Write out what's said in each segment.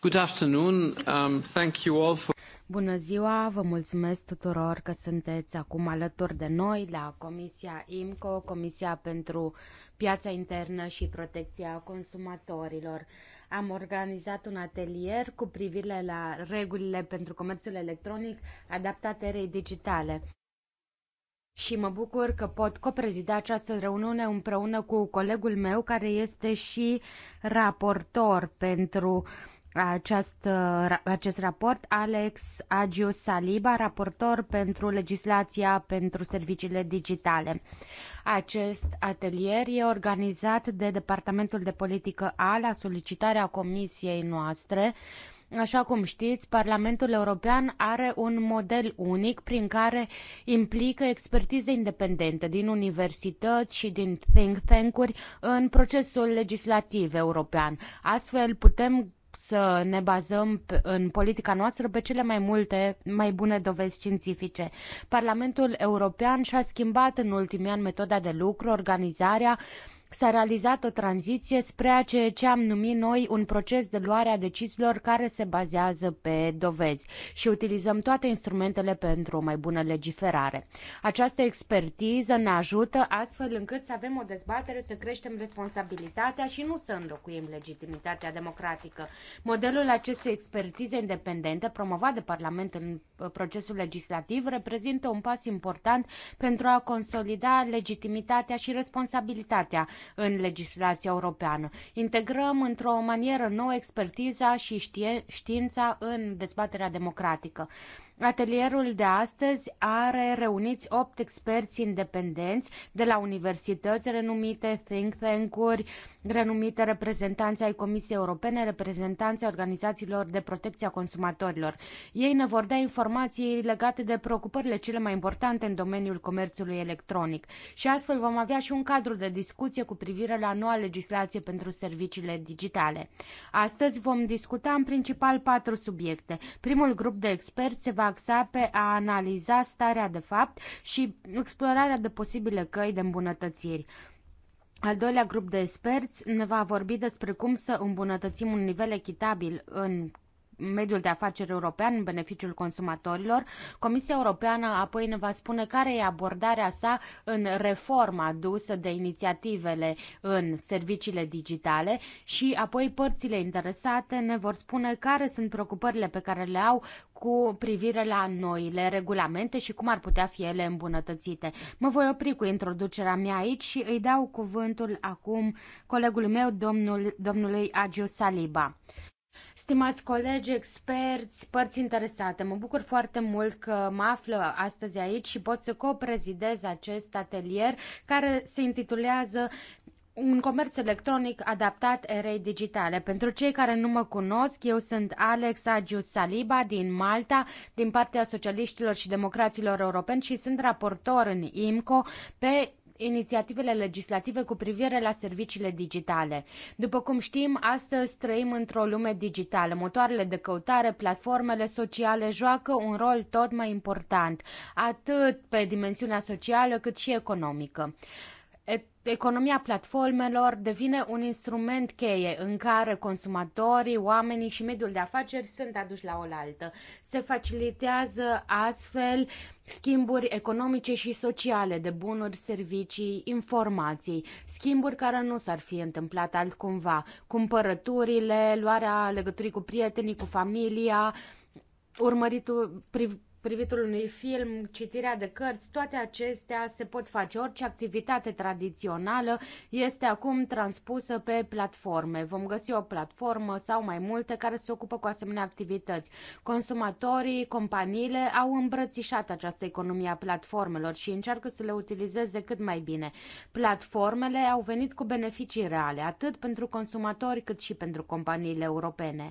Good afternoon. Um, thank you all for... Bună ziua, vă mulțumesc tuturor că sunteți acum alături de noi la Comisia IMCO, Comisia pentru Piața Internă și Protecția Consumatorilor. Am organizat un atelier cu privire la regulile pentru comerțul electronic adaptat erei digitale. Și mă bucur că pot coprezida această reuniune împreună cu colegul meu care este și raportor pentru uh, aceast acest raport Alex Agiu Saliba, raportor pentru legislația pentru serviciile digitale. Acest atelier e organizat de Departamentul de Politică A la solicitarea comisiei noastre. Așa cum știți, Parlamentul European are un model unic prin care implică expertize independente din universități și din think tank-uri în procesul legislativ european. Astfel putem să ne bazăm în politica noastră pe cele mai multe, mai bune dovezi științifice. Parlamentul European și-a schimbat în ultimii ani metoda de lucru, organizarea, s-a realizat o tranziție spre ceea ce am numit noi un proces de luare a deciziilor care se bazează pe dovezi și utilizăm toate instrumentele pentru o mai bună legiferare. Această expertiză ne ajută astfel încât să avem o dezbatere, să creștem responsabilitatea și nu să înlocuim legitimitatea democratică. Modelul acestei expertize independente, promovat de Parlament în uh, procesul legislativ, reprezintă un pas important pentru a consolida legitimitatea și responsabilitatea în legislația europeană. Integrăm într-o manieră nouă expertiza și știința în dezbaterea democratică. Atelierul de astăzi are reuniți opt experți independenți de la universități renumite, think tank-uri, renumite reprezentanți ai Comisiei Europene, reprezentanți ai organizațiilor de protecție a consumatorilor. Ei ne vor da informații legate de preocupările cele mai importante în domeniul comerțului electronic și astfel vom avea și un cadru de discuție cu privire la noua legislație pentru serviciile digitale. Astăzi vom discuta în principal patru subiecte. Primul grup de experți se va axa pe a analiza starea de fapt și explorarea de posibile căi de îmbunătățiri. Al doilea grup de experți ne va vorbi despre cum să îmbunătățim un nivel echitabil în mediul de afaceri european în beneficiul consumatorilor. Comisia Europeană apoi ne va spune care e abordarea sa în reforma adusă de inițiativele în serviciile digitale și apoi părțile interesate ne vor spune care sunt preocupările pe care le au cu privire la noile regulamente și cum ar putea fi ele îmbunătățite. Mă voi opri cu introducerea mea aici și îi dau cuvântul acum colegului meu, domnul, domnului Agiu Saliba. Stimați colegi, experți, părți interesate, mă bucur foarte mult că mă află astăzi aici și pot să coprezidez acest atelier care se intitulează un comerț electronic adaptat erei digitale. Pentru cei care nu mă cunosc, eu sunt Alex Agius Saliba din Malta, din partea socialiștilor și democraților europeni și sunt raportor în IMCO pe inițiativele legislative cu privire la serviciile digitale. După cum știm, astăzi trăim într-o lume digitală. Motoarele de căutare, platformele sociale joacă un rol tot mai important, atât pe dimensiunea socială cât și economică economia platformelor devine un instrument cheie în care consumatorii, oamenii și mediul de afaceri sunt aduși la oaltă. Se facilitează astfel schimburi economice și sociale de bunuri, servicii, informații, schimburi care nu s-ar fi întâmplat altcumva, cumpărăturile, luarea legăturii cu prietenii, cu familia, urmăritul, priv, privitul unui film, citirea de cărți, toate acestea se pot face. Orice activitate tradițională este acum transpusă pe platforme. Vom găsi o platformă sau mai multe care se ocupă cu asemenea activități. Consumatorii, companiile au îmbrățișat această economie a platformelor și încearcă să le utilizeze cât mai bine. Platformele au venit cu beneficii reale, atât pentru consumatori cât și pentru companiile europene.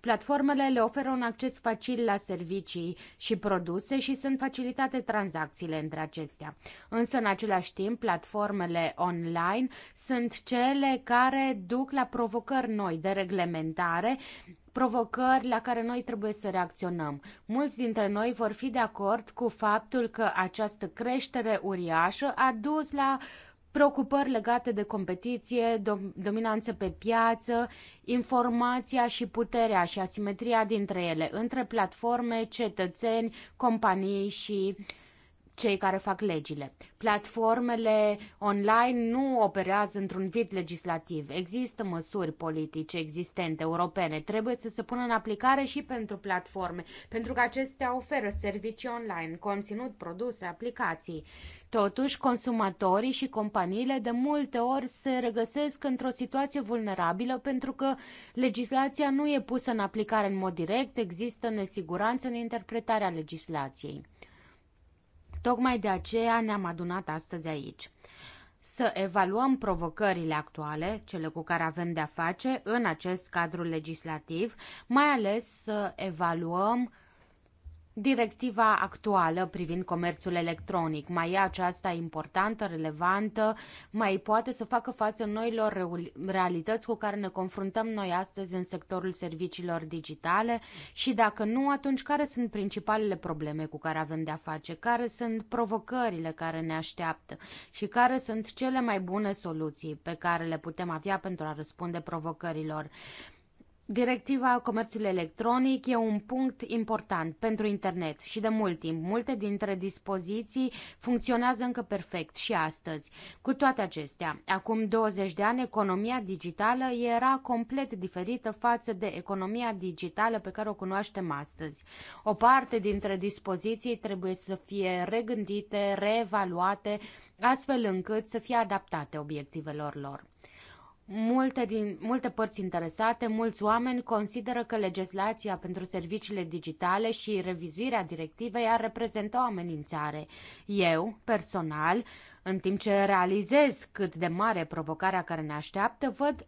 Platformele le oferă un acces facil la servicii și produse și sunt facilitate tranzacțiile între acestea. Însă, în același timp, platformele online sunt cele care duc la provocări noi de reglementare, provocări la care noi trebuie să reacționăm. Mulți dintre noi vor fi de acord cu faptul că această creștere uriașă a dus la uh, preocupări legate de competiție, dom- dominanță pe piață, informația și puterea și asimetria dintre ele, între platforme, cetățeni, companii și uh, cei care fac legile. Platformele online nu operează într-un vid legislativ. Există măsuri politice existente, europene. Trebuie să se pună în aplicare și pentru platforme, pentru că acestea oferă servicii online, conținut, produse, aplicații. Totuși, consumatorii și companiile de multe ori se regăsesc într-o situație vulnerabilă pentru că legislația nu e pusă în aplicare în mod direct, există nesiguranță în interpretarea legislației. Tocmai de aceea ne-am adunat astăzi aici. Să evaluăm provocările actuale, cele cu care avem de-a face în acest cadru legislativ, mai ales să evaluăm Directiva actuală privind comerțul electronic, mai e aceasta importantă, relevantă, mai poate să facă față noilor realități cu care ne confruntăm noi astăzi în sectorul serviciilor digitale și dacă nu, atunci care sunt principalele probleme cu care avem de-a face, care sunt provocările care ne așteaptă și care sunt cele mai bune soluții pe care le putem avea pentru a răspunde provocărilor. Directiva comerțului electronic e un punct important pentru internet și de mult timp. Multe dintre dispoziții funcționează încă perfect și astăzi. Cu toate acestea, acum 20 de ani economia digitală era complet diferită față de economia digitală pe care o cunoaștem astăzi. O parte dintre dispoziții trebuie să fie regândite, reevaluate, astfel încât să fie adaptate obiectivelor lor. Multe, din, multe părți interesate, mulți oameni consideră că legislația pentru serviciile digitale și revizuirea directivei ar reprezenta o amenințare. Eu, personal, în timp ce realizez cât de mare provocarea care ne așteaptă, văd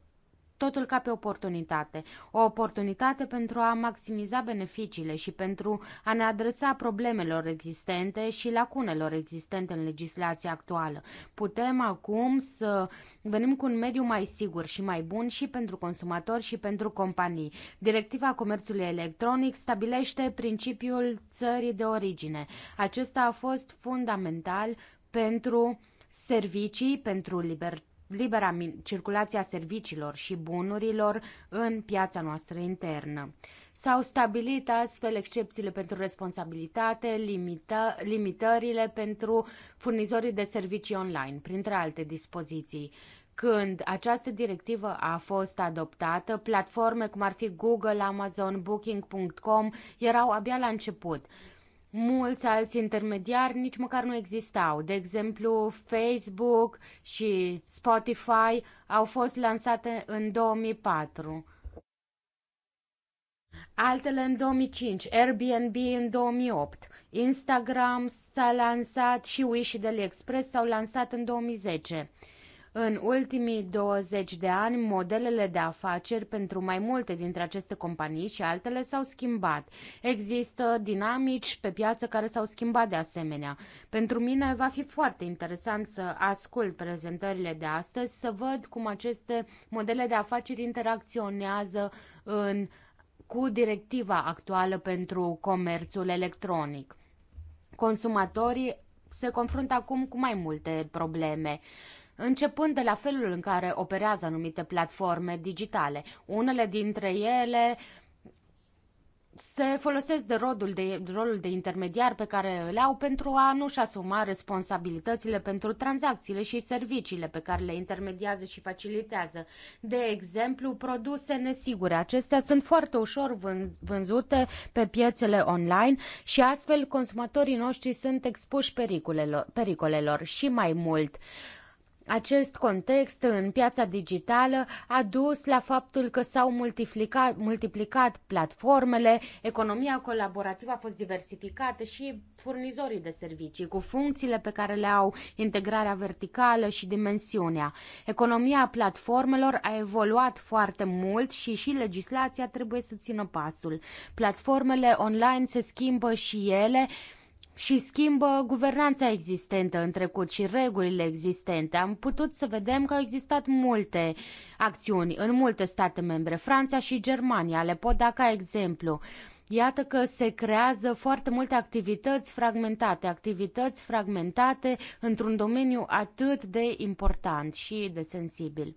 totul ca pe oportunitate. O oportunitate pentru a maximiza beneficiile și pentru a ne adresa problemelor existente și lacunelor existente în legislația actuală. Putem acum să venim cu un mediu mai sigur și mai bun și pentru consumatori și pentru companii. Directiva comerțului electronic stabilește principiul țării de origine. Acesta a fost fundamental pentru servicii, pentru libertate libera circulație a serviciilor și bunurilor în piața noastră internă. S-au stabilit astfel excepțiile pentru responsabilitate, limită, limitările pentru furnizorii de servicii online, printre alte dispoziții. Când această directivă a fost adoptată, platforme cum ar fi Google, Amazon, Booking.com erau abia la început mulți alți intermediari nici măcar nu existau. De exemplu, Facebook și Spotify au fost lansate în 2004. Altele în 2005, Airbnb în 2008, Instagram s-a lansat și Wish și Express s-au lansat în 2010. În ultimii 20 de ani, modelele de afaceri pentru mai multe dintre aceste companii și altele s-au schimbat. Există dinamici pe piață care s-au schimbat de asemenea. Pentru mine va fi foarte interesant să ascult prezentările de astăzi, să văd cum aceste modele de afaceri interacționează în, cu directiva actuală pentru comerțul electronic. Consumatorii se confruntă acum cu mai multe probleme începând de la felul în care operează anumite platforme digitale. Unele dintre ele se folosesc de rolul de, de rolul de intermediar pe care îl au pentru a nu-și asuma responsabilitățile pentru tranzacțiile și serviciile pe care le intermediază și facilitează. De exemplu, produse nesigure. Acestea sunt foarte ușor vân, vânzute pe piețele online și astfel consumatorii noștri sunt expuși pericolelor, pericolelor și mai mult. Uh, acest context în piața digitală a dus la faptul că s-au multiplicat, multiplicat platformele, economia colaborativă a fost diversificată și furnizorii de servicii cu funcțiile pe care le au, integrarea verticală și dimensiunea. Economia platformelor a evoluat foarte mult și și legislația trebuie să țină pasul. Platformele online se schimbă și ele, și schimbă guvernanța existentă în trecut și regulile existente. Am putut să vedem că au existat multe acțiuni în multe state membre, Franța și Germania, le pot da ca exemplu. Iată că se creează foarte multe activități fragmentate, activități fragmentate într-un domeniu atât de important și de sensibil.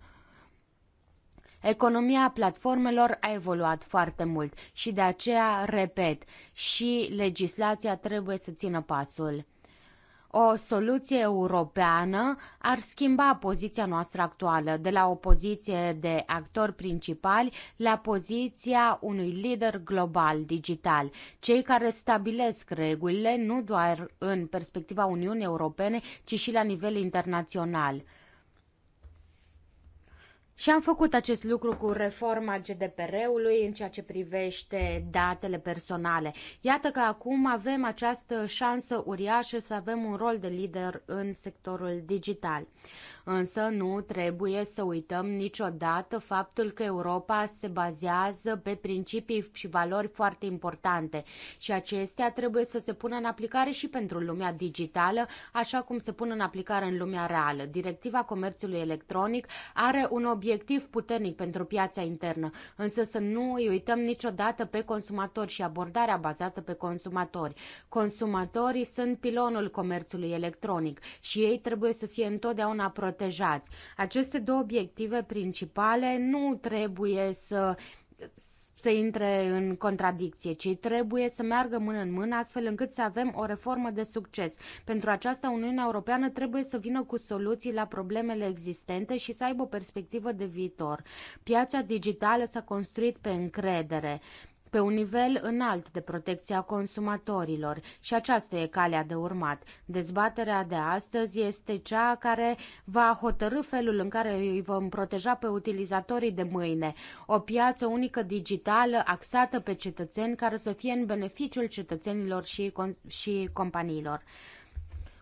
Economia platformelor a evoluat foarte mult și de aceea, repet, și legislația trebuie să țină pasul. O soluție europeană ar schimba poziția noastră actuală de la o poziție de actori principali la poziția unui lider global digital. Cei care stabilesc regulile nu doar în perspectiva Uniunii Europene, ci și la nivel internațional. Și am făcut acest lucru cu reforma GDPR-ului în ceea ce privește datele personale. Iată că acum avem această șansă uriașă să avem un rol de lider în sectorul digital. Însă nu trebuie să uităm niciodată faptul că Europa se bazează pe principii și valori foarte importante și acestea trebuie să se pună în aplicare și pentru lumea digitală, așa cum se pun în aplicare în lumea reală. Directiva comerțului electronic are un obiectiv puternic pentru piața internă, însă să nu îi uităm niciodată pe consumatori și abordarea bazată pe consumatori. Consumatorii sunt pilonul comerțului electronic și ei trebuie să fie întotdeauna protejați protejați. Aceste două obiective principale nu trebuie să să intre în contradicție, ci trebuie să meargă mână în mână astfel încât să avem o reformă de succes. Pentru aceasta, Uniunea Europeană trebuie să vină cu soluții la problemele existente și să aibă o perspectivă de viitor. Piața digitală s-a construit pe încredere pe un nivel înalt de protecția consumatorilor și aceasta e calea de urmat. Dezbaterea de astăzi este cea care va hotărâ felul în care îi vom proteja pe utilizatorii de mâine. O piață unică digitală axată pe cetățeni care să fie în beneficiul cetățenilor și, și companiilor.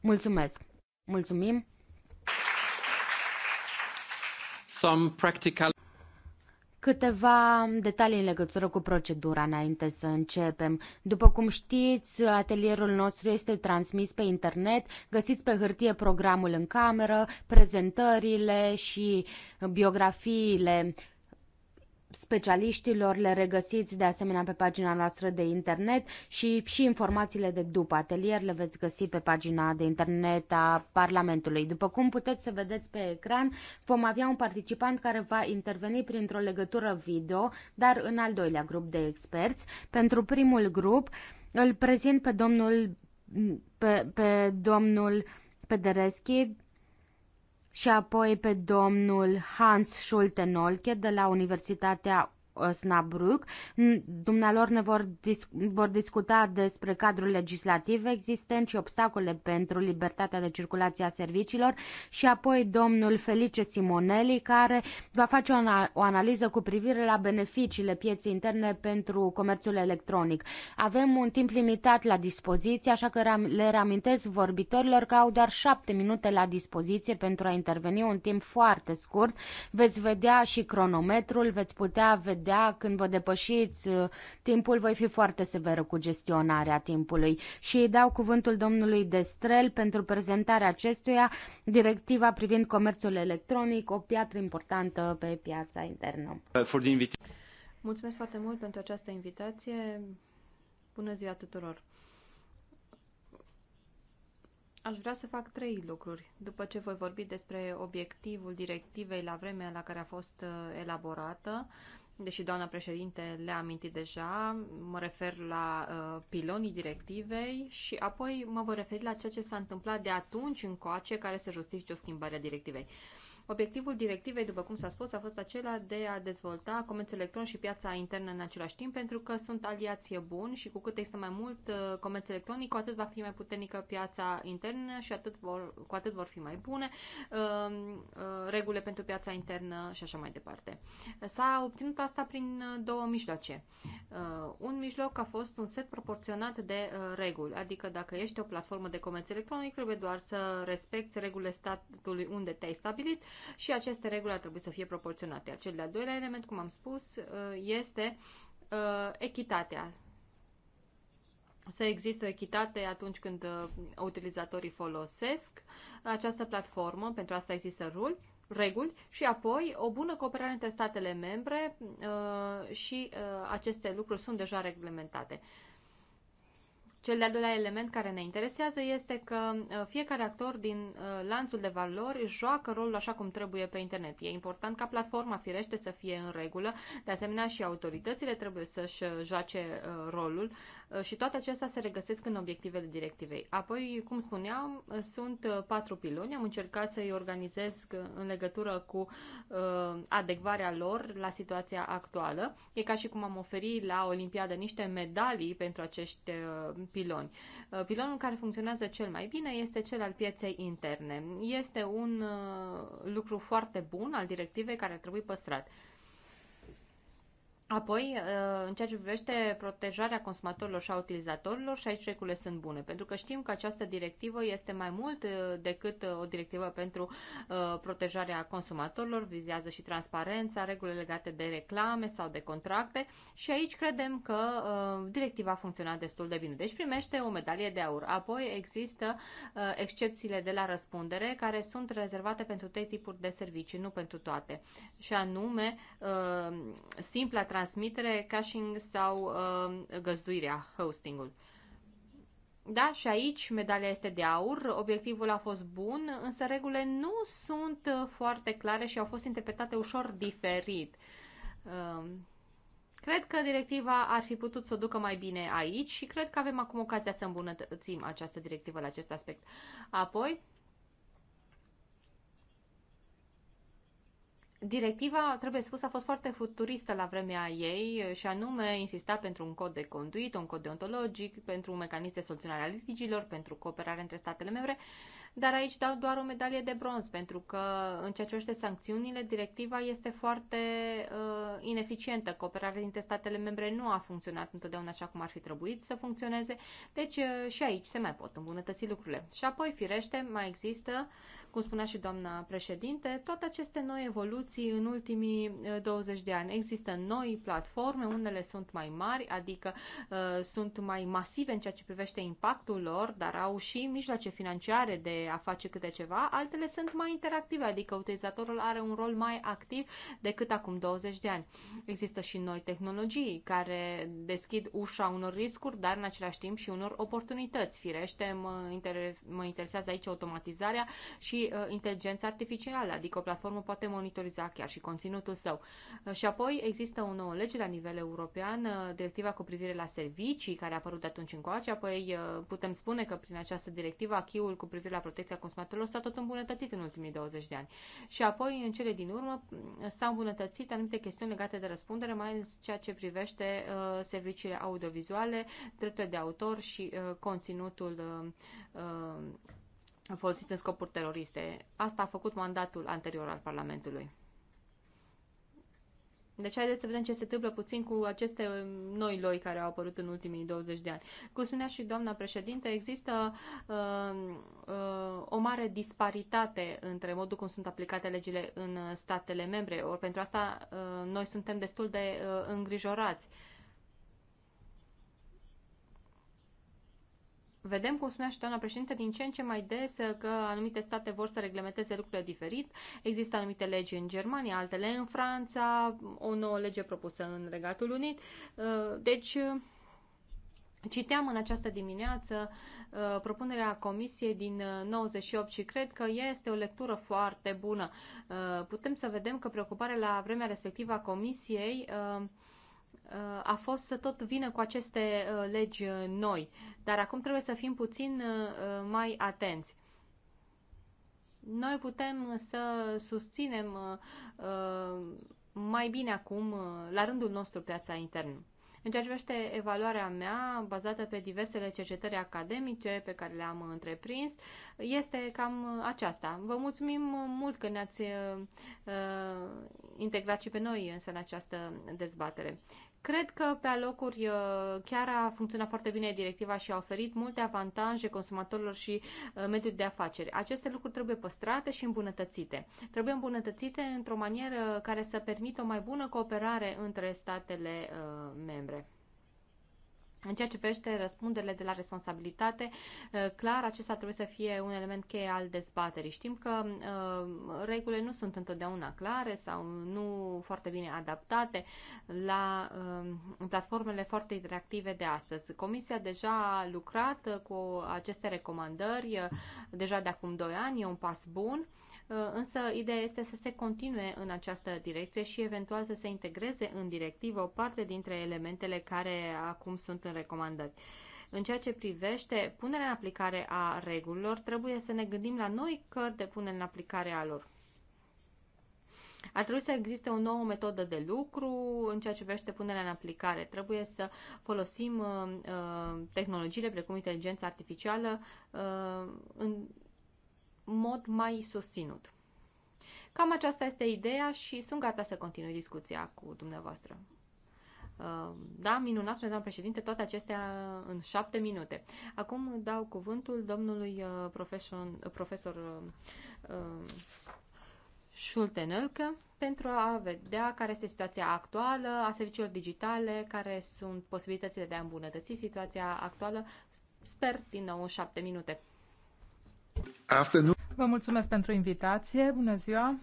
Mulțumesc! Mulțumim! Some practical Câteva detalii în legătură cu procedura înainte să începem. După cum știți, atelierul nostru este transmis pe internet, găsiți pe hârtie programul în cameră, prezentările și biografiile specialiștilor le regăsiți de asemenea pe pagina noastră de internet și, și informațiile de după atelier le veți găsi pe pagina de internet a Parlamentului. După cum puteți să vedeți pe ecran, vom avea un participant care va interveni printr-o legătură video, dar în al doilea grup de experți. Pentru primul grup îl prezint pe domnul pe, pe domnul Pedereschi, și apoi pe domnul Hans Schulte-Nolke de la Universitatea Osnabrück. Dumnealor ne vor, dis- vor discuta despre cadrul legislativ existent și obstacole pentru libertatea de circulație a serviciilor și apoi domnul Felice Simonelli care va face o, o analiză cu privire la beneficiile pieței interne pentru comerțul electronic. Avem un timp limitat la dispoziție, așa că le reamintesc vorbitorilor că au doar șapte minute la dispoziție pentru a interveni, un timp foarte scurt. Veți vedea și cronometrul, veți putea vedea vedea când vă depășiți uh, timpul, voi fi foarte severă cu gestionarea timpului. Și îi dau cuvântul domnului Destrel pentru prezentarea acestuia, directiva privind comerțul electronic, o piatră importantă pe piața internă. Mulțumesc foarte mult pentru această invitație. Bună ziua tuturor! Aș vrea să fac trei lucruri. După ce voi vorbi despre obiectivul directivei la vremea la care a fost uh, elaborată, deși doamna președinte le-a amintit deja, mă refer la uh, pilonii directivei și apoi mă voi referi la ceea ce s-a întâmplat de atunci încoace care să justifice o schimbare a directivei. Uh, Obiectivul directivei, după cum s-a spus, a fost acela de a dezvolta comerțul electron și piața internă în același timp, pentru că sunt aliație buni și cu cât există mai mult uh, comerț electronic, cu atât va fi mai puternică piața internă și atât vor, cu atât vor fi mai bune um, uh, regulile pentru piața internă și așa mai departe. S-a obținut asta prin uh, două mijloace. Un mijloc a fost un set proporționat de reguli, adică dacă ești o platformă de comerț electronic, trebuie doar să respecti regulile statului unde te-ai stabilit și aceste reguli ar trebui să fie proporționate. Iar cel de-al doilea element, cum am spus, uh, este uh, echitatea. Să există echitate atunci când uh, utilizatorii folosesc această platformă, pentru asta există rule, reguli și apoi o bună cooperare între statele membre și aceste lucruri sunt deja reglementate. Cel de-al doilea element care ne interesează este că uh, fiecare actor din uh, lanțul de valori joacă rolul așa cum trebuie pe internet. E important ca platforma firește să fie în regulă, de asemenea și autoritățile trebuie să-și uh, joace rolul și toate acestea se regăsesc în obiectivele directivei. Apoi, cum spuneam, sunt patru piloni. Am încercat să-i organizez în legătură cu adecvarea lor la situația actuală. E ca și cum am oferit la Olimpiadă niște medalii pentru acești piloni. Uh, pilonul care funcționează cel mai bine este cel al pieței interne. Este un uh, lucru foarte bun al directivei care ar trebui păstrat. Apoi, uh, în ceea ce privește protejarea consumatorilor și a utilizatorilor, și aici regulile sunt bune, pentru că știm că această directivă este mai mult uh, decât uh, o directivă pentru protejarea consumatorilor, vizează și transparența, regulile legate de reclame sau de contracte și aici credem că directiva a funcționat destul de bine. Deci primește o medalie de aur. Apoi există excepțiile de la răspundere care sunt rezervate pentru trei tipuri de servicii, nu pentru toate, și anume simpla transparență transmitere, caching sau uh, găzduirea, hostingul. Da, și aici medalia este de aur, obiectivul a fost bun, însă regulile nu sunt uh, foarte clare și au fost interpretate ușor diferit. Um, cred că directiva ar fi putut să o ducă mai bine aici și cred că avem acum ocazia să îmbunătățim această directivă la acest aspect. Apoi, Directiva, trebuie spus, a fost foarte futuristă la vremea ei și anume insista pentru un cod de conduit, un cod deontologic, pentru un mecanism de soluționare a litigilor, pentru cooperare între statele membre, dar aici dau doar o medalie de bronz, pentru că în ceea ce privește sancțiunile, directiva este foarte uh, ineficientă. Cooperarea dintre statele membre nu a funcționat întotdeauna așa cum ar fi trebuit să funcționeze, deci uh, și aici se mai pot îmbunătăți lucrurile. Și apoi, firește, mai există cum spunea și doamna președinte, toate aceste noi evoluții în ultimii 20 eh, de ani. Există noi platforme, unele sunt mai mari, adică uh, sunt mai masive în ceea ce privește impactul lor, dar au și mijloace financiare de a face câte ceva, altele sunt mai interactive, adică utilizatorul are un rol mai activ decât acum 20 de ani. Există și noi tehnologii care deschid ușa unor riscuri, dar în același timp și unor oportunități. Firește, mă, inter- mă interesează aici automatizarea și uh, inteligența artificială, adică o platformă poate monitoriza chiar și conținutul său. Uh, și apoi există o nouă lege la nivel european, uh, directiva cu privire la servicii, care a apărut de atunci încoace, apoi uh, putem spune că prin această directivă achiul cu privire la protecția consumatorilor s-a tot îmbunătățit în ultimii 20 de ani. Și apoi, în cele din urmă, mm, s-au îmbunătățit anumite chestiuni legate de răspundere, mai ales ceea ce privește uh, serviciile audiovizuale, drepturile de autor și uh, conținutul uh, folosit în scopuri teroriste. Asta a făcut mandatul anterior al Parlamentului. Deci haideți să vedem ce se întâmplă puțin cu aceste um, noi loi care au apărut în ultimii 20 de ani. Cum spunea și doamna președinte, există uh, uh, o mare disparitate între modul cum sunt aplicate legile în statele membre. Or pentru asta uh, noi suntem destul de uh, îngrijorați. Uh, Vedem, cum spunea și doamna președinte, din ce în ce mai des că anumite state vor să reglementeze lucrurile diferit. Există anumite legi în Germania, altele în Franța, o nouă lege propusă în Regatul Unit. Uh, deci, uh, Citeam în această dimineață uh, propunerea comisiei din 98 uh, și cred că este o lectură foarte bună. Uh, putem să vedem că preocuparea la vremea respectivă a comisiei uh, a fost să tot vină cu aceste uh, legi uh, noi, dar acum trebuie să fim puțin uh, mai atenți. Noi putem să susținem mai bine acum, la rândul nostru, piața internă. În ceea ce privește evaluarea mea, bazată pe diversele cercetări academice pe care le-am întreprins, este cam aceasta. Vă mulțumim mult că ne-ați uh, integrat și pe noi însă în această dezbatere. Cred că pe alocuri uh, chiar a funcționat foarte bine directiva și a oferit multe avantaje consumatorilor și uh, mediul de afaceri. Aceste lucruri trebuie păstrate și îmbunătățite. Trebuie îmbunătățite într-o manieră care să permită o mai bună cooperare între statele uh, membre. În ceea ce privește răspunderile de la responsabilitate, uh, clar, acesta trebuie să fie un element cheie al dezbaterii. Știm că uh, regulile nu sunt întotdeauna clare sau nu foarte bine adaptate la uh, platformele foarte interactive de astăzi. Comisia deja a lucrat uh, cu aceste recomandări uh, deja de acum 2 ani, e un pas bun Uh, însă ideea este să se continue în această direcție și eventual să se integreze în directivă o parte dintre elementele care acum sunt în recomandări. În ceea ce privește punerea în aplicare a regulilor, trebuie să ne gândim la noi că de punere în aplicare a lor. Ar trebui să existe o nouă metodă de lucru în ceea ce privește punerea în aplicare. Trebuie să folosim uh, uh tehnologiile precum inteligența artificială uh, în mod mai susținut. Cam aceasta este ideea și sunt gata să continui discuția cu dumneavoastră. Uh, da, minunat, spune președinte, toate acestea în șapte minute. Acum dau cuvântul domnului uh, uh, profesor, profesor Schultenelke pentru a vedea care este situația actuală a serviciilor digitale, care sunt posibilitățile de a îmbunătăți situația actuală, sper, din nou în șapte minute. Vă mulțumesc pentru invitație. Bună ziua!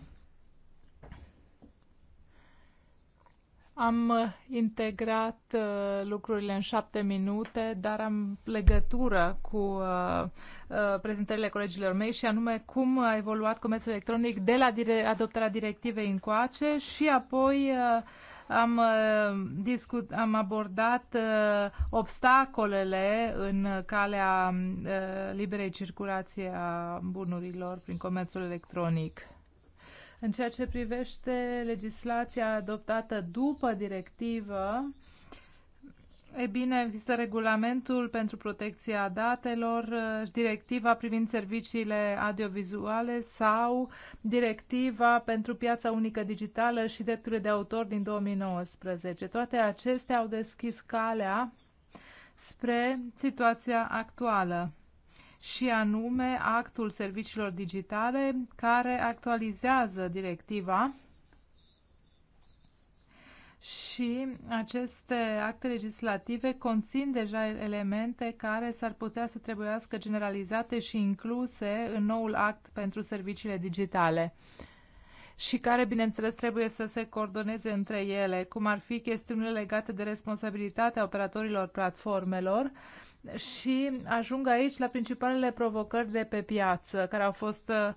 Am uh, integrat uh, lucrurile în șapte minute, dar am legătură cu uh, uh, prezentările colegilor mei și anume cum a evoluat comerțul electronic de la dire- adoptarea directivei încoace și apoi uh, am, uh, discut, am abordat uh, obstacolele în calea uh, liberei circulație a bunurilor prin comerțul electronic. În ceea ce privește legislația adoptată după directivă, E bine, există regulamentul pentru protecția datelor, uh, directiva privind serviciile audiovizuale sau directiva pentru piața unică digitală și drepturile de autor din 2019. Toate acestea au deschis calea spre situația actuală și anume actul serviciilor digitale care actualizează directiva și aceste acte legislative conțin deja elemente care s-ar putea să trebuiască generalizate și incluse în noul act pentru serviciile digitale și care, bineînțeles, trebuie să se coordoneze între ele, cum ar fi chestiunile legate de responsabilitatea operatorilor platformelor, și ajung aici la principalele provocări de pe piață, care au fost uh,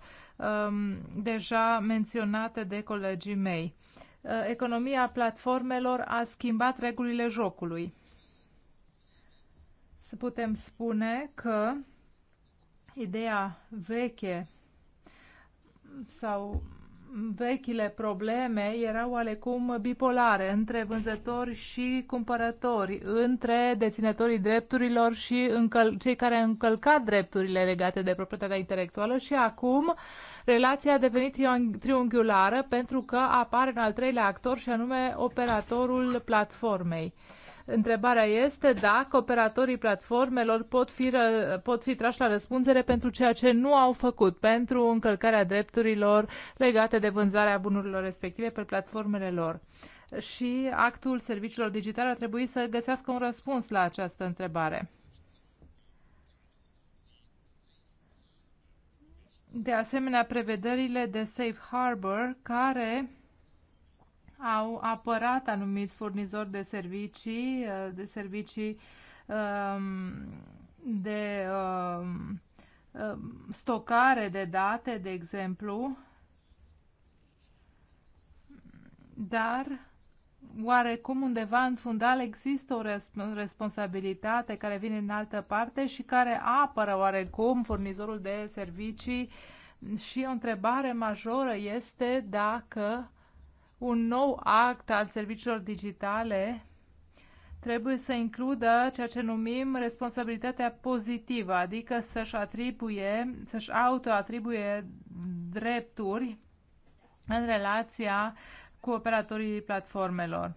um, deja menționate de colegii mei. Uh, economia platformelor a schimbat regulile jocului. Să putem spune că ideea veche sau vechile probleme erau alecum bipolare între vânzători și cumpărători, între deținătorii drepturilor și cei care încălca drepturile legate de proprietatea intelectuală și acum uh, Relația a devenit triunghiulară pentru că apare un al treilea actor și anume operatorul platformei. Întrebarea este dacă operatorii platformelor pot fi, ră, pot fi trași la răspundere pentru ceea ce nu au făcut, pentru încălcarea drepturilor legate de vânzarea bunurilor respective pe platformele lor. Și actul serviciilor digitale ar trebui să găsească un răspuns la această întrebare. de asemenea prevederile de safe harbor care au apărat anumiți furnizori de servicii, uh, de servicii um, de um, um, stocare de date, de exemplu, dar oarecum undeva în fundal există o responsabilitate care vine în altă parte și care apără oarecum furnizorul de servicii și o întrebare majoră este dacă un nou act al serviciilor digitale trebuie să includă ceea ce numim responsabilitatea pozitivă, adică să-și atribuie, să-și autoatribuie drepturi în relația uh, cu operatorii platformelor.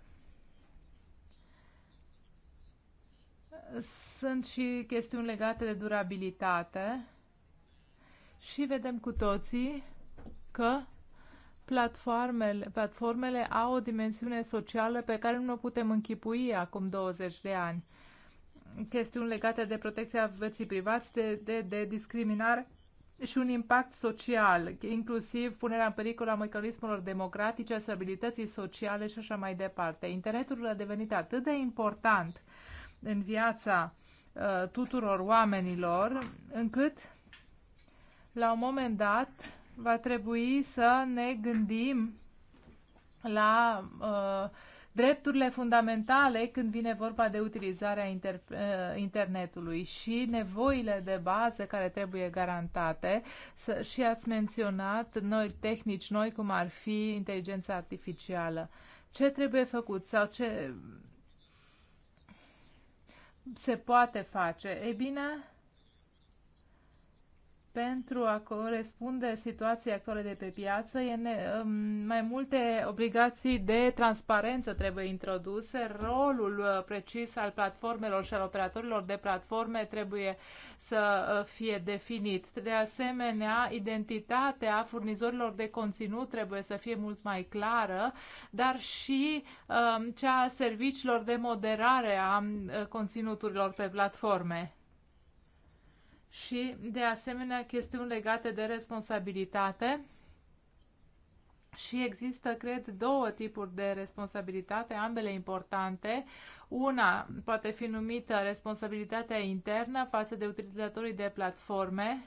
Sunt și chestiuni legate de durabilitate și vedem cu toții că platformele, platformele au o dimensiune socială pe care nu o putem închipui acum 20 de ani. Chestiuni legate de protecția vieții privați, de, de, de discriminare și un impact social, inclusiv punerea în pericol a mecanismelor democratice, a stabilității sociale și așa mai departe. Internetul a devenit atât de important în viața uh, tuturor oamenilor, încât la un moment dat va trebui să ne gândim la uh, drepturile fundamentale când vine vorba de utilizarea inter, uh, internetului și nevoile de bază care trebuie garantate. Să, și ați menționat noi tehnici noi, cum ar fi inteligența artificială. Ce trebuie făcut sau ce se poate face? Ei bine, pentru a corespunde situației actuale de pe piață, e ne, um, mai multe obligații de transparență trebuie introduse, rolul uh, precis al platformelor și al operatorilor de platforme trebuie să uh, fie definit. De asemenea, identitatea furnizorilor de conținut trebuie să fie mult mai clară, dar și um, cea a serviciilor de moderare a uh, conținuturilor pe platforme și, de asemenea, chestiuni legate de responsabilitate. Și există, cred, două tipuri de responsabilitate, ambele importante. Una poate fi numită responsabilitatea internă față de utilizatorii de platforme.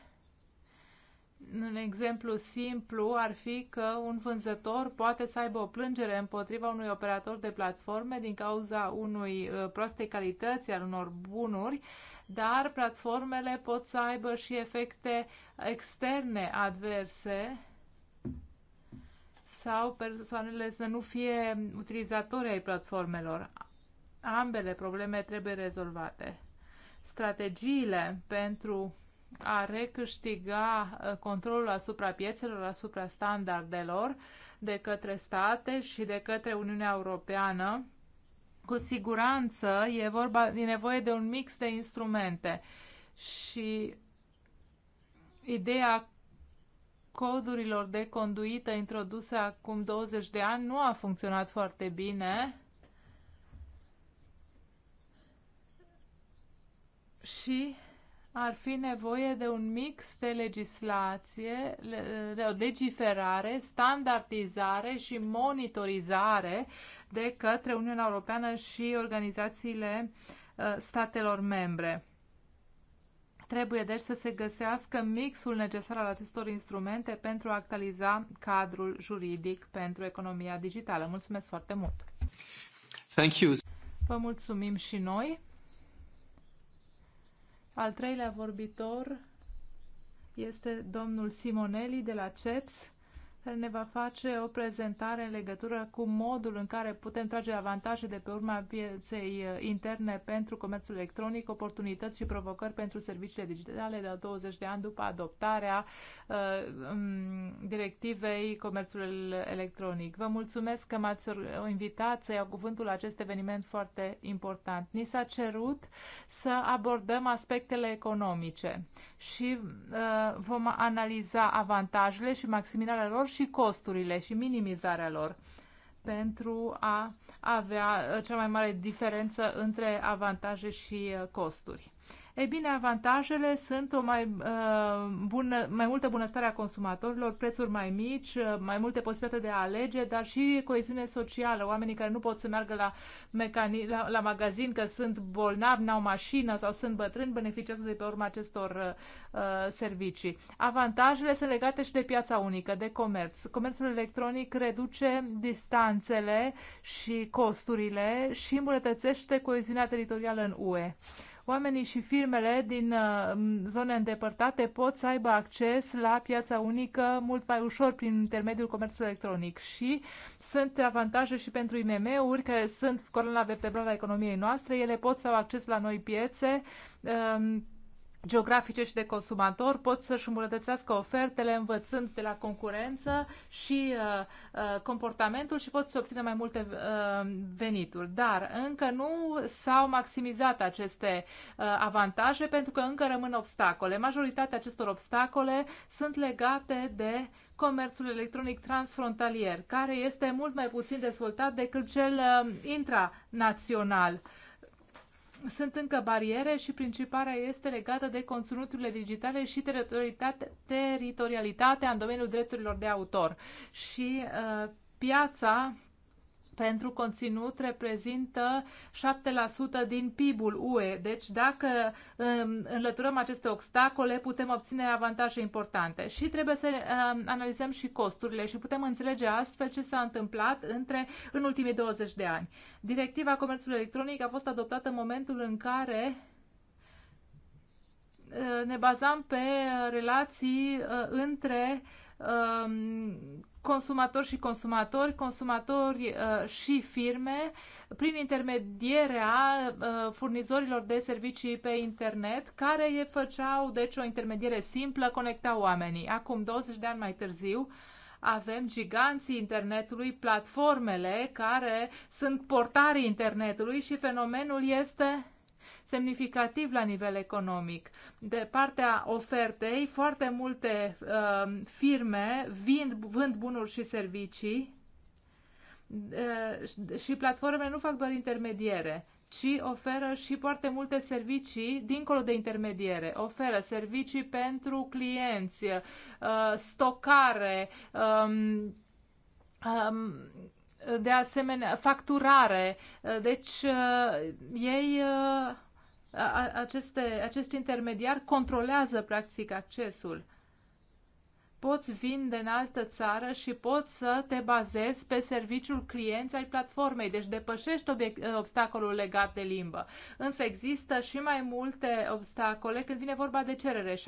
Un exemplu simplu ar fi că un vânzător poate să aibă o plângere împotriva unui operator de platforme din cauza unui uh, proaste calități al unor bunuri dar platformele pot să aibă și efecte externe adverse sau persoanele să nu fie utilizatori ai platformelor. Ambele probleme trebuie rezolvate. Strategiile pentru a recâștiga uh, controlul asupra piețelor, asupra standardelor de către state și de către Uniunea Europeană cu siguranță e, vorba, e nevoie de un mix de instrumente și ideea codurilor de conduită introduse acum 20 de ani nu a funcționat foarte bine și ar fi nevoie de un mix de legislație, de o legiferare, standardizare și monitorizare de către Uniunea Europeană și organizațiile uh, statelor membre. Trebuie deci să se găsească mixul necesar al acestor instrumente pentru a actualiza cadrul juridic pentru economia digitală. Mulțumesc foarte mult! Thank you. Vă mulțumim și noi. Al treilea vorbitor este domnul Simonelli de la CEPS care ne va face o prezentare în legătură cu modul în care putem trage avantaje de pe urma pieței uh, interne pentru comerțul electronic, oportunități și provocări pentru serviciile digitale de 20 de ani după adoptarea uh, um, directivei comerțul electronic. Vă mulțumesc că m-ați invitat să iau cuvântul acest eveniment foarte important. Ni s-a cerut să abordăm aspectele economice și uh, vom analiza avantajele și maximizarea lor și costurile și minimizarea lor pentru a avea uh, cea mai mare diferență între avantaje și uh, costuri. Ei bine, avantajele sunt o mai, uh, bună, mai multă bunăstare a consumatorilor, prețuri mai mici, uh, mai multe posibilități de a alege, dar și coeziune socială. Oamenii care nu pot să meargă la, mecani- la, la magazin că sunt bolnavi, n-au mașină sau sunt bătrâni, beneficiază de pe urma acestor uh, uh servicii. Avantajele sunt legate și de piața unică, de comerț. Comerțul electronic reduce distanțele și costurile și îmbunătățește coeziunea teritorială în UE. Oamenii și firmele din uh, zone îndepărtate pot să aibă acces la piața unică mult mai ușor prin intermediul comerțului electronic și sunt avantaje și pentru IMM-uri care sunt coloana vertebrală a economiei noastre. Ele pot să au acces la noi piețe um, geografice și de consumator pot să-și îmbunătățească ofertele învățând de la concurență și uh, uh, comportamentul și pot să obțină mai multe uh, venituri. Dar încă nu s-au maximizat aceste uh, avantaje pentru că încă rămân obstacole. Majoritatea acestor obstacole sunt legate de comerțul electronic transfrontalier, care este mult mai puțin dezvoltat decât cel uh, intranațional. Uh, sunt încă bariere și principarea este legată de conținuturile digitale și teritorialitatea în domeniul drepturilor de autor. Și uh, piața pentru conținut reprezintă 7% din PIB-ul UE. Deci dacă um, înlăturăm aceste obstacole, putem obține avantaje importante. Și trebuie să um, analizăm și costurile și putem înțelege astfel ce s-a întâmplat între, în ultimii 20 de ani. Directiva comerțului electronic a fost adoptată în momentul în care uh, ne bazam pe uh, relații uh, între Um, consumatori și consumatori, consumatori uh, și firme, prin intermedierea uh, furnizorilor de servicii pe internet, care făceau deci o intermediere simplă, conectau oamenii. Acum 20 de ani mai târziu, avem giganții internetului, platformele care sunt portarii internetului și fenomenul este semnificativ la nivel economic. De partea ofertei, foarte multe uh, firme vind, vând bunuri și servicii uh, și platformele nu fac doar intermediere ci oferă și foarte multe servicii dincolo de intermediere. Oferă servicii pentru clienți, uh, stocare, um, um, de asemenea facturare. Uh, deci uh, ei aceste, acest intermediar controlează practic accesul poți vinde în altă țară și poți să te bazezi pe serviciul clienți ai platformei, deci depășești eh, obstacolul legat de limbă. Însă există și mai multe obstacole când vine vorba de cerere. 60%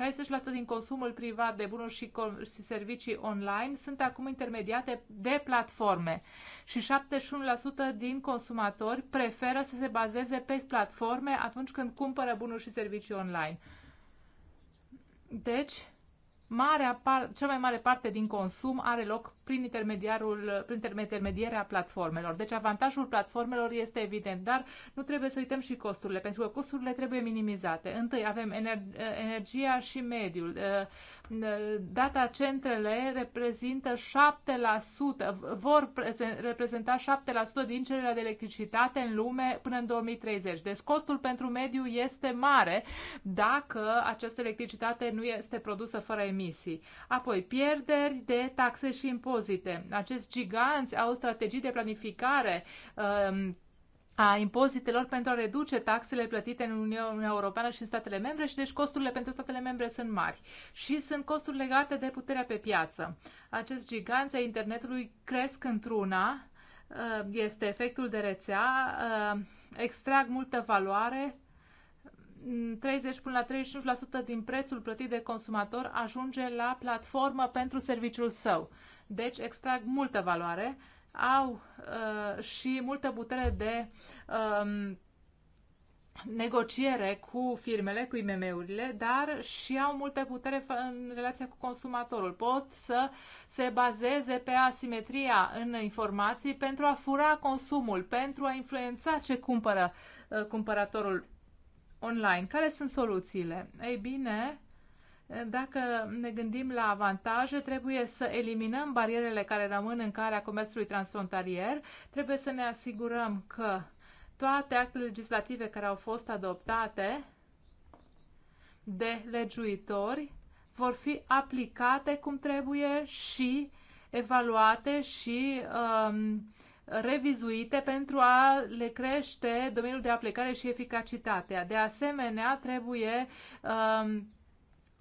din consumul privat de bunuri și, și servicii online sunt acum intermediate de platforme și 71% din consumatori preferă să se bazeze pe platforme atunci când cumpără bunuri și servicii online. Deci, marea par- cea mai mare parte din consum are loc prin, intermediarul, prin intermedierea platformelor. Deci avantajul platformelor este evident, dar nu trebuie să uităm și costurile, pentru că costurile trebuie minimizate. Întâi avem ener- energia și mediul. Eh, eh, data centrele reprezintă 7%, vor reprezenta 7% din cererea de electricitate în lume până în 2030. Deci costul pentru mediu este mare dacă această electricitate nu este produsă fără emisii. Apoi, pierderi de taxe și impozite impozite. Acești giganți au strategii de planificare um, a impozitelor pentru a reduce taxele plătite în Uniunea Europeană și în statele membre și deci costurile pentru statele membre sunt mari. Și sunt costuri legate de puterea pe piață. Acest giganți a internetului cresc într-una, uh, este efectul de rețea, uh, extrag multă valoare, 30 până la 35% din prețul plătit de consumator ajunge la platformă pentru serviciul său deci extrag multă valoare, au uh, și multă putere de um, negociere cu firmele, cu IMM-urile, dar și au multă putere în relația cu consumatorul. Pot să se bazeze pe asimetria în informații pentru a fura consumul, pentru a influența ce cumpără uh, cumpărătorul online. Care sunt soluțiile? Ei bine, dacă ne gândim la avantaje, trebuie să eliminăm barierele care rămân în calea comerțului transfrontalier, trebuie să ne asigurăm că toate actele legislative care au fost adoptate de legiuitori vor fi aplicate cum trebuie și evaluate și um, revizuite pentru a le crește domeniul de aplicare și eficacitatea. De asemenea, trebuie um,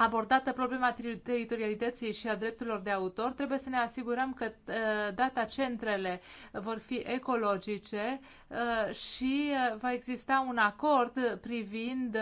abordată problema teritorialității și a drepturilor de autor, trebuie să ne asigurăm că uh, data centrele vor fi ecologice uh, și uh, va exista un acord privind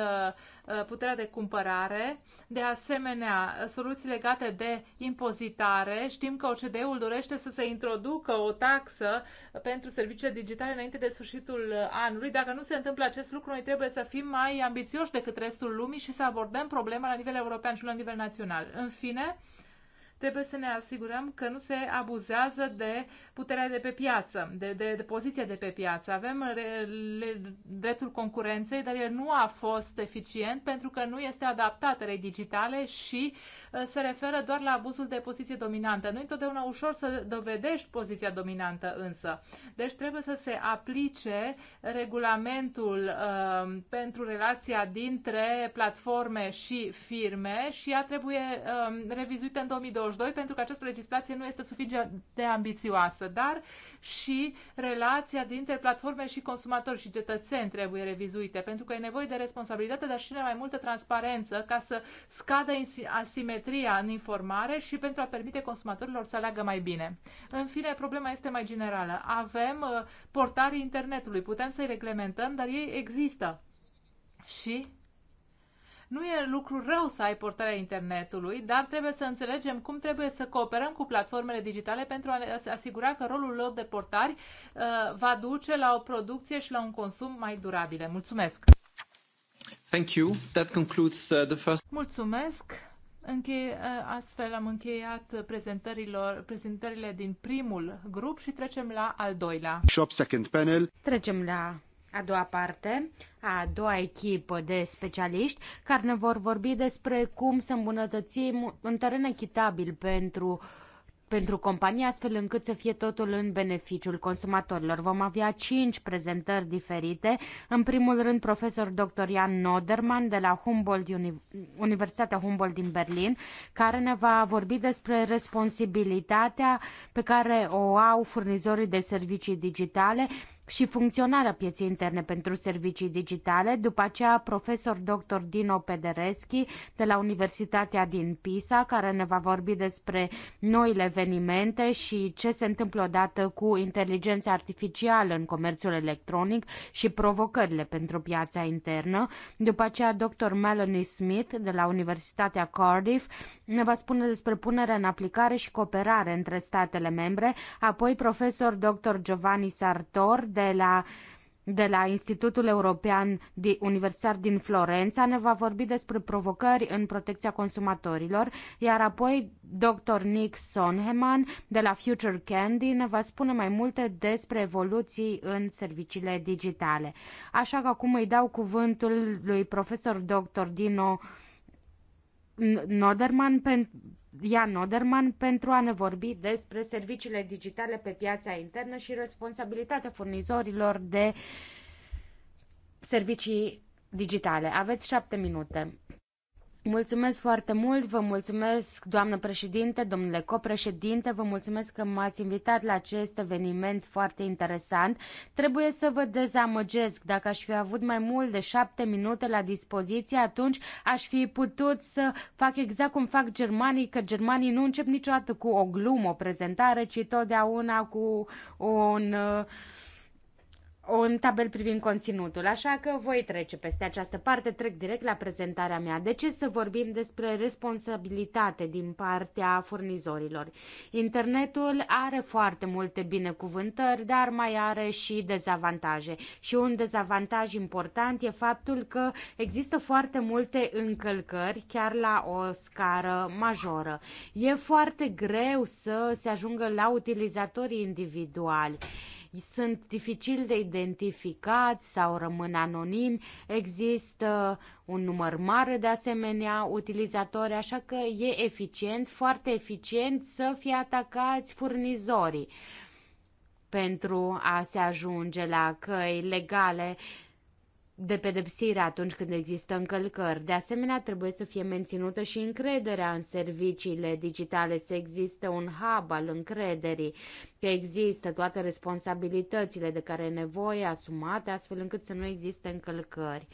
Uh, puterea de cumpărare. De asemenea, uh, soluții legate de impozitare. Știm că OCDE-ul dorește să se introducă o taxă pentru serviciile digitale înainte de sfârșitul uh, anului. Dacă nu se întâmplă acest lucru, noi trebuie să fim mai ambițioși decât restul lumii și să abordăm problema la nivel european și la nivel național. În fine, trebuie să ne asigurăm că nu se abuzează de puterea de pe piață, de, de, de poziția de pe piață. Avem re, le, dreptul concurenței, dar el nu a fost eficient pentru că nu este adaptat rei digitale și uh, se referă doar la abuzul de poziție dominantă. Nu întotdeauna ușor să dovedești poziția dominantă însă. Deci trebuie să se aplice regulamentul uh, pentru relația dintre platforme și firme și ea trebuie uh, revizuită în 2020 2022 pentru că această legislație nu este suficient de ambițioasă, dar și relația dintre platforme și consumatori și cetățeni trebuie revizuite pentru că e nevoie de responsabilitate, dar și de mai multă transparență ca să scadă asimetria în informare și pentru a permite consumatorilor să aleagă mai bine. În fine, problema este mai generală. Avem uh, portarii internetului, putem să-i reglementăm, dar ei există. Și nu e lucru rău să ai portarea internetului, dar trebuie să înțelegem cum trebuie să cooperăm cu platformele digitale pentru a asigura că rolul lor de portari uh, va duce la o producție și la un consum mai durabile. Mulțumesc! Thank you. That concludes uh, the first... Mulțumesc! Închei, uh, astfel am încheiat prezentărilor, prezentările din primul grup și trecem la al doilea. Shop second panel. Trecem la a doua parte, a doua echipă de specialiști care ne vor vorbi despre cum să îmbunătățim un teren echitabil pentru pentru companie, astfel încât să fie totul în beneficiul consumatorilor. Vom avea cinci prezentări diferite. În primul rând, profesor dr. Jan Noderman de la Humboldt, Universitatea Humboldt din Berlin, care ne va vorbi despre responsabilitatea pe care o au furnizorii de servicii digitale și funcționarea pieței interne pentru servicii digitale, după aceea profesor dr. Dino Pedereschi de la Universitatea din Pisa, care ne va vorbi despre noile evenimente și ce se întâmplă odată cu inteligența artificială în comerțul electronic și provocările pentru piața internă. După aceea dr. Melanie Smith de la Universitatea Cardiff ne va spune despre punerea în aplicare și cooperare între statele membre, apoi profesor dr. Giovanni Sartor de la de la Institutul European Universitar din Florența ne va vorbi despre provocări în protecția consumatorilor, iar apoi dr. Nick Sonheman de la Future Candy ne va spune mai multe despre evoluții în serviciile digitale. Așa că acum îi dau cuvântul lui profesor dr. Dino Noderman pentru Ian Noderman pentru a ne vorbi despre serviciile digitale pe piața internă și responsabilitatea furnizorilor de servicii digitale. Aveți șapte minute. Mulțumesc foarte mult, vă mulțumesc, doamnă președinte, domnule copreședinte, vă mulțumesc că m-ați invitat la acest eveniment foarte interesant. Trebuie să vă dezamăgesc, dacă aș fi avut mai mult de șapte minute la dispoziție, atunci aș fi putut să fac exact cum fac germanii, că germanii nu încep niciodată cu o glumă, o prezentare, ci totdeauna cu un... Uh, un tabel privind conținutul, așa că voi trece peste această parte, trec direct la prezentarea mea. De ce să vorbim despre responsabilitate din partea furnizorilor? Internetul are foarte multe binecuvântări, dar mai are și dezavantaje. Și un dezavantaj important e faptul că există foarte multe încălcări, chiar la o scară majoră. E foarte greu să se ajungă la utilizatorii individuali sunt dificil de identificat sau rămân anonimi, există un număr mare de asemenea utilizatori, așa că e eficient, foarte eficient să fie atacați furnizorii pentru a se ajunge la căi legale de pedepsire atunci când există încălcări. De asemenea, trebuie să fie menținută și încrederea în serviciile digitale, să există un hub al încrederii, că există toate responsabilitățile de care e nevoie asumate, astfel încât să nu existe încălcări.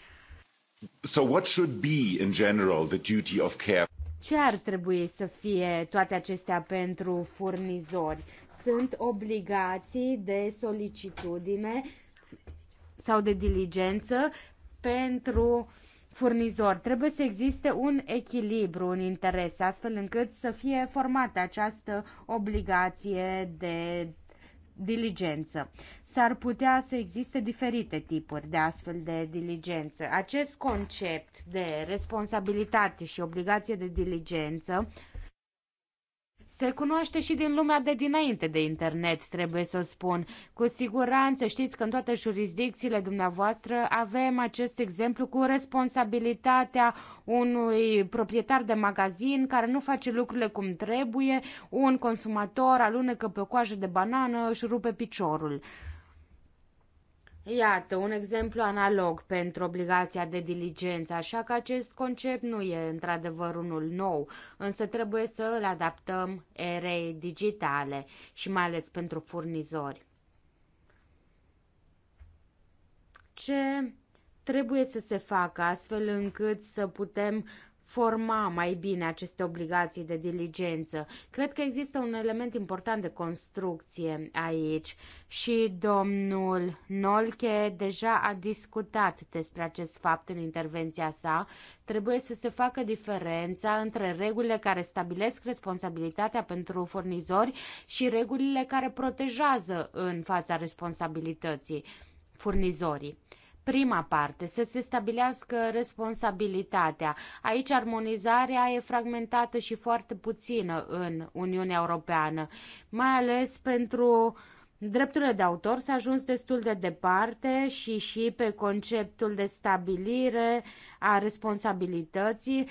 So what should be in general the duty of care? Ce ar trebui să fie toate acestea pentru furnizori? Sunt obligații de solicitudine sau de diligență pentru furnizor. Trebuie să existe un echilibru în interes, astfel încât să fie formată această obligație de diligență. S-ar putea să existe diferite tipuri de astfel de diligență. Acest concept de responsabilitate și obligație de diligență se cunoaște și din lumea de dinainte de internet, trebuie să spun. Cu siguranță știți că în toate jurisdicțiile dumneavoastră avem acest exemplu cu responsabilitatea unui proprietar de magazin care nu face lucrurile cum trebuie, un consumator alunecă pe o coajă de banană și rupe piciorul. Iată, un exemplu analog pentru obligația de diligență, așa că acest concept nu e într-adevăr unul nou, însă trebuie să îl adaptăm erei digitale și mai ales pentru furnizori. Ce trebuie să se facă astfel încât să putem forma mai bine aceste obligații de diligență. Cred că există un element important de construcție aici și domnul Nolche deja a discutat despre acest fapt în intervenția sa. Trebuie să se facă diferența între regulile care stabilesc responsabilitatea pentru furnizori și regulile care protejează în fața responsabilității furnizorii prima parte, să se stabilească responsabilitatea. Aici armonizarea e fragmentată și foarte puțină în Uniunea Europeană, mai ales pentru drepturile de autor s-a ajuns destul de departe și și pe conceptul de stabilire a responsabilității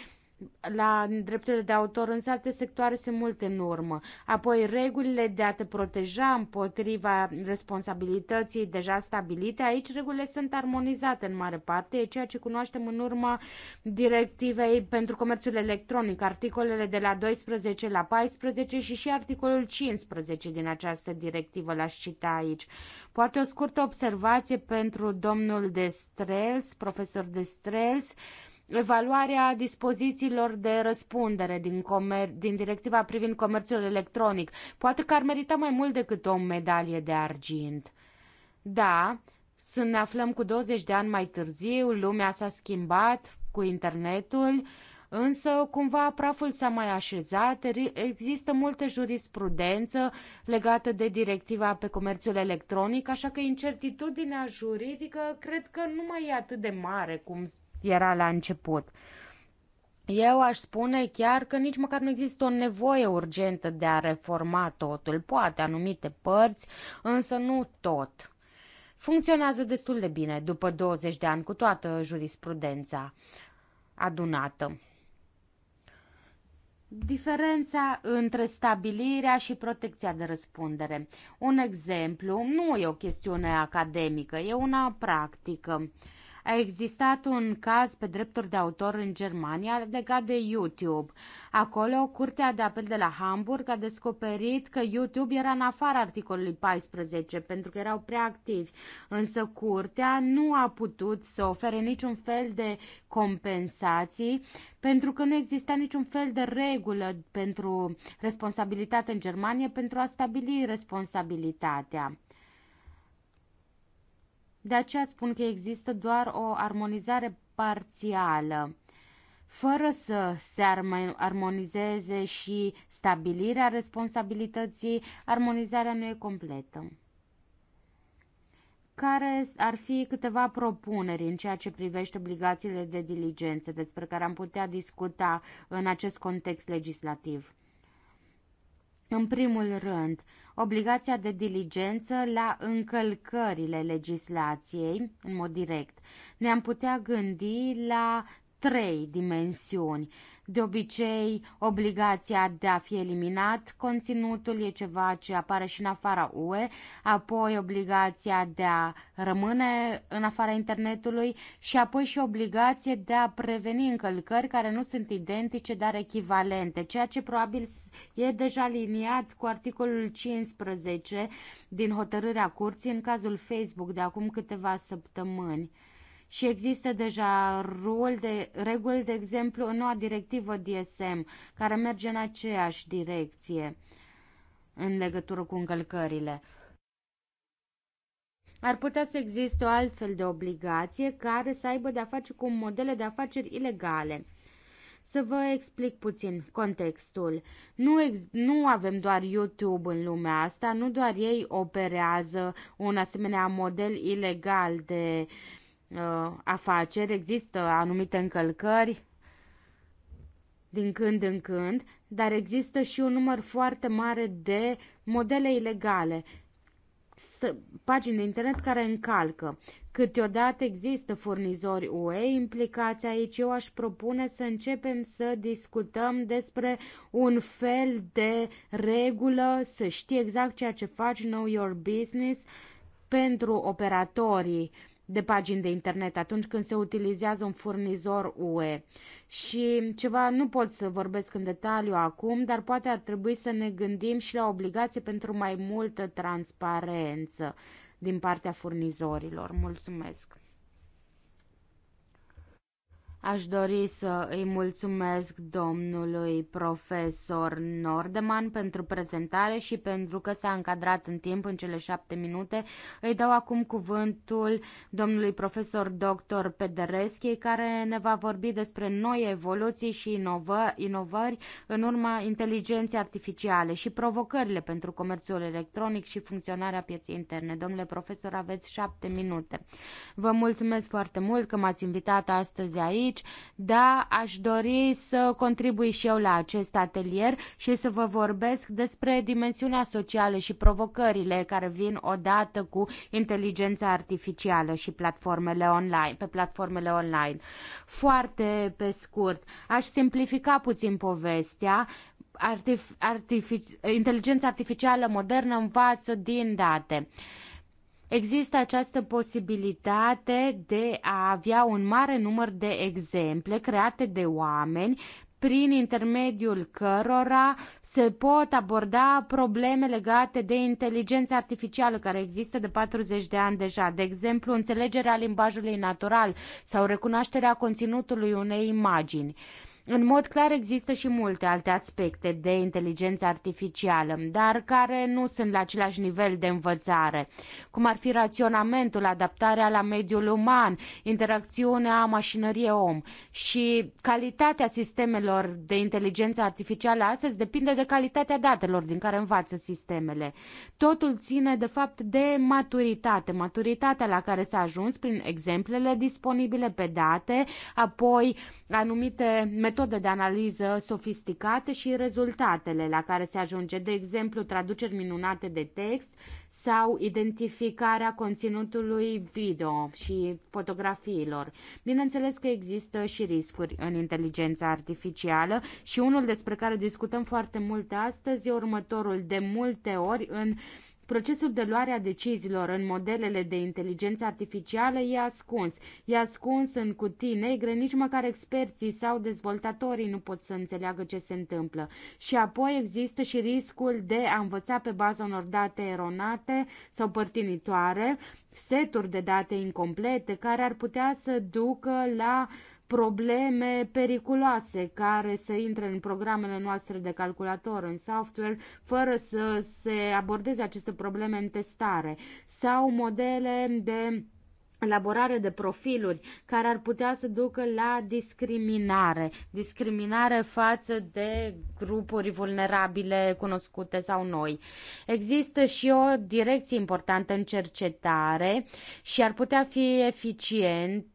la drepturile de autor, însă alte sectoare sunt mult în urmă. Apoi, regulile de a te proteja împotriva responsabilității deja stabilite, aici regulile sunt armonizate în mare parte, e ceea ce cunoaștem în urma directivei pentru comerțul electronic, articolele de la 12 la 14 și și articolul 15 din această directivă l-aș cita aici. Poate o scurtă observație pentru domnul de Strels, profesor de Strels, uh, evaluarea dispozițiilor de răspundere din, comer- din directiva privind comerțul electronic. Poate că ar merita mai mult decât o medalie de argint. Da, să ne aflăm cu 20 de ani mai târziu, lumea s-a schimbat cu internetul, însă cumva praful s-a mai așezat, există multă jurisprudență legată de directiva pe comerțul electronic, așa că incertitudinea juridică cred că nu mai e atât de mare cum era la început. Eu aș spune chiar că nici măcar nu există o nevoie urgentă de a reforma totul, poate anumite părți, însă nu tot. Funcționează destul de bine după 20 de ani cu toată jurisprudența adunată. Diferența între stabilirea și protecția de răspundere. Un exemplu nu e o chestiune academică, e una practică. Uh, a existat un caz pe drepturi de autor în Germania legat de YouTube. Acolo, Curtea de Apel de la Hamburg a descoperit că YouTube era în afara articolului 14 pentru că erau prea activi, însă Curtea nu a putut să ofere niciun fel de compensații pentru că nu exista niciun fel de regulă pentru responsabilitate în Germania pentru a stabili responsabilitatea. De aceea spun că există doar o armonizare parțială fără să se armonizeze și stabilirea responsabilității, armonizarea nu e completă. Care ar fi câteva propuneri în ceea ce privește obligațiile de diligență despre care am putea discuta în acest context legislativ? În primul rând, obligația de diligență la încălcările legislației în mod direct. Ne-am putea gândi la trei dimensiuni. De obicei, obligația de a fi eliminat conținutul e ceva ce apare și în afara UE, apoi obligația de a rămâne în afara internetului și apoi și obligație de a preveni încălcări care nu sunt identice, dar echivalente, ceea ce probabil e deja liniat cu articolul 15 din hotărârea curții în cazul Facebook de acum câteva săptămâni și există deja rol de, reguli, de exemplu, în noua directivă DSM, care merge în aceeași direcție în legătură cu încălcările. Ar putea să existe o altfel de obligație care să aibă de-a face cu modele de afaceri ilegale. Să vă explic puțin contextul. Nu, ex- nu avem doar YouTube în lumea asta, nu doar ei operează un asemenea model ilegal de uh, uh, afaceri, există anumite încălcări din când în când, dar există și un număr foarte mare de modele ilegale, pagini de internet care încalcă. Câteodată există furnizori UE implicați aici. Eu aș propune să începem să discutăm despre un fel de regulă, să știi exact ceea ce faci, know your business, pentru operatorii uh, de pagini de internet atunci când se utilizează un furnizor UE. Și ceva nu pot să vorbesc în detaliu acum, dar poate ar trebui să ne gândim și la obligație pentru mai multă transparență din partea furnizorilor. Mulțumesc! Aș dori să îi mulțumesc domnului profesor Nordeman pentru prezentare și pentru că s-a încadrat în timp în cele șapte minute. Îi dau acum cuvântul domnului profesor dr. Pedereschi care ne va vorbi despre noi evoluții și inovă, inovări în urma inteligenței artificiale și provocările pentru comerțul electronic și funcționarea pieței interne. Domnule profesor, aveți șapte minute. Vă mulțumesc foarte mult că m-ați invitat astăzi aici aici. Da, aș dori să contribui și eu la acest atelier și să vă vorbesc despre dimensiunea socială și provocările care vin odată cu inteligența artificială și platformele online, pe platformele online. Foarte pe scurt, aș simplifica puțin povestea, artif, artific, inteligența artificială modernă învață din date. Uh, Există această posibilitate de a avea un mare număr de exemple create de oameni prin intermediul cărora se pot aborda probleme legate de inteligența artificială care există de 40 de ani deja, de exemplu înțelegerea limbajului natural sau recunoașterea conținutului unei imagini. Uh, în mod clar există și multe alte aspecte de inteligență artificială, dar care nu sunt la același nivel de învățare, cum ar fi raționamentul, adaptarea la mediul uman, interacțiunea mașinărie-om și calitatea sistemelor de inteligență artificială astăzi depinde de calitatea datelor din care învață sistemele. Totul ține de fapt de maturitate, maturitatea la care s-a ajuns prin exemplele disponibile pe date, apoi anumite metode de analiză sofisticate și rezultatele la care se ajunge, de exemplu traduceri minunate de text sau identificarea conținutului video și fotografiilor. Bineînțeles că există și riscuri în inteligența artificială și unul despre care discutăm foarte mult astăzi e următorul. De multe ori în uh, Procesul de luare a deciziilor în modelele de inteligență artificială e ascuns. E ascuns în cutii negre, nici măcar experții sau dezvoltatorii nu pot să înțeleagă ce se întâmplă. Și apoi există și riscul de a învăța pe baza unor date eronate sau părtinitoare, seturi de date incomplete care ar putea să ducă la uh, probleme periculoase care să intre în programele noastre de calculator, în software, fără să se abordeze aceste probleme în testare, sau modele de elaborare de profiluri care ar putea să ducă la discriminare, discriminare față de grupuri vulnerabile cunoscute sau noi. Există și o direcție importantă în cercetare și ar putea fi eficient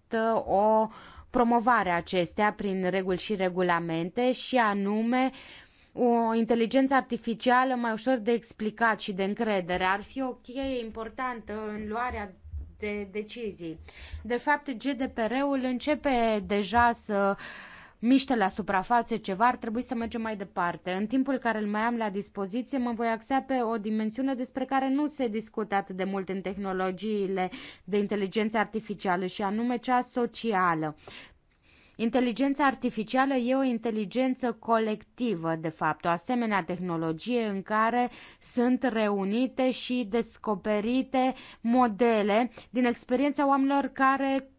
o uh, promovarea acestea prin reguli și regulamente și anume o inteligență artificială mai ușor de explicat și de încredere. Ar fi o cheie importantă în luarea de decizii. De fapt, GDPR-ul începe deja să uh, miște la suprafață ceva, ar trebui să mergem mai departe. În timpul care îl mai am la dispoziție, mă voi axa pe o dimensiune despre care nu se discută atât de mult în tehnologiile de inteligență artificială și anume cea socială. Inteligența artificială e o inteligență colectivă, de fapt, o asemenea tehnologie în care sunt reunite și descoperite modele din experiența oamenilor care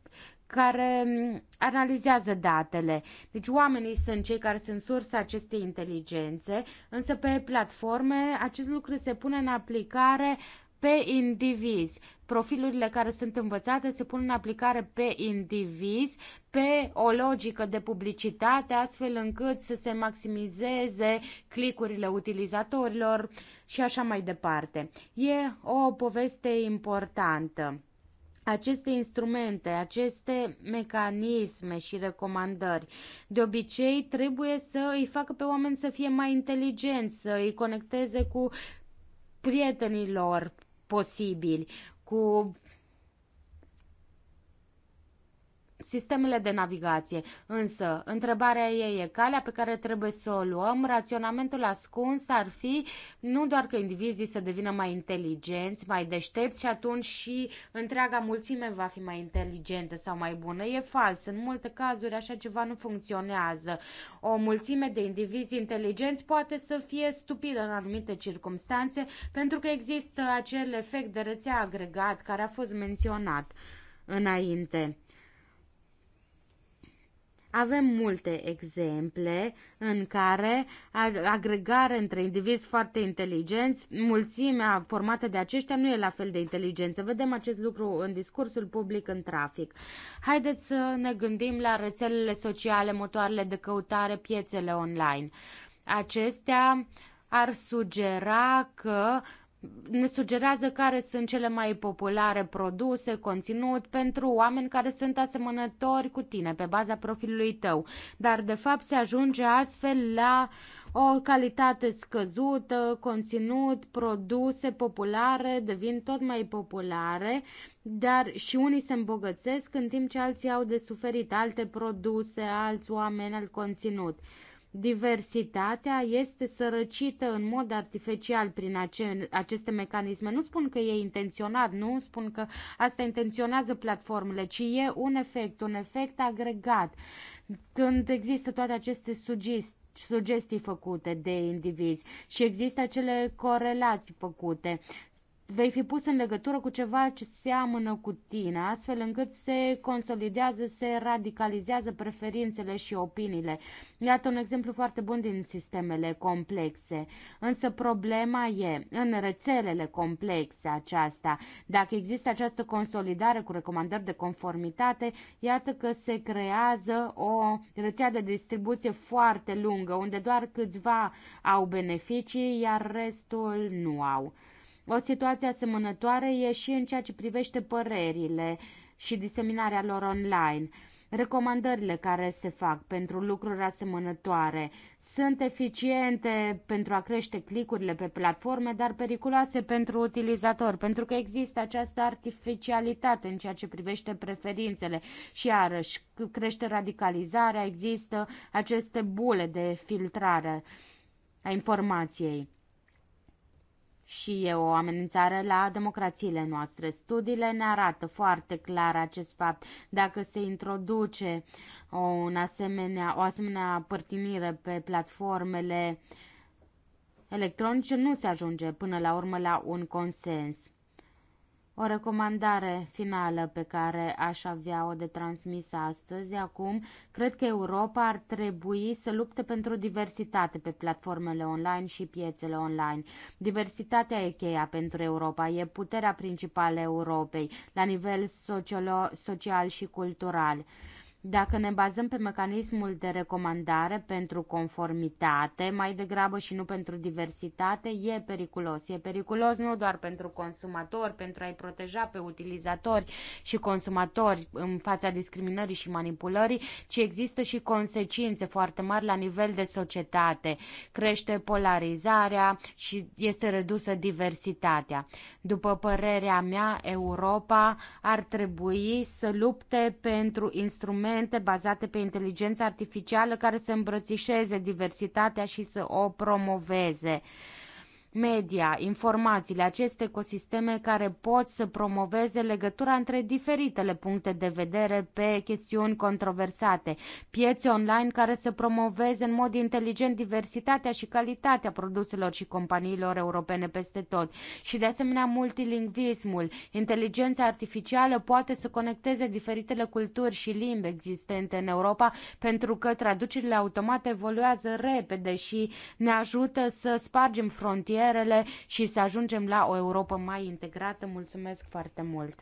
care mm, analizează datele. Deci oamenii sunt cei care sunt sursa acestei inteligențe, însă pe platforme acest lucru se pune în aplicare pe indivizi. Profilurile care sunt învățate se pun în aplicare pe indivizi, pe o logică de publicitate, astfel încât să se maximizeze clicurile utilizatorilor și așa mai departe. E o poveste importantă aceste instrumente, aceste mecanisme și recomandări, de obicei trebuie să îi facă pe oameni să fie mai inteligenți, să îi conecteze cu prietenii lor posibili, cu sistemele de navigație. Însă, întrebarea ei e calea pe care trebuie să o luăm. Raționamentul ascuns ar fi nu doar că indivizii să devină mai inteligenți, mai deștepți și atunci și întreaga mulțime va fi mai inteligentă sau mai bună. E fals. În multe cazuri așa ceva nu funcționează. O mulțime de indivizi inteligenți poate să fie stupidă în anumite circunstanțe pentru că există acel efect de rețea agregat care a fost menționat înainte. Avem multe exemple în care agregare între indivizi foarte inteligenți, mulțimea formată de aceștia nu e la fel de inteligență. Vedem acest lucru în discursul public în trafic. Haideți să ne gândim la rețelele sociale, motoarele de căutare, piețele online. Acestea ar sugera că ne sugerează care sunt cele mai populare produse, conținut pentru oameni care sunt asemănători cu tine pe baza profilului tău. Dar de fapt se ajunge astfel la o calitate scăzută, conținut, produse populare devin tot mai populare, dar și unii se îmbogățesc în timp ce alții au de suferit alte produse, alți oameni, alt conținut. Diversitatea este sărăcită în mod artificial prin ace- aceste mecanisme. Nu spun că e intenționat, nu spun că asta intenționează platformele, ci e un efect, un efect agregat. Când există toate aceste sugestii, sugestii făcute de indivizi și există acele corelații făcute vei fi pus în legătură cu ceva ce seamănă cu tine, astfel încât se consolidează, se radicalizează preferințele și opiniile. Iată un exemplu foarte bun din sistemele complexe. Însă problema e în rețelele complexe aceasta. Dacă există această consolidare cu recomandări de conformitate, iată că se creează o rețea de distribuție foarte lungă, unde doar câțiva au beneficii, iar restul nu au. O situație asemănătoare e și în ceea ce privește părerile și diseminarea lor online. Recomandările care se fac pentru lucruri asemănătoare sunt eficiente pentru a crește clicurile pe platforme, dar periculoase pentru utilizator, pentru că există această artificialitate în ceea ce privește preferințele și iarăși crește radicalizarea, există aceste bule de filtrare a informației și e o amenințare la democrațiile noastre. Studiile ne arată foarte clar acest fapt. Dacă se introduce o, un asemenea, o asemenea părtinire pe platformele electronice, nu se ajunge până la urmă la un consens. O recomandare finală pe care aș avea-o de transmis astăzi, acum, cred că Europa ar trebui să lupte pentru diversitate pe platformele online și piețele online. Diversitatea e cheia pentru Europa, e puterea principală a Europei, la nivel social și cultural. Dacă ne bazăm pe mecanismul de recomandare pentru conformitate, mai degrabă și nu pentru diversitate, e periculos. E periculos nu doar pentru consumatori, pentru a-i proteja pe utilizatori și consumatori în fața discriminării și manipulării, ci există și consecințe foarte mari la nivel de societate. Crește polarizarea și este redusă diversitatea. După părerea mea, Europa ar trebui să lupte pentru instrumente instrumente bazate pe inteligența artificială care să îmbrățișeze diversitatea și să o promoveze media, informațiile, aceste ecosisteme care pot să promoveze legătura între diferitele puncte de vedere pe chestiuni controversate, piețe online care să promoveze în mod inteligent diversitatea și calitatea produselor și companiilor europene peste tot și de asemenea multilingvismul. Inteligența artificială poate să conecteze diferitele culturi și limbi existente în Europa pentru că traducerile automate evoluează repede și ne ajută să spargem frontiere frontierele și să ajungem la o Europa mai integrată. Mulțumesc foarte mult!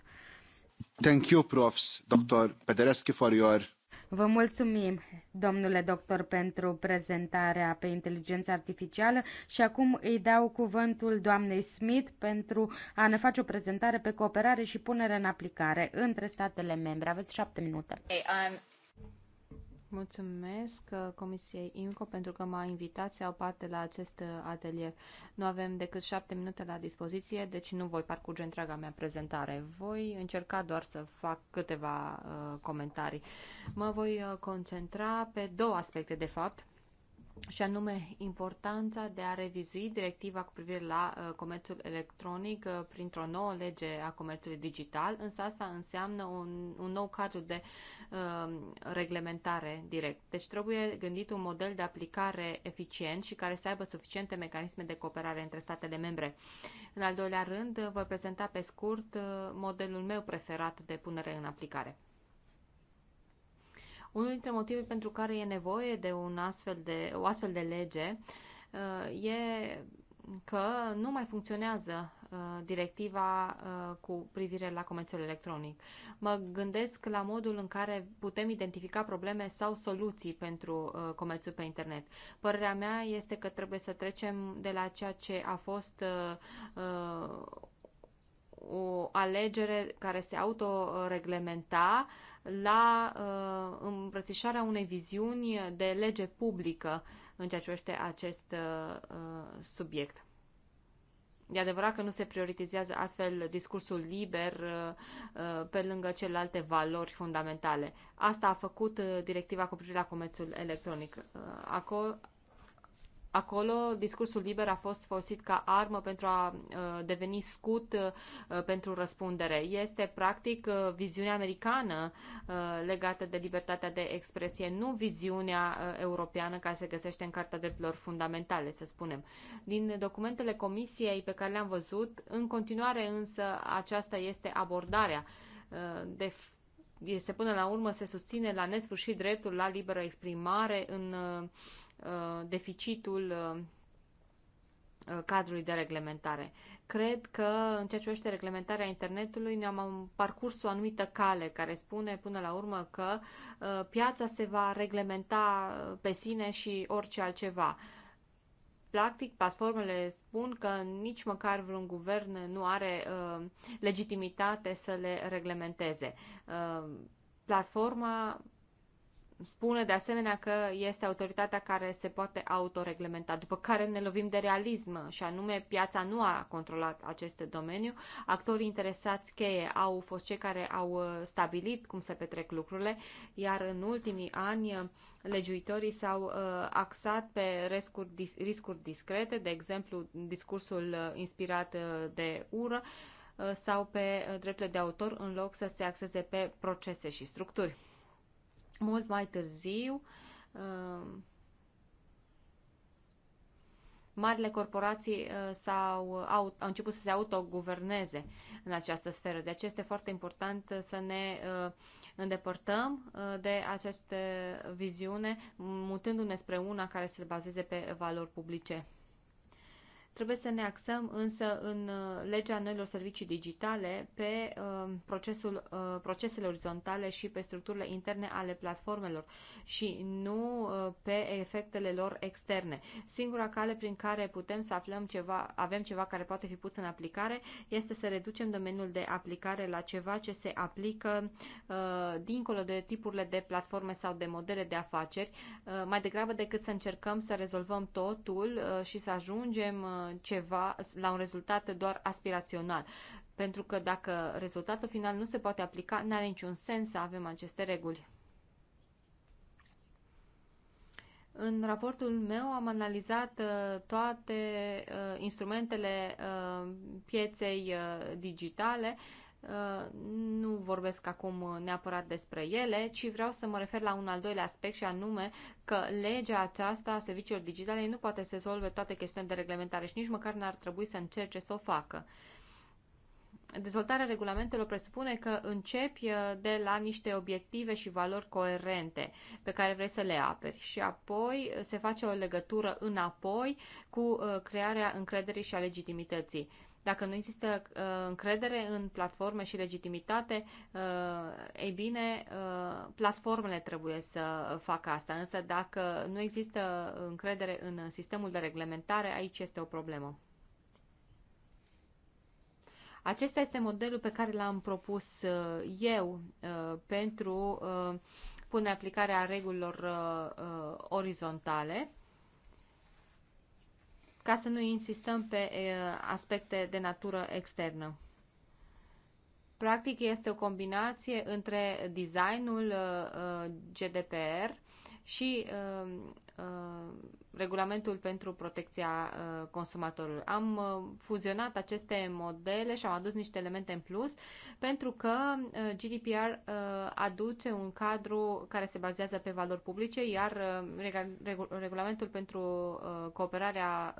Thank you, profs. Dr. Pederescu, for your Vă mulțumim, domnule doctor, pentru prezentarea pe inteligența artificială și acum îi dau cuvântul doamnei Smith pentru a ne face o prezentare pe cooperare și punere în aplicare între statele membre. Aveți șapte minute. Hey, um... Mulțumesc uh, Comisiei INCO pentru că m-a invitat să iau parte la acest uh, atelier. Nu avem decât șapte minute la dispoziție, deci nu voi parcurge întreaga mea prezentare. Voi încerca doar să fac câteva uh, comentarii. Mă voi uh, concentra pe două aspecte, de fapt, și anume importanța de a revizui directiva cu privire la uh, comerțul electronic uh, printr-o nouă lege a comerțului digital, însă asta înseamnă un, un nou cadru de uh, reglementare direct. Deci trebuie gândit un model de aplicare eficient și care să aibă suficiente mecanisme de cooperare între statele membre. În al doilea rând, uh, voi prezenta pe scurt uh, modelul meu preferat de punere în aplicare. Unul dintre motive pentru care e nevoie de, un astfel de o astfel de lege uh, e că nu mai funcționează uh, directiva uh, cu privire la comerțul electronic. Mă gândesc la modul în care putem identifica probleme sau soluții pentru comerțul pe internet. Părerea mea este că trebuie să trecem de la ceea ce a fost o alegere care se autoreglementa la uh, îmbrățișarea unei viziuni de lege publică în ceea ce privește acest uh, subiect. E adevărat că nu se prioritizează astfel discursul liber uh, uh, pe lângă celelalte valori fundamentale. Asta a făcut uh, directiva cu privire la comerțul electronic. Acolo, Acolo discursul liber a fost folosit ca armă pentru a uh, deveni scut uh, pentru răspundere. Este practic uh, viziunea americană legată de libertatea de expresie, nu viziunea europeană care se găsește în Carta Drepturilor Fundamentale, să spunem. Din documentele comisiei pe care le-am văzut, în continuare însă aceasta este abordarea de se până la urmă se susține la nesfârșit dreptul la liberă exprimare în uh, Uh, deficitul uh, uh, cadrului de reglementare. Cred că, în ceea ce privește reglementarea internetului, ne-am parcurs o anumită cale care spune, până la urmă, că piața se va reglementa pe sine și orice altceva. Practic, platformele spun că nici măcar vreun guvern nu are uh, legitimitate să le reglementeze. Uh, platforma spune de asemenea că este autoritatea care se poate autoreglementa, după care ne lovim de realism și anume piața nu a controlat acest domeniu. Actorii interesați cheie au fost cei care au uh, stabilit cum se petrec lucrurile, iar în ultimii ani uh, legiuitorii s-au uh, axat pe riscuri, riscuri discrete, de exemplu discursul inspirat de ură sau pe drepturile de autor în loc să se axeze pe procese și structuri mult mai târziu, uh, marile corporații uh, s-au, au, au început să se autoguverneze în această sferă. De aceea este foarte important să ne uh, îndepărtăm de această viziune, mutându-ne spre una care se bazeze pe valori publice. Trebuie să ne axăm însă în uh, legea noilor servicii digitale pe uh, procesul, uh, procesele orizontale și pe structurile interne ale platformelor și nu pe efectele lor externe. Singura cale prin care putem să aflăm ceva, avem ceva care poate fi pus în aplicare este să reducem domeniul de aplicare la ceva ce se aplică dincolo de tipurile de platforme sau de modele de afaceri, mai degrabă decât să încercăm să rezolvăm totul și să ajungem ceva, la un rezultat doar aspirațional. Pentru că dacă rezultatul final nu se poate aplica, n-are niciun sens să avem aceste reguli. În raportul meu am analizat uh, toate uh, instrumentele uh, pieței digitale nu vorbesc acum neapărat despre ele, ci vreau să mă refer la un al doilea aspect și anume că legea aceasta a serviciilor digitale nu poate să rezolve toate chestiunile de reglementare și nici măcar n-ar trebui să încerce să o facă. Dezvoltarea regulamentelor presupune că începi uh, de la niște obiective și valori coerente pe care vrei să le aperi și apoi uh, se face o legătură înapoi cu uh, crearea încrederii și a legitimității. Dacă nu există uh, încredere în platforme și legitimitate, uh, ei bine, uh, platformele trebuie să facă asta. Însă dacă nu există încredere în sistemul de reglementare, aici este o problemă. Acesta este modelul pe care l-am propus uh, eu uh, pentru uh, punerea aplicarea regulilor orizontale ca să nu insistăm pe aspecte de natură externă. Practic este o combinație între designul GDPR și Uh, regulamentul pentru protecția uh, consumatorului. Am uh, fuzionat aceste modele și am adus niște elemente în plus pentru că GDPR aduce un cadru care se bazează pe valori publice, iar regulamentul pentru cooperarea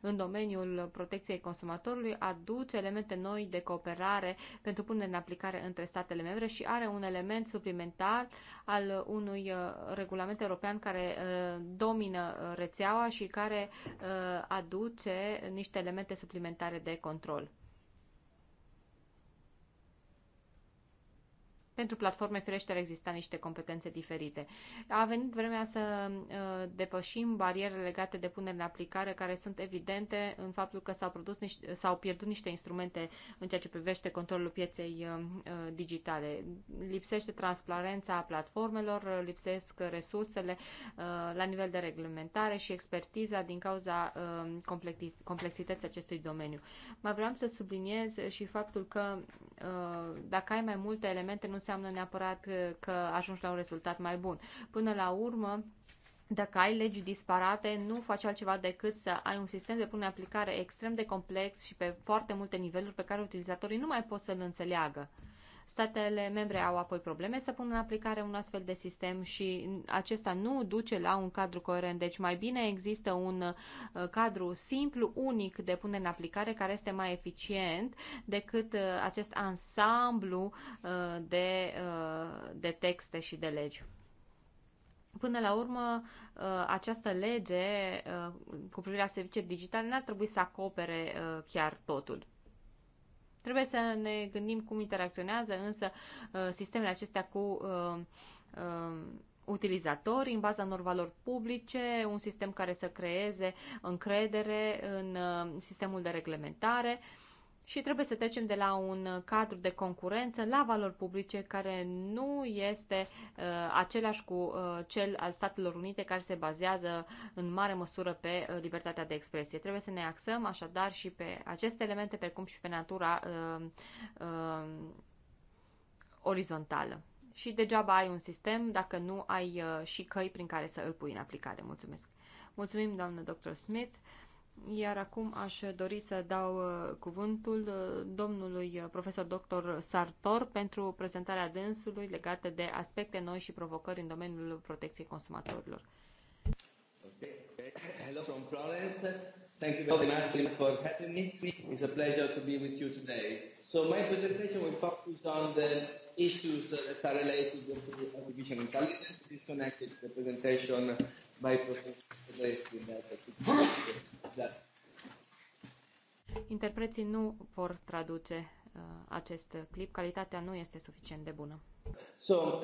în domeniul protecției consumatorului aduce elemente noi de cooperare pentru punere în aplicare între statele membre și are un element suplimentar al unui regulament european care domină uh, rețeaua și care uh, aduce niște elemente suplimentare de control. Pentru platforme, firește, ar exista niște competențe diferite. A venit vremea să uh, depășim barierele legate de punere în aplicare, care sunt evidente în faptul că s-au, produs niște, s-au pierdut niște instrumente în ceea ce privește controlul pieței uh, uh, digitale. Lipsește transparența platformelor, lipsesc resursele la nivel de reglementare și expertiza din cauza complexității acestui domeniu. Mai vreau să subliniez și faptul că dacă ai mai multe elemente, nu se înseamnă neapărat că ajungi la un rezultat mai bun. Până la urmă, dacă ai legi disparate, nu faci altceva decât să ai un sistem de punere în aplicare extrem de complex și pe foarte multe niveluri pe care utilizatorii nu mai pot să-l înțeleagă. Statele membre au apoi probleme să pună în aplicare un astfel de sistem și acesta nu duce la un cadru coerent. Deci mai bine există un uh, cadru simplu, unic de pune în aplicare, care este mai eficient decât uh, acest ansamblu uh, de, de texte și de legi. Până la urmă, această lege cu privire la servicii digitale n-ar trebui să acopere chiar totul. Trebuie să ne gândim cum interacționează însă uh, sistemele acestea cu uh, uh, utilizatori în baza unor valori publice, un sistem care să creeze încredere în sistemul de reglementare, și trebuie să trecem de la un cadru de concurență la valori publice care nu este uh, același cu uh, cel al Statelor Unite care se bazează în mare măsură pe uh, libertatea de expresie. Trebuie să ne axăm așadar și pe aceste elemente precum și pe natura uh, uh, orizontală. Și degeaba ai un sistem dacă nu ai uh, și căi prin care să îl pui în aplicare. Mulțumesc! Mulțumim, doamnă dr. Smith! Iar acum aș dori să dau uh, cuvântul uh, domnului uh, profesor dr. Sartor pentru prezentarea dânsului legată de aspecte noi și provocări în domeniul protecției consumatorilor. Hello from Florence. Thank you very much for having me. It's a pleasure to be with you today. So my presentation will focus on the issues that are related to artificial intelligence. This connected to the presentation by Professor Interpreții nu vor traduce uh, acest clip. Calitatea nu este suficient de bună. So, um,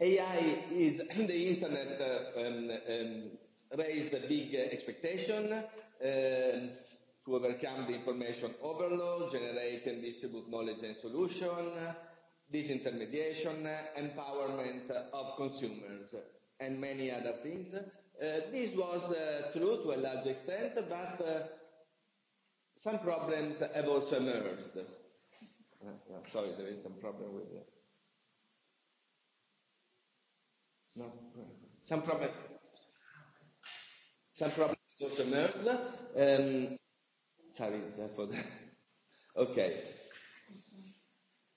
AI is the internet uh, um, um, raised a big expectation uh, to overcome the information overload, generate and distribute knowledge and solution, disintermediation, empowerment of consumers, and many other things. Uh, this was uh, true to a large extent, but uh, some problems have also emerged. Uh, uh, sorry, there is some problem with that. No, some problem. Some problems also emerged. Um, sorry, that's for that. Okay.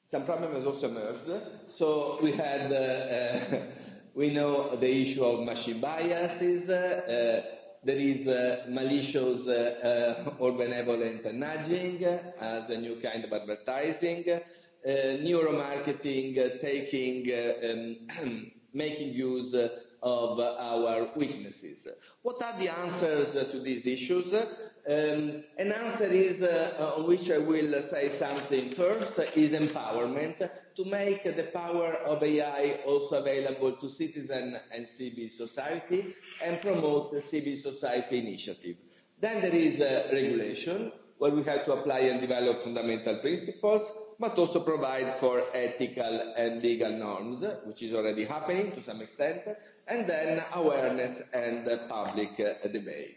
Some problem has also emerged. So we had uh, uh, We know the issue of machine biases. Uh, uh, there is uh, malicious uh, uh, or benevolent nudging as a new kind of advertising. Uh, neuromarketing uh, taking, uh, um, making use uh, of our weaknesses. What are the answers to these issues? Um, an answer is, uh, on which I will say something first, is empowerment to make the power of AI also available to citizens and civil society and promote the civil society initiative. Then there is uh, regulation, where we have to apply and develop fundamental principles, but also provide for ethical and legal norms, which is already happening to some extent, and then awareness and public uh, debate.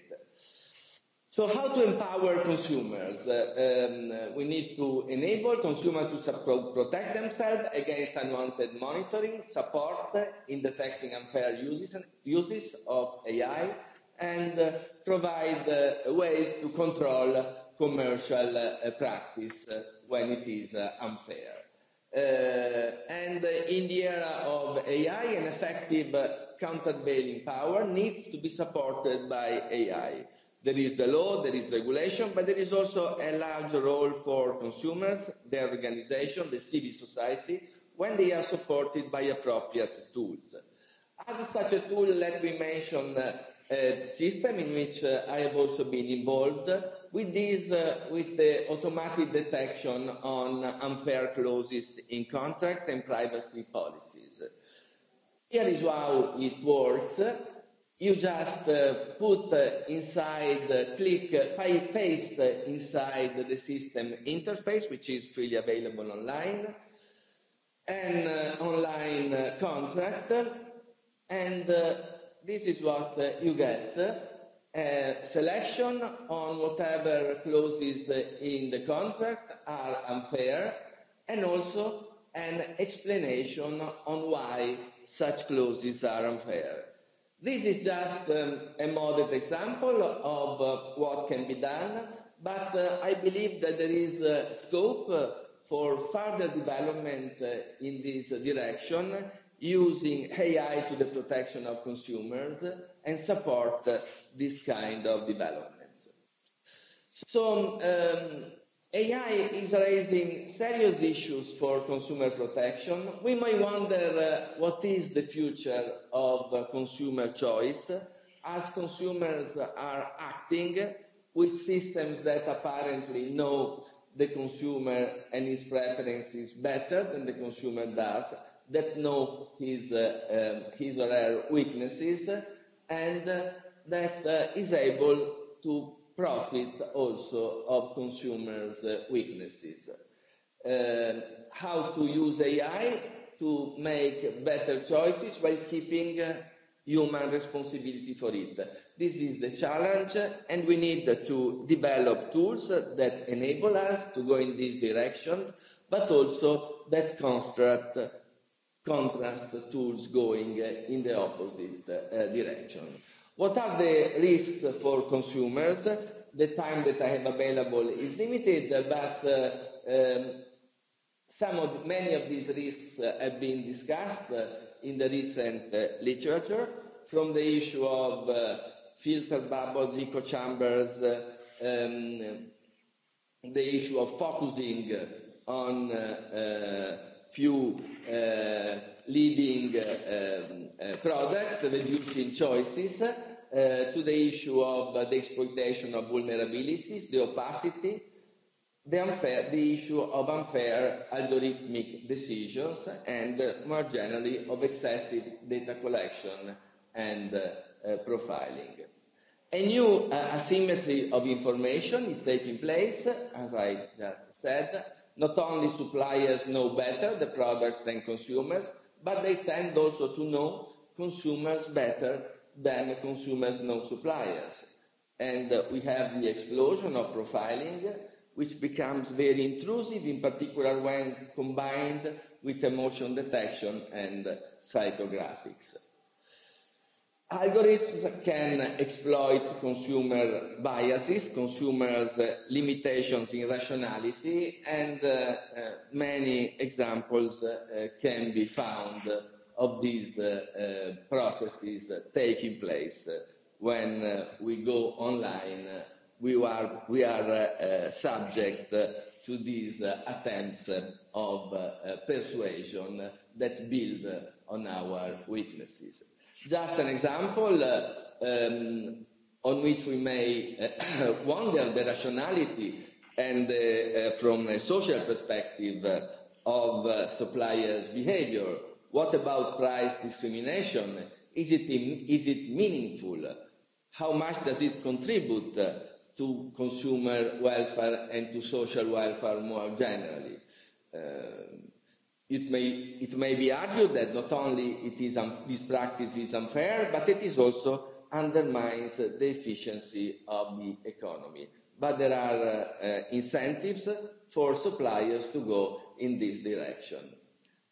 So how to empower consumers? Uh, um, we need to enable consumers to protect themselves against unwanted monitoring, support in detecting unfair uses, and uses of AI, and uh, provide uh, ways to control commercial uh, practice uh, when it is uh, unfair. Uh, and uh, in the era of AI, an effective uh, countervailing power needs to be supported by AI There is the law, there is regulation, but there is also a large role for consumers, the organization, the civil society, when they are supported by appropriate tools. As such a tool, let me mention uh, a system in which uh, I have also been involved with this, uh, with the automatic detection on unfair clauses in contracts and privacy policies. Here is how it works you just uh, put uh, inside, uh, click, uh, paste uh, inside the system interface, which is freely available online, an uh, online uh, contract, and uh, this is what uh, you get. Uh, selection on whatever clauses uh, in the contract are unfair, and also an explanation on why such clauses are unfair. This is just um, a modest example of uh, what can be done, but uh, I believe that there is uh, scope uh, for further development uh, in this direction using AI to the protection of consumers and support uh, this kind of developments. So um, AI is raising serious issues for consumer protection. We may wonder uh, what is the future of uh, consumer choice as consumers are acting with systems that apparently know the consumer and his preferences better than the consumer does, that know his, uh, um, his or her weaknesses, and uh, that uh, is able to profit also of consumers' weaknesses. Uh, how to use AI to make better choices while keeping uh, human responsibility for it. This is the challenge, and we need to develop tools that enable us to go in this direction, but also that construct contrast tools going in the opposite uh, direction. What are the risks for consumers? The time that I have available is limited, but uh, um, some of, many of these risks have been discussed in the recent uh, literature, from the issue of uh, filter bubbles, echo chambers, uh, um, the issue of focusing on uh, uh, few uh, leading uh, um, uh, products, reducing choices, uh, to the issue of uh, the exploitation of vulnerabilities, the opacity, the, unfair, the issue of unfair algorithmic decisions, and uh, more generally of excessive data collection and uh, uh, profiling. A new uh, asymmetry of information is taking place, as I just said. Not only suppliers know better the products than consumers, but they tend also to know consumers better than consumers, no suppliers And uh, we have the explosion of profiling, which becomes very intrusive, in particular when combined with emotion detection and psychographics. Algorithms can exploit consumer biases, consumers' uh, limitations in rationality, and uh, uh, many examples uh, uh can be found of these uh, uh, processes uh, taking place uh, when uh, we go online. Uh, we are, we are uh, uh, subject uh, to these uh, attempts uh, of uh, uh, persuasion uh, that build uh, on our weaknesses. Just an example uh, um, on which we may uh, wonder the rationality and uh, uh, from a social perspective uh, of uh, suppliers' behavior What about price discrimination? Is it, is it meaningful? How much does it contribute to consumer welfare and to social welfare more generally? Uh, it, may, it may be argued that not only it is un, this practice is unfair, but it is also undermines the efficiency of the economy. But there are uh, incentives for suppliers to go in this direction.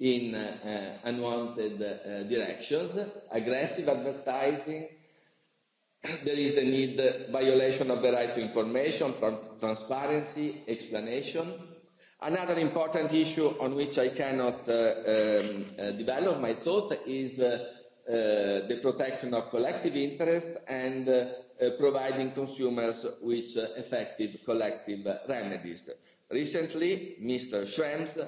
in uh, unwanted uh, directions, aggressive advertising. there is the need, uh, violation of the right to information, tran- transparency, explanation. Another important issue on which I cannot uh, um, uh, develop my thought is uh, uh, the protection of collective interest and uh, uh, providing consumers with uh, effective collective remedies. Recently, Mr. Schrems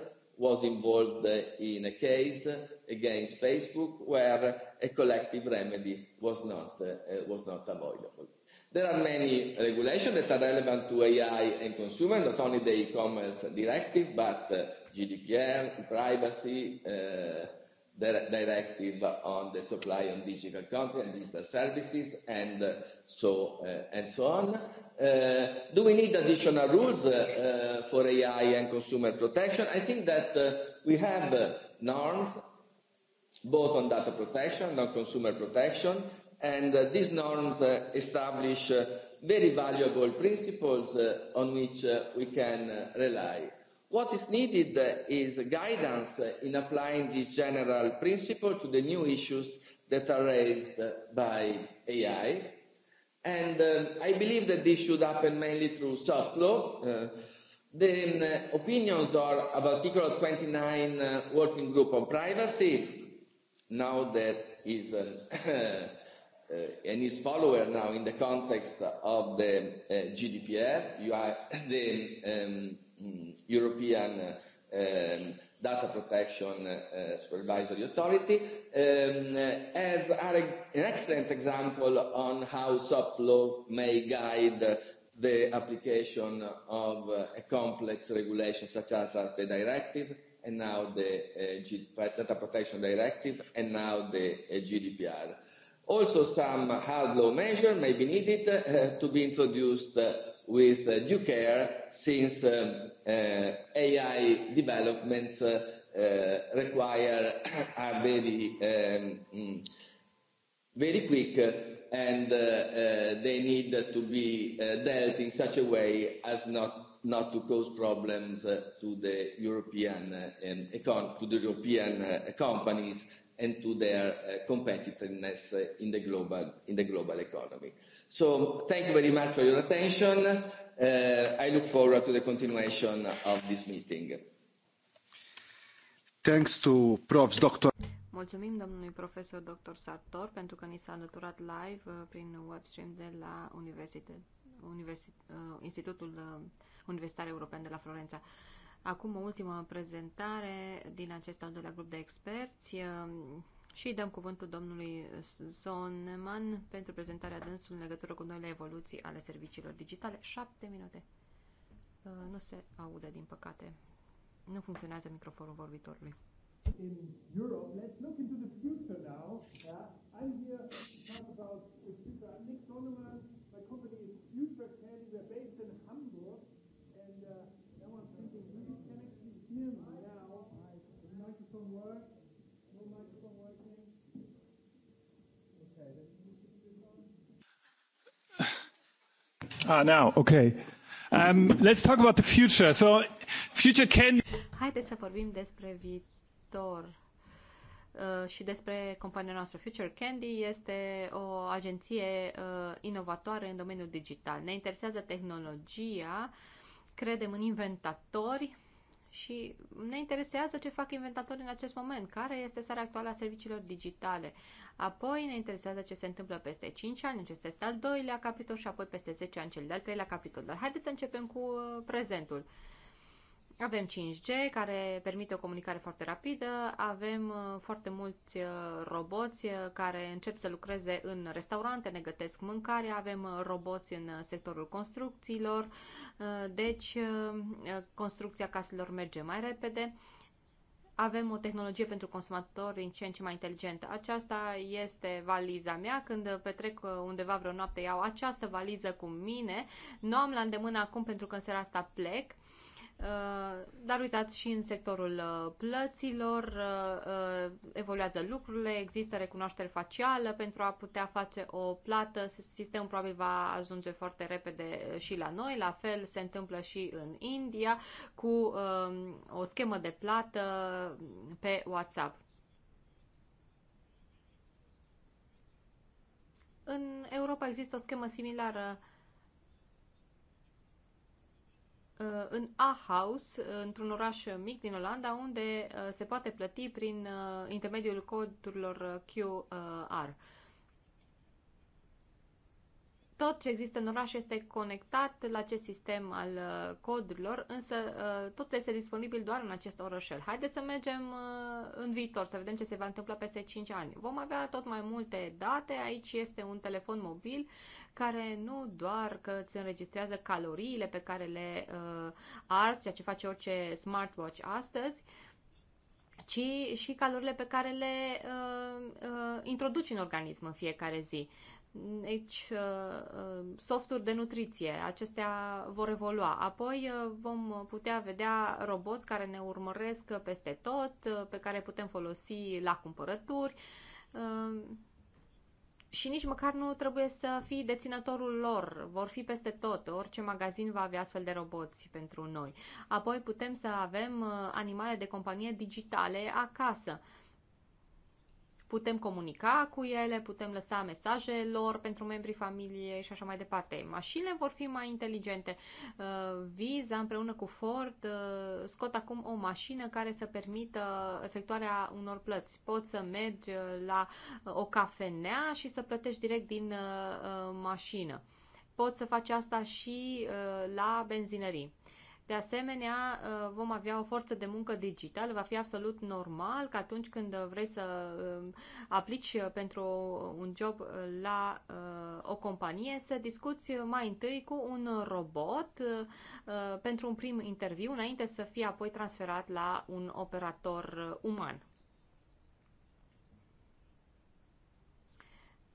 was involved in a case against Facebook where a collective remedy was not, uh, was not avoidable. There are many regulations that are relevant to AI and consumer, not only the e-commerce directive, but uh, GDPR, privacy, uh, directive on the supply on digital content and digital services and uh, so uh, and so on. Uh, do we need additional rules uh, uh, for AI and consumer protection? I think that uh, we have uh, norms both on data protection and on consumer protection, and uh, these norms uh, establish uh, very valuable principles uh, on which uh, we can uh, rely What is needed uh, is guidance uh, in applying this general principle to the new issues that are raised uh, by AI. And uh, I believe that this should happen mainly through soft law. Uh, the uh, opinions are of Article 29 uh, Working Group on Privacy, now that is an, uh, and his follower now in the context of the uh, GDPR, you are the um, Mm, European um, Data Protection uh, Supervisory Authority, um, as are a, an excellent example on how soft law may guide the application of uh, a complex regulation such as, as the directive and now the uh, Data Protection Directive and now the uh, GDPR. Also some hard law measure may be needed uh, to be introduced uh, with uh, due care since um, uh, AI developments uh, uh, require are very um, mm, very quick uh, and uh, uh, they need to be uh, dealt in such a way as not not to cause problems uh, to the European uh, and econ to the European uh, companies and to their uh, competitiveness uh, in the global in the global economy. Uh, So thank you very much for your attention. Uh, I look forward to the continuation of this meeting. Thanks to Prof. Dr. Mulțumim domnului profesor dr. Sartor pentru că ni s-a alăturat live uh, prin webstream de la Universite, Universi, uh, Institutul uh, Universitar European de la Florența. Acum o ultimă prezentare din acest al doilea grup de experți. Și dăm cuvântul domnului Zoneman pentru prezentarea dânsului în legătură cu noile evoluții ale serviciilor digitale. Șapte minute. Uh, nu se aude, din păcate. Nu funcționează microfonul vorbitorului. In Europe, let's look into the future now. Yeah? Uh, I'm here to talk about the future. Nick Zoneman, Ah, now, okay. Um, let's talk about the future. So, future can... Haideți să vorbim despre viitor uh, și despre compania noastră. Future Candy este o agenție uh, inovatoare în domeniul digital. Ne interesează tehnologia, credem în inventatori, și ne interesează ce fac inventatorii în acest moment, care este starea actuală a serviciilor digitale. Apoi ne interesează ce se întâmplă peste 5 ani, acesta este al doilea capitol și apoi peste 10 ani cel de-al treilea capitol. Dar haideți să începem cu uh, prezentul. Uh, avem 5G, care permite o comunicare foarte rapidă, avem uh, foarte mulți uh, roboți uh, care încep să lucreze în restaurante, ne gătesc mâncare, avem roboți în sectorul construcțiilor, deci construcția caselor merge mai repede. Avem o tehnologie pentru consumatori din ce în ce mai inteligentă. Aceasta este valiza mea. Când petrec undeva vreo noapte, iau această valiză cu mine. Nu am la îndemână acum pentru că în seara asta plec Uh, dar uitați și în sectorul uh, plăților, uh, evoluează lucrurile, există recunoaștere facială pentru a putea face o plată, sistemul probabil va ajunge foarte repede și la noi, la fel se întâmplă și în India cu um, o schemă de plată pe WhatsApp. În Europa există o schemă similară Uh, în Ahaus, uh, într-un oraș mic din Olanda, unde uh, se poate plăti prin intermediul codurilor QR tot ce există în oraș este conectat la acest sistem al uh, codurilor, însă uh, totul este disponibil doar în acest orășel. Haideți să mergem uh, în viitor, să vedem ce se va întâmpla peste 5 ani. Vom avea tot mai multe date, aici este un telefon mobil care nu doar că îți înregistrează caloriile pe care le arzi, ceea ce face orice smartwatch astăzi, ci și calorile pe care le uh, uh, introduci în organism în fiecare zi. Aici, deci, uh, uh, softuri de nutriție, acestea vor evolua. Apoi uh, vom putea vedea roboți care ne urmăresc peste tot, pe care putem folosi la cumpărături și nici măcar nu trebuie să fii deținătorul lor. Vor fi peste tot. Orice magazin va avea astfel de roboți pentru noi. Apoi putem să avem animale de companie digitale acasă putem comunica cu ele, putem lăsa mesaje lor pentru membrii familiei și așa mai departe. Mașinile vor fi mai inteligente. Uh, Visa împreună cu Ford uh, scot acum o mașină care să permită efectuarea unor plăți. Poți să mergi uh, la o cafenea și să plătești direct din mașină. Poți să faci asta și la benzinării. De asemenea, uh, vom avea o forță de muncă digitală. Va fi absolut normal că atunci când vrei să um, aplici pentru un job la uh, o companie, să discuți mai întâi cu un robot uh, pentru un prim interviu, înainte să fie apoi transferat la un operator uman.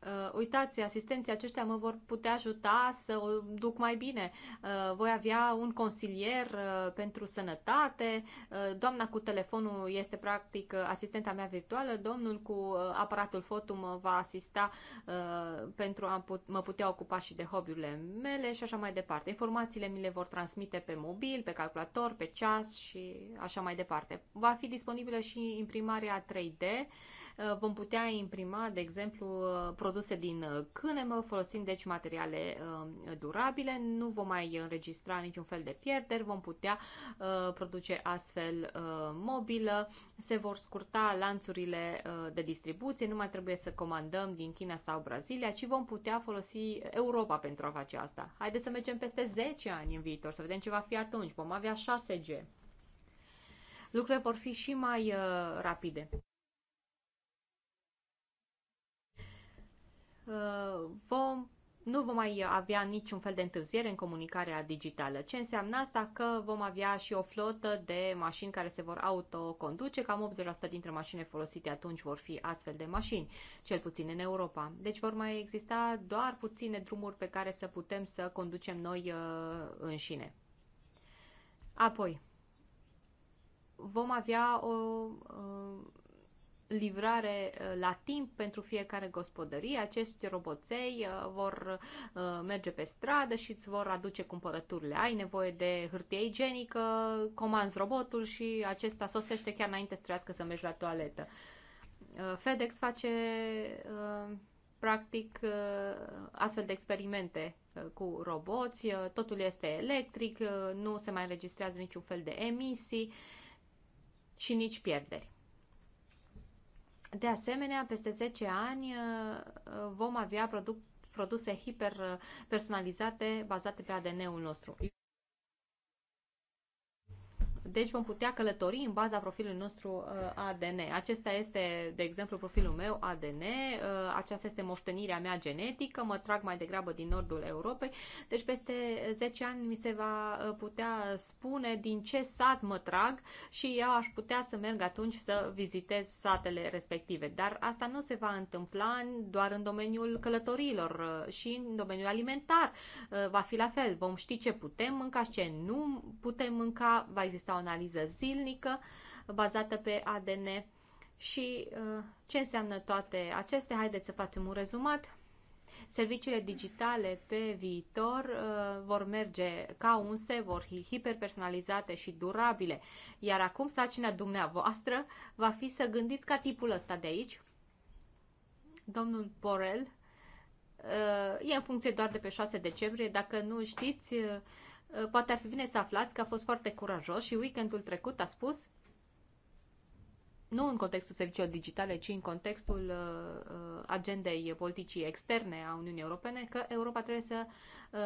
uh, uitați, asistenții aceștia mă vor putea ajuta să o duc mai bine. Uh, voi avea un consilier uh, pentru sănătate, uh, doamna cu telefonul este practic uh, asistenta mea virtuală, domnul cu uh, aparatul foto mă va asista uh, pentru a put- mă putea ocupa și de hobby-urile mele și așa mai departe. Informațiile mi le vor transmite pe mobil, pe calculator, pe ceas și așa mai departe. Va fi disponibilă și imprimarea 3D. Uh, Uh, vom putea imprima, de exemplu, uh, produse din uh, cânemă, folosind deci materiale durabile, nu vom mai înregistra niciun fel de pierderi, vom putea produce astfel mobilă, se vor scurta lanțurile de distribuție, nu mai trebuie să comandăm din China sau Brazilia, ci vom putea folosi Europa pentru a face asta. Haideți să mergem peste 10 ani în viitor, să vedem ce va fi atunci. Vom avea 6G lucrurile vor fi și mai uh, rapide. Uh, vom, nu vom mai avea niciun fel de întârziere în comunicarea digitală. Ce înseamnă asta? Că vom avea și o flotă de mașini care se vor autoconduce, cam 80% dintre mașinile folosite atunci vor fi astfel de mașini, cel puțin în Europa. Deci vor mai exista doar puține drumuri pe care să putem să conducem noi uh, înșine. Apoi, vom avea o uh, livrare uh, la timp pentru fiecare gospodărie. Acești roboței uh, vor uh, merge pe stradă și îți vor aduce cumpărăturile. Ai nevoie de hârtie igienică, comanzi robotul și acesta sosește chiar înainte să trească să mergi la toaletă. FedEx face practic astfel de experimente cu roboți, totul este electric, nu se mai înregistrează niciun fel de emisii și nici pierderi. De asemenea, peste 10 ani uh, vom avea produse hiperpersonalizate uh, bazate pe ADN-ul nostru. Deci vom putea călători în baza profilului nostru uh, ADN. Acesta este, de exemplu, profilul meu ADN, uh, aceasta este moștenirea mea genetică, mă trag mai degrabă din nordul Europei, deci peste 10 ani mi se va uh, putea spune din ce sat mă trag și eu aș putea să merg atunci să vizitez satele respective. Dar asta nu se va întâmpla doar în domeniul călătorilor și în domeniul alimentar. Va fi la fel, vom ști ce putem mânca și ce nu putem mânca, va exista o analiză zilnică bazată pe ADN. Și uh, ce înseamnă toate acestea? Haideți să facem un rezumat. Serviciile digitale pe viitor uh, vor merge ca unse, vor fi hiperpersonalizate și durabile. Iar acum sarcina dumneavoastră va fi să gândiți ca tipul ăsta de aici. Domnul Borel uh, e în funcție doar de pe 6 decembrie. Dacă nu știți, uh, poate ar fi bine să aflați că a fost foarte curajos și weekendul trecut a spus nu în contextul serviciilor digitale, ci în contextul uh, uh, agendei politicii externe a Uniunii Europene, că Europa trebuie să uh,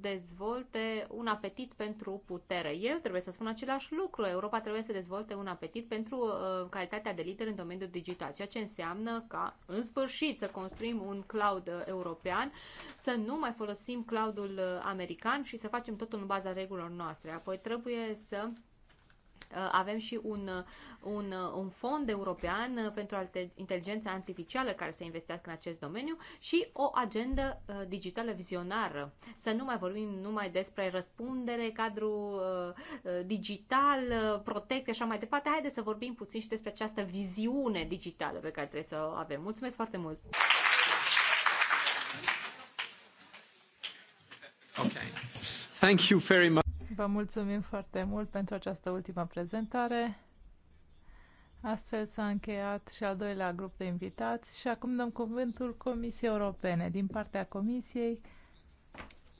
dezvolte un apetit pentru putere. Eu trebuie să spun același lucru. Europa trebuie să dezvolte un apetit pentru uh, calitatea de lider în domeniul digital, ceea ce înseamnă ca, în sfârșit, să construim un cloud uh, european, să nu mai folosim cloudul uh, american și să facem totul în baza regulilor noastre. Apoi trebuie să Uh, avem și un, uh, un, uh, un fond european pentru inteligența artificială care să investească în acest domeniu și o agendă digitală vizionară. Să nu mai vorbim numai despre răspundere, cadru digital, protecție așa mai departe. Haideți să vorbim puțin și despre această viziune digitală pe care trebuie să o avem. Mulțumesc foarte mult! Okay. Thank you very much. Vă mulțumim foarte mult pentru această ultimă prezentare. Astfel s-a încheiat și al doilea grup de invitați și acum dăm cuvântul Comisiei Europene. Din partea Comisiei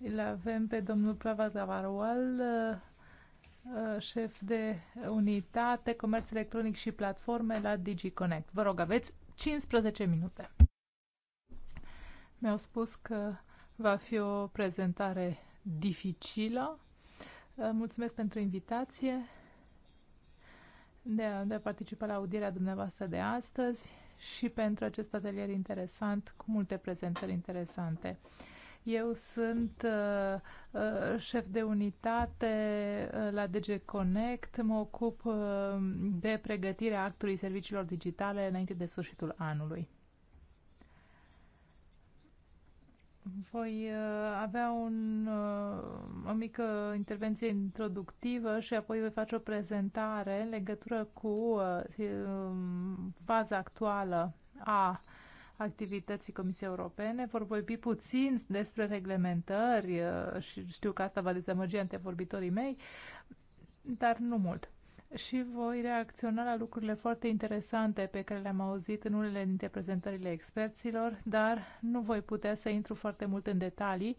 îl avem pe domnul Pravat Gavarual, uh, șef de unitate, comerț electronic și platforme la DigiConnect. Vă rog, aveți 15 minute. Mi-au spus că va fi o prezentare dificilă Mulțumesc pentru invitație de a, de a participa la audierea dumneavoastră de astăzi și pentru acest atelier interesant cu multe prezentări interesante. Eu sunt uh, uh șef de unitate uh, la DG Connect, mă ocup uh, de pregătirea actului serviciilor digitale înainte de sfârșitul anului. Voi uh, avea un, uh, o mică intervenție introductivă și apoi voi face o prezentare în legătură cu uh, um, faza actuală a activității Comisiei Europene. Vor vorbi puțin despre reglementări și știu că asta va dezamăgi antevorbitorii mei, dar nu mult și voi reacționa la lucrurile foarte interesante pe care le-am auzit în unele dintre prezentările experților, dar nu voi putea să intru foarte mult în detalii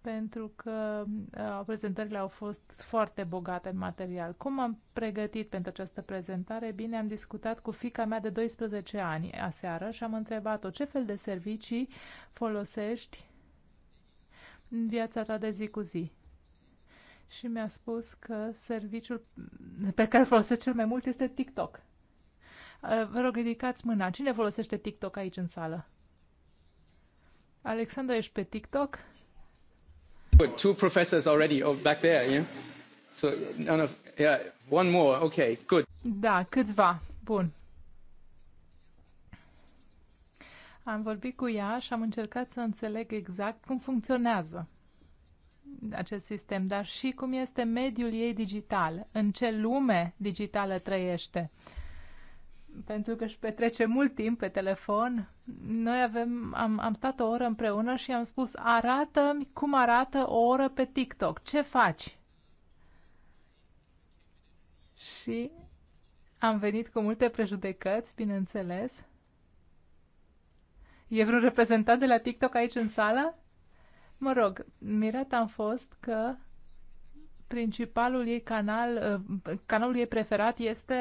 pentru că uh, prezentările au fost foarte bogate în material. Cum am pregătit pentru această prezentare? Bine, am discutat cu fica mea de 12 ani aseară și am întrebat-o ce fel de servicii folosești în viața ta de zi cu zi și mi-a spus că serviciul pe care îl folosesc cel mai mult este TikTok. Vă rog, ridicați mâna. Cine folosește TikTok aici în sală? Alexandra, ești pe TikTok? Good. Two professors already back there, yeah? So, none of, yeah, one more, okay, good. Da, câțiva. Bun. Am vorbit cu ea și am încercat să înțeleg exact cum funcționează acest sistem, dar și cum este mediul ei digital, în ce lume digitală trăiește. Pentru că își petrece mult timp pe telefon. Noi avem, am, am stat o oră împreună și am spus, arată cum arată o oră pe TikTok, ce faci? Și am venit cu multe prejudecăți, bineînțeles. E vreun reprezentant de la TikTok aici în sală? Mă rog, mirat am fost că principalul ei canal, uh, canalul ei preferat este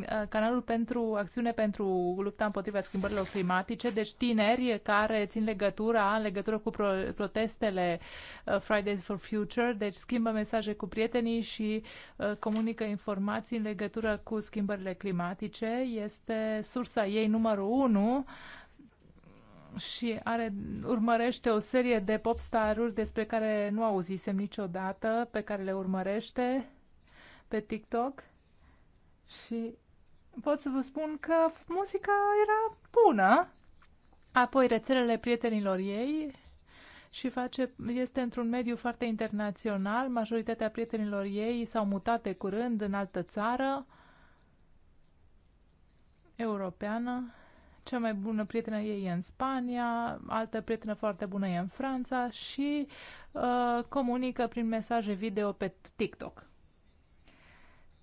uh, canalul pentru acțiune pentru lupta împotriva schimbărilor climatice, deci tineri care țin legătura în legătură cu protestele uh, Fridays for Future, deci schimbă mesaje cu prietenii și comunică informații în legătură cu schimbările climatice. Este sursa ei numărul 1 și are, urmărește o serie de popstaruri despre care nu auzisem niciodată, pe care le urmărește pe TikTok și pot să vă spun că muzica era bună, apoi rețelele prietenilor ei și face, este într-un mediu foarte internațional, majoritatea prietenilor ei s-au mutat de curând în altă țară europeană cea mai bună prietenă ei e în Spania, altă prietenă foarte bună e în Franța și uh, comunică prin mesaje video pe TikTok.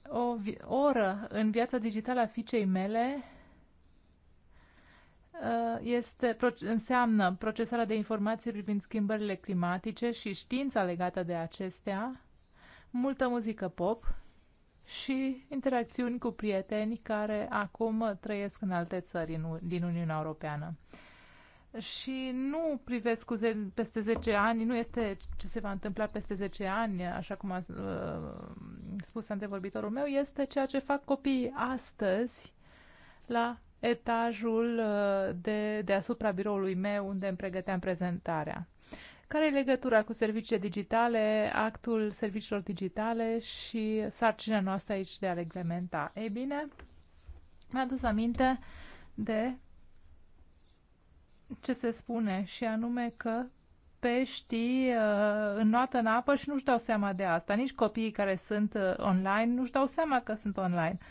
O oră în viața digitală a fiicei mele uh, este, înseamnă procesarea de informații privind schimbările climatice și știința legată de acestea, multă muzică pop, și interacțiuni cu prieteni care acum trăiesc în alte țări din Uniunea Europeană. Și nu privesc cu ze- peste 10 ani, nu este ce se va întâmpla peste 10 ani, așa cum a uh, spus antevorbitorul meu, este ceea ce fac copiii astăzi la etajul uh, de, deasupra biroului meu unde îmi pregăteam prezentarea. Care e legătura cu serviciile digitale, actul serviciilor digitale și sarcina noastră aici de a reglementa? Ei bine, mi-a adus aminte de ce se spune și anume că peștii uh, înnoată în apă și nu-și dau seama de asta. Nici copiii care sunt uh, online nu-și dau seama că sunt online. Uh,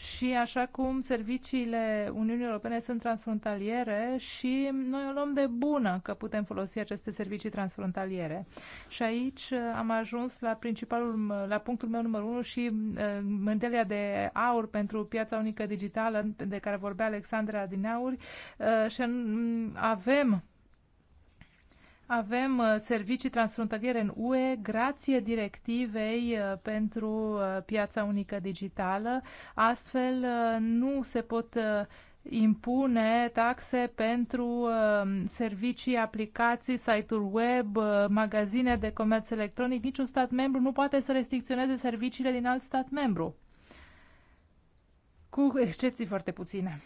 și așa cum serviciile Uniunii Europene sunt transfrontaliere și noi o luăm de bună că putem folosi aceste servicii transfrontaliere. Și aici uh, am ajuns la principalul, la punctul meu numărul 1 și uh, mândelia de aur pentru piața unică digitală de care vorbea Alexandra din uh, și avem avem uh, servicii transfrontaliere în UE grație directivei uh, pentru uh, piața unică digitală. Astfel nu se pot impune taxe pentru servicii, aplicații, site-uri web, magazine de comerț electronic. Niciun stat membru nu poate să restricționeze serviciile din alt stat membru, cu excepții foarte puține.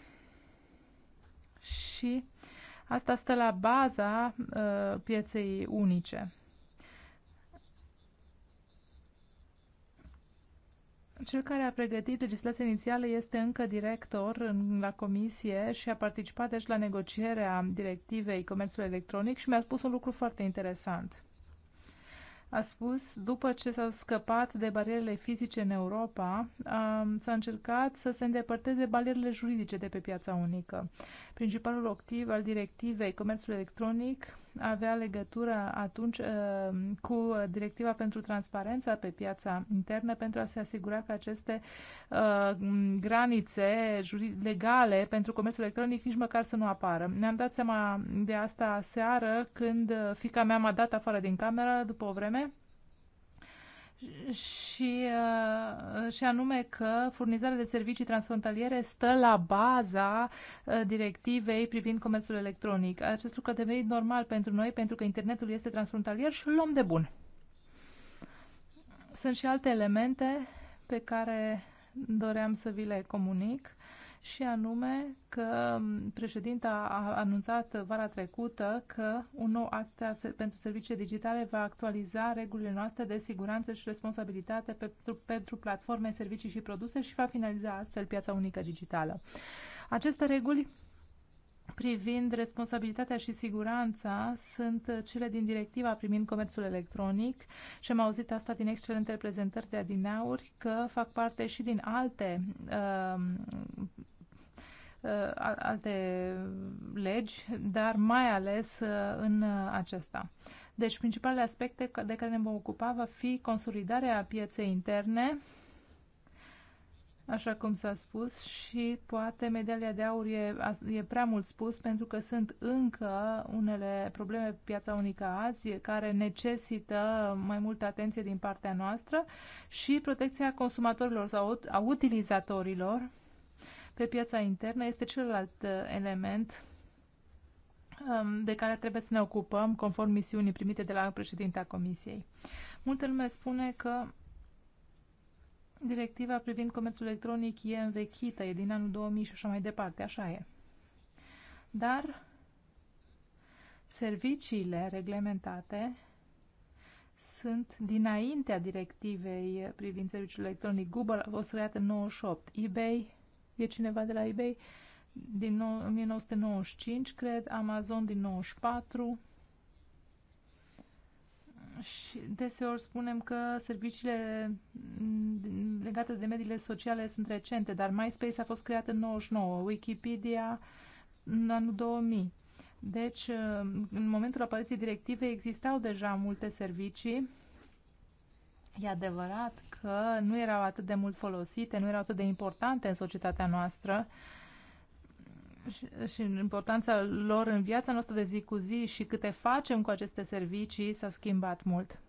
Și Asta stă la baza uh, pieței unice. Cel care a pregătit legislația inițială este încă director în, la comisie și a participat deci la negocierea directivei comerțului electronic și mi-a spus un lucru foarte interesant a spus, după ce s-a scăpat de barierele fizice în Europa, s-a încercat să se îndepărteze barierele juridice de pe piața unică. Principalul activ al directivei comerțul electronic avea legătură atunci uh, cu directiva pentru transparența pe piața internă pentru a se asigura că aceste uh, granițe legale pentru comerțul electronic nici măcar să nu apară. ne am dat seama de asta seară când uh, fica mea m-a dat afară din cameră după o vreme și, uh, și anume că furnizarea de servicii transfrontaliere stă la baza uh, directivei privind comerțul electronic. Acest lucru a devenit normal pentru noi pentru că internetul este transfrontalier și îl luăm de bun. Sunt și alte elemente pe care doream să vi le comunic și anume că președinta a anunțat vara trecută că un nou act pentru servicii digitale va actualiza regulile noastre de siguranță și responsabilitate pentru, pentru platforme, servicii și produse și va finaliza astfel piața unică digitală. Aceste reguli privind responsabilitatea și siguranța sunt cele din directiva privind comerțul electronic și am auzit asta din excelente reprezentări de adineauri că fac parte și din alte uh, alte legi, dar mai ales uh, în uh, acesta. Deci, principalele aspecte de care ne vom ocupa va fi consolidarea pieței interne, așa cum s-a spus, și poate medalia de aur e, e prea mult spus pentru că sunt încă unele probleme pe piața unică azi care necesită mai multă atenție din partea noastră și protecția consumatorilor sau a utilizatorilor pe piața internă este celălalt uh, element um, de care trebuie să ne ocupăm conform misiunii primite de la președinta Comisiei. Multă lume spune că directiva privind comerțul electronic e învechită, e din anul 2000 și așa mai departe, așa e. Dar serviciile reglementate sunt dinaintea directivei privind serviciul electronic. Google a fost creat în 98, eBay E cineva de la eBay din 1995, cred, Amazon din 94. Și deseori spunem că serviciile legate de mediile sociale sunt recente, dar MySpace a fost creat în 99, Wikipedia în anul 2000. Deci, în momentul apariției directivei existau deja multe servicii E adevărat că nu erau atât de mult folosite, nu erau atât de importante în societatea noastră și, și importanța lor în viața noastră de zi cu zi și câte facem cu aceste servicii s-a schimbat mult.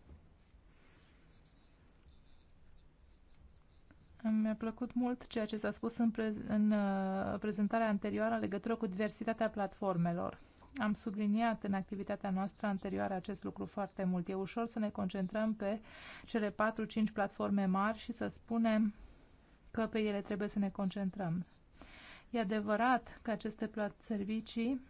Mi-a plăcut mult ceea ce s-a spus în, prez- în uh, prezentarea anterioară în legătură cu diversitatea platformelor. Am subliniat în activitatea noastră anterioară acest lucru foarte mult. E ușor să ne concentrăm pe cele 4-5 platforme mari și să spunem că pe ele trebuie să ne concentrăm. E adevărat că aceste servicii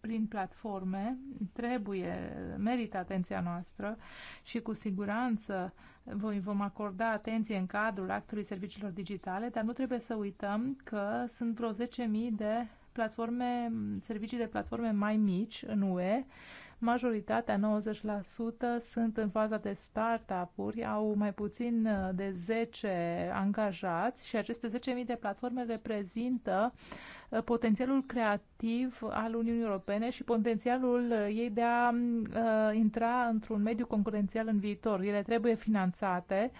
prin platforme trebuie, merită atenția noastră și cu siguranță voi vom acorda atenție în cadrul actului serviciilor digitale, dar nu trebuie să uităm că sunt vreo 10.000 de platforme, servicii de platforme mai mici în UE, majoritatea, 90%, sunt în faza de startup-uri, au mai puțin uh, de 10 angajați și aceste 10.000 de platforme reprezintă uh, potențialul creativ al Uniunii Europene și potențialul uh, ei de a intra într-un mediu concurențial în viitor. Ele trebuie finanțate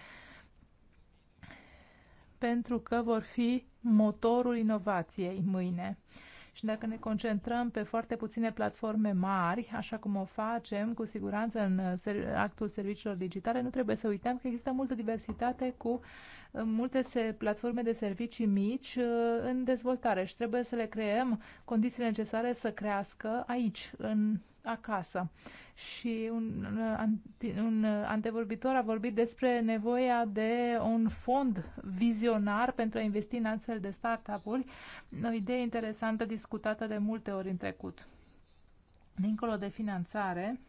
pentru că vor fi motorul inovației mâine. Și dacă ne concentrăm pe foarte puține platforme mari, așa cum o facem, cu siguranță în actul serviciilor digitale, nu trebuie să uităm că există multă diversitate cu uh, multe platforme de servicii mici uh, în dezvoltare și trebuie să le creăm condițiile necesare să crească aici, în acasă. Și un, un antevorbitor a vorbit despre nevoia de un fond vizionar pentru a investi în astfel de startup-uri, o idee interesantă discutată de multe ori în trecut. Dincolo de finanțare,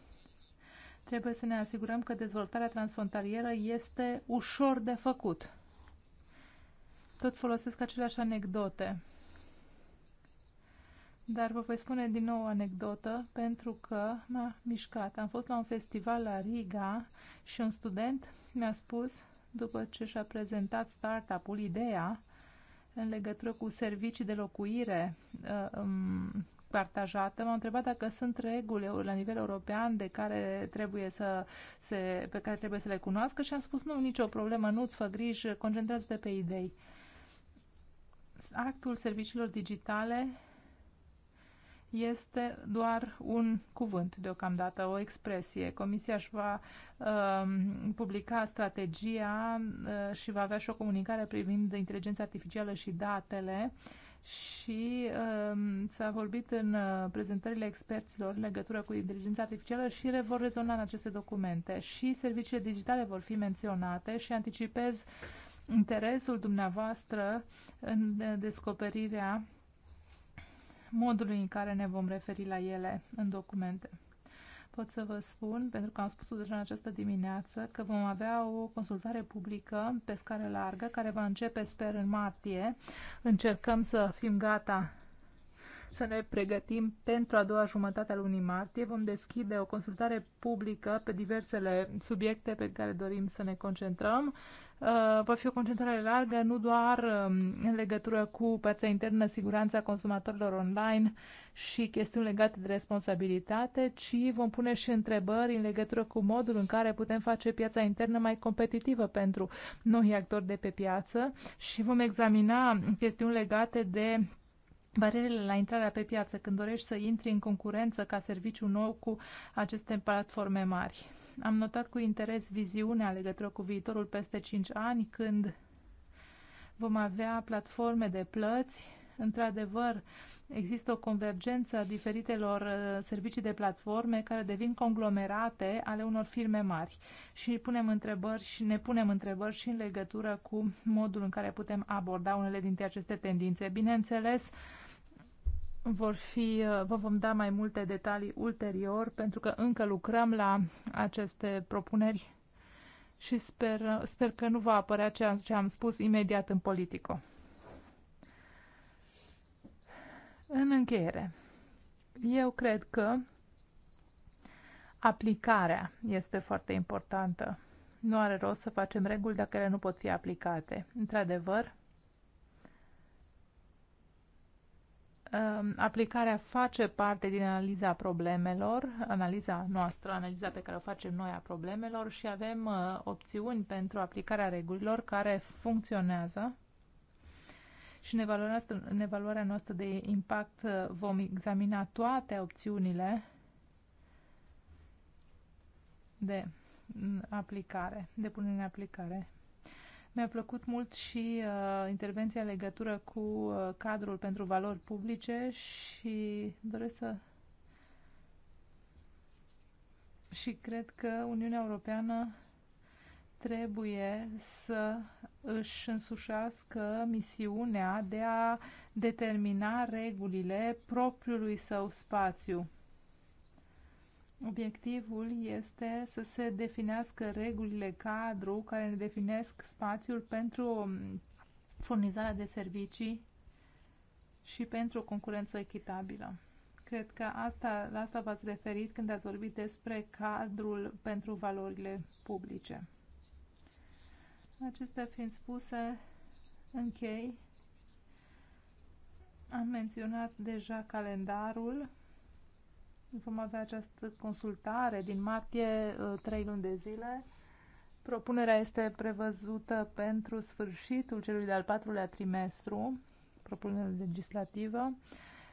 trebuie să ne asigurăm că dezvoltarea transfrontalieră este ușor de făcut. Tot folosesc aceleași anecdote dar vă voi spune din nou o anecdotă pentru că m-a mișcat. Am fost la un festival la Riga și un student mi-a spus, după ce și-a prezentat startup-ul ideea în legătură cu servicii de locuire uh, um, partajată, m-a întrebat dacă sunt reguli la nivel european de care trebuie să se, pe care trebuie să le cunoască și am spus nu, nicio problemă, nu-ți fă griji, concentrează-te pe idei. Actul serviciilor digitale este doar un cuvânt deocamdată, o expresie. Comisia își va uh, publica strategia uh, și va avea și o comunicare privind inteligența artificială și datele și uh, s-a vorbit în uh, prezentările experților în legătură cu inteligența artificială și le vor rezona în aceste documente și serviciile digitale vor fi menționate și anticipez interesul dumneavoastră în uh, descoperirea modului în care ne vom referi la ele în documente. Pot să vă spun, pentru că am spus-o deja în această dimineață, că vom avea o consultare publică pe scară largă, care va începe, sper, în martie. Încercăm să fim gata să ne pregătim pentru a doua jumătate a lunii martie. Vom deschide o consultare publică pe diversele subiecte pe care dorim să ne concentrăm Uh, va fi o concentrare largă, nu doar um, în legătură cu piața internă, siguranța consumatorilor online și chestiuni legate de responsabilitate, ci vom pune și întrebări în legătură cu modul în care putem face piața internă mai competitivă pentru noi actori de pe piață și vom examina chestiuni legate de barierele la intrarea pe piață când dorești să intri în concurență ca serviciu nou cu aceste platforme mari. Am notat cu interes viziunea legătură cu viitorul peste 5 ani, când vom avea platforme de plăți. Într-adevăr, există o convergență a diferitelor uh, servicii de platforme care devin conglomerate ale unor firme mari și punem întrebări și ne punem întrebări și în legătură cu modul în care putem aborda unele dintre aceste tendințe. Bineînțeles, vor fi, vă vom da mai multe detalii ulterior, pentru că încă lucrăm la aceste propuneri și sper, sper că nu va apărea am, ce am spus imediat în Politico. În încheiere, eu cred că aplicarea este foarte importantă. Nu are rost să facem reguli dacă ele nu pot fi aplicate. Într-adevăr, Um, aplicarea face parte din analiza problemelor, analiza noastră, analiza pe care o facem noi a problemelor și avem uh, opțiuni pentru aplicarea regulilor care funcționează și în evaluarea, noastră, în evaluarea noastră de impact uh, vom examina toate opțiunile de aplicare, de punere în aplicare. Mi-a plăcut mult și uh, intervenția în legătură cu uh, cadrul pentru valori publice și doresc să... Și cred că Uniunea Europeană trebuie să își însușească misiunea de a determina regulile propriului său spațiu Obiectivul este să se definească regulile cadru care ne definesc spațiul pentru furnizarea de servicii și pentru o concurență echitabilă. Cred că asta, la asta v-ați referit când ați vorbit despre cadrul pentru valorile publice. Acestea fiind spuse, închei. Am menționat deja calendarul Vom avea această consultare din martie, uh, trei luni de zile. Propunerea este prevăzută pentru sfârșitul celui de-al patrulea trimestru, propunerea legislativă,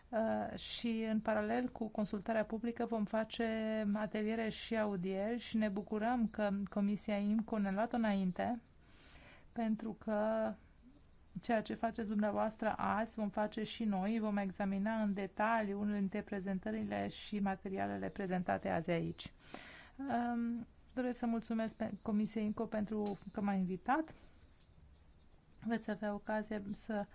uh, și în paralel cu consultarea publică vom face ateliere și audieri și ne bucurăm că Comisia IMCO ne-a luat înainte, pentru că ceea ce faceți dumneavoastră azi vom face și noi, vom examina în detaliu unul dintre prezentările și materialele prezentate azi aici. Um, doresc să mulțumesc Comisiei INCO pentru că m-a invitat. Veți avea ocazie să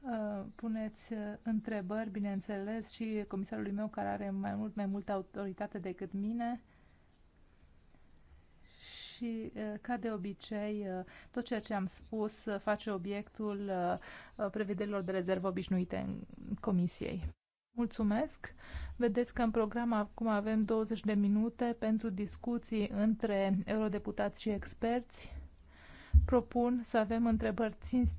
uh, puneți uh, întrebări, bineînțeles, și comisarului meu care are mai mult mai multă autoritate decât mine și, uh, ca de obicei, uh, tot ceea ce am spus uh, face obiectul prevederilor de rezervă obișnuite în Comisiei. Mulțumesc! Vedeți că în program acum avem 20 de minute pentru discuții între eurodeputați și experți. Propun să avem întrebări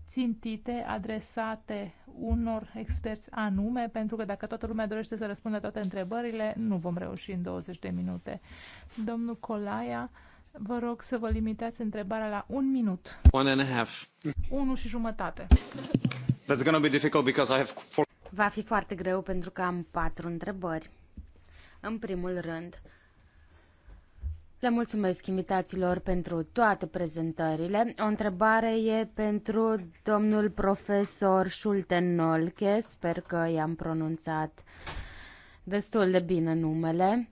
țintite adresate unor experți anume, pentru că dacă toată lumea dorește să răspundă toate întrebările, nu vom reuși în 20 de minute. Domnul Colaia, Vă rog să vă limitați întrebarea la un minut. One and a half. Unu și jumătate. That's gonna be difficult because I have four... Va fi foarte greu pentru că am patru întrebări. În primul rând, le mulțumesc invitaților pentru toate prezentările. O întrebare e pentru domnul profesor schulten nolke Sper că i-am pronunțat destul de bine numele.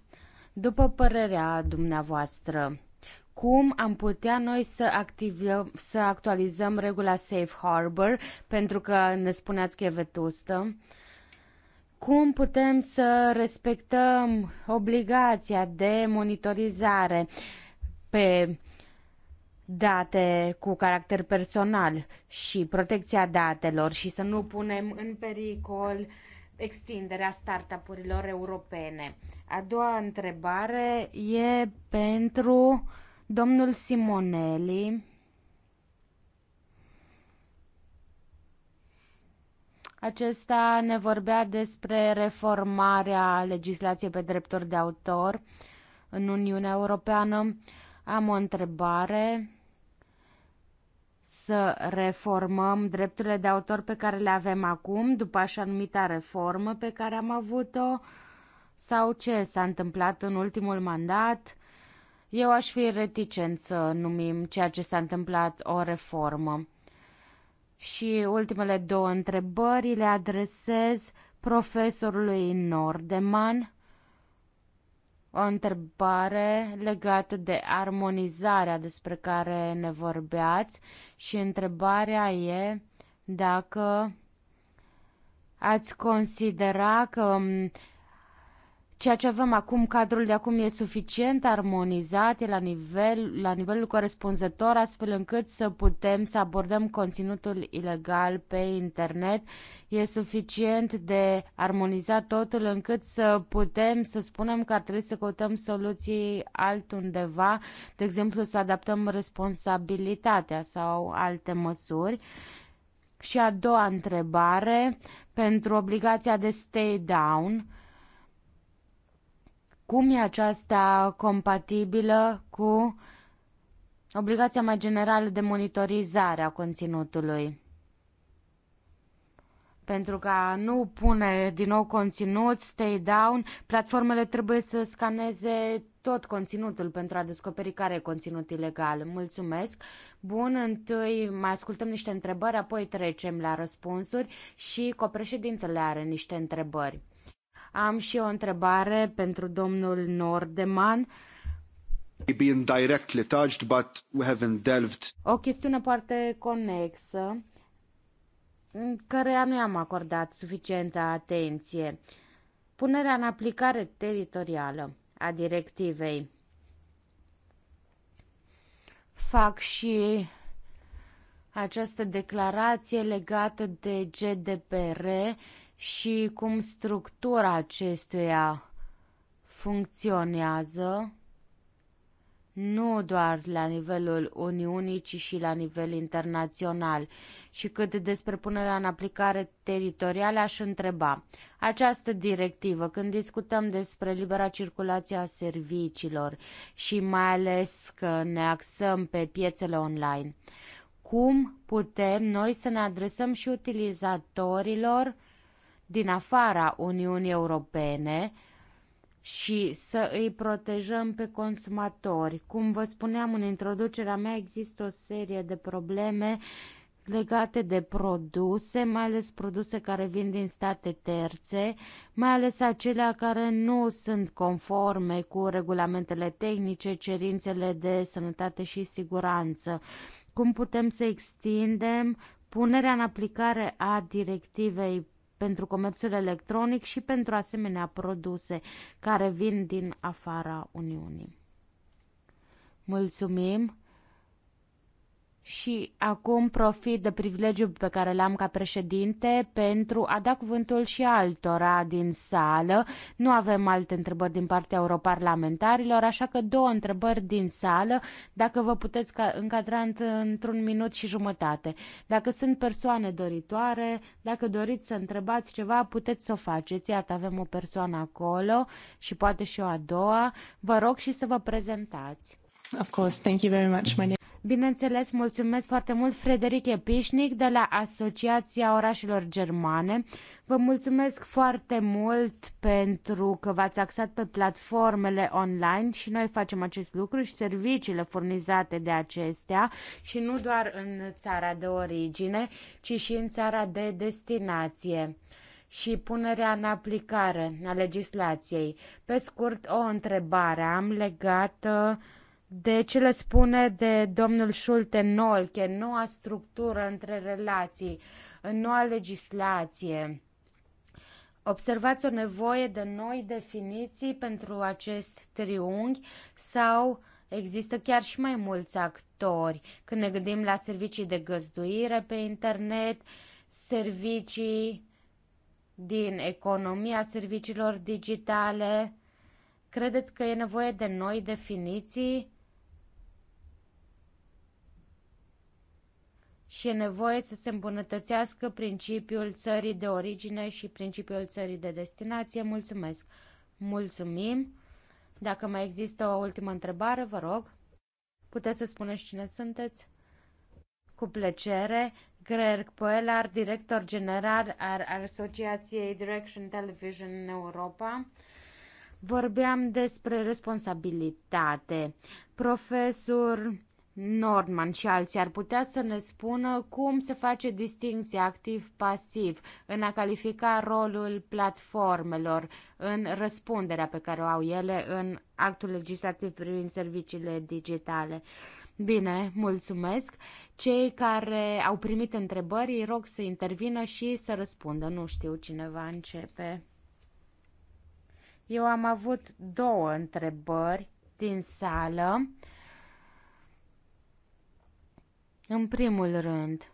După părerea dumneavoastră, cum am putea noi să, activăm, să actualizăm regula Safe Harbor, pentru că ne spuneați că e vetustă. Cum putem să respectăm obligația de monitorizare pe date cu caracter personal și protecția datelor și să nu punem în pericol extinderea startup-urilor europene. A doua întrebare e pentru uh, Domnul Simonelli Acesta ne vorbea despre reformarea legislației pe drepturi de autor în Uniunea Europeană. Am o întrebare. Să reformăm drepturile de autor pe care le avem acum, după așa numita reformă pe care am avut-o? Sau ce s-a întâmplat în ultimul mandat? Eu aș fi reticent să numim ceea ce s-a întâmplat o reformă. Și ultimele două întrebări le adresez profesorului Nordeman. O întrebare legată de armonizarea despre care ne vorbeați și întrebarea e dacă ați considera că Ceea ce avem acum, cadrul de acum e suficient armonizat, e la, nivel, la nivelul corespunzător, astfel încât să putem să abordăm conținutul ilegal pe internet. E suficient de armonizat totul încât să putem să spunem că ar trebui să căutăm soluții altundeva, de exemplu să adaptăm responsabilitatea sau alte măsuri. Și a doua întrebare, pentru obligația de stay down, cum e aceasta compatibilă cu obligația mai generală de monitorizare a conținutului? pentru ca nu pune din nou conținut, stay down, platformele trebuie să scaneze tot conținutul pentru a descoperi care e conținut ilegal. Mulțumesc! Bun, întâi mai ascultăm niște întrebări, apoi trecem la răspunsuri și copreședintele are niște întrebări. Am și o întrebare pentru domnul Nordeman. directly touched, but we haven't delved. O chestiune foarte conexă, în care nu i-am acordat suficientă atenție. Punerea în aplicare teritorială a directivei. Fac și această declarație legată de GDPR și cum structura acestuia funcționează nu doar la nivelul Uniunii, ci și la nivel internațional. Și cât despre punerea în aplicare teritorială, aș întreba. Această directivă, când discutăm despre libera circulație a serviciilor și mai ales că ne axăm pe piețele online, cum putem noi să ne adresăm și utilizatorilor din afara Uniunii Europene și să îi protejăm pe consumatori. Cum vă spuneam în introducerea mea, există o serie de probleme legate de produse, mai ales produse care vin din state terțe, mai ales acelea care nu sunt conforme cu regulamentele tehnice, cerințele de sănătate și siguranță. Cum putem să extindem punerea în aplicare a directivei pentru comerțul electronic și pentru asemenea produse care vin din afara Uniunii. Mulțumim! și acum profit de privilegiul pe care l-am ca președinte pentru a da cuvântul și altora din sală. Nu avem alte întrebări din partea europarlamentarilor, așa că două întrebări din sală, dacă vă puteți încadra într-un minut și jumătate. Dacă sunt persoane doritoare, dacă doriți să întrebați ceva, puteți să o faceți. Iată, avem o persoană acolo și poate și o a doua. Vă rog și să vă prezentați. Of course, thank you very much. My name Bineînțeles, mulțumesc foarte mult Frederike Pișnic de la Asociația Orașelor Germane. Vă mulțumesc foarte mult pentru că v-ați axat pe platformele online și noi facem acest lucru și serviciile furnizate de acestea și nu doar în țara de origine, ci și în țara de destinație și punerea în aplicare a legislației. Pe scurt, o întrebare am legată uh, de ce le spune de domnul Schulte Nolke, noua structură între relații, noua legislație. Observați o nevoie de noi definiții pentru acest triunghi sau există chiar și mai mulți actori când ne gândim la servicii de găzduire pe internet, servicii din economia serviciilor digitale. Credeți că e nevoie de noi definiții? și e nevoie să se îmbunătățească principiul țării de origine și principiul țării de destinație. Mulțumesc! Mulțumim! Dacă mai există o ultimă întrebare, vă rog, puteți să spuneți cine sunteți? Cu plăcere, Greg Poelar, director general al Asociației Direction Television în Europa. Vorbeam despre responsabilitate. Profesor Nordman și alții ar putea să ne spună cum se face distinția activ-pasiv în a califica rolul platformelor în răspunderea pe care o au ele în actul legislativ privind serviciile digitale. Bine, mulțumesc. Cei care au primit întrebări, îi rog să intervină și să răspundă. Nu știu cine va începe. Eu am avut două întrebări din sală. Uh, în primul rând,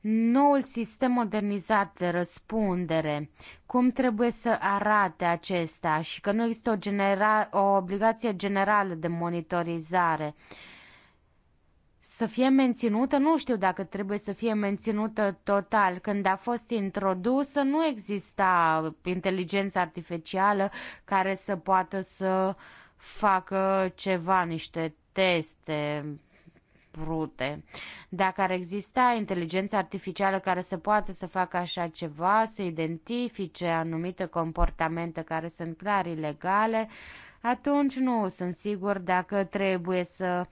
noul sistem modernizat de răspundere, cum trebuie să arate acesta și că nu există o, genera- o obligație generală de monitorizare să fie menținută, nu știu dacă trebuie să fie menținută total. Când a fost introdusă, nu exista inteligența artificială care să poată să facă ceva, niște teste brute. Dacă ar exista inteligența artificială care să poată să facă așa ceva, să identifice anumite comportamente care sunt clar ilegale, atunci nu sunt sigur dacă trebuie să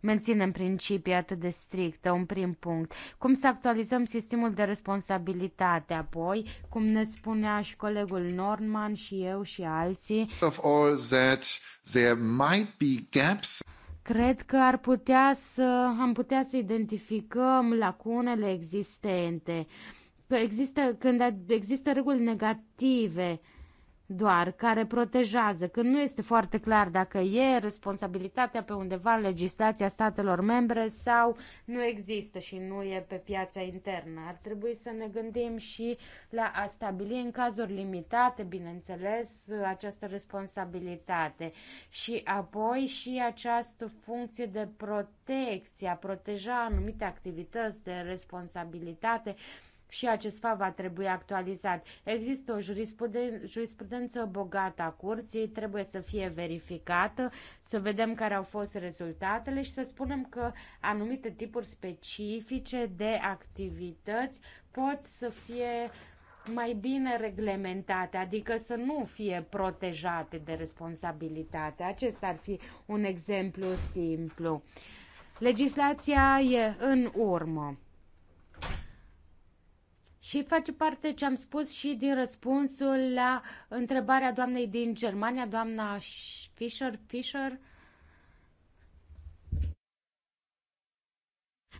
menținem principii atât de stricte, un prim punct. Cum să actualizăm sistemul de responsabilitate apoi, cum ne spunea și colegul Norman și eu și alții. Of all that there might be gaps. Cred că ar putea să, am putea să identificăm lacunele existente, că există, când există reguli negative doar, care protejează, când nu este foarte clar dacă e responsabilitatea pe undeva în legislația statelor membre sau nu există și nu e pe piața internă. Ar trebui să ne gândim și la a stabili în cazuri limitate, bineînțeles, această responsabilitate și apoi și această funcție de protecție, a proteja anumite activități de responsabilitate, și acest fapt va trebui actualizat. Există o jurisprudență bogată a curții, trebuie să fie verificată, să vedem care au fost rezultatele și să spunem că anumite tipuri specifice de activități pot să fie mai bine reglementate, adică să nu fie protejate de responsabilitate. Acesta ar fi un exemplu simplu. Legislația e în urmă. Și face parte ce am spus și din răspunsul la întrebarea doamnei din Germania, doamna Fischer, Fischer.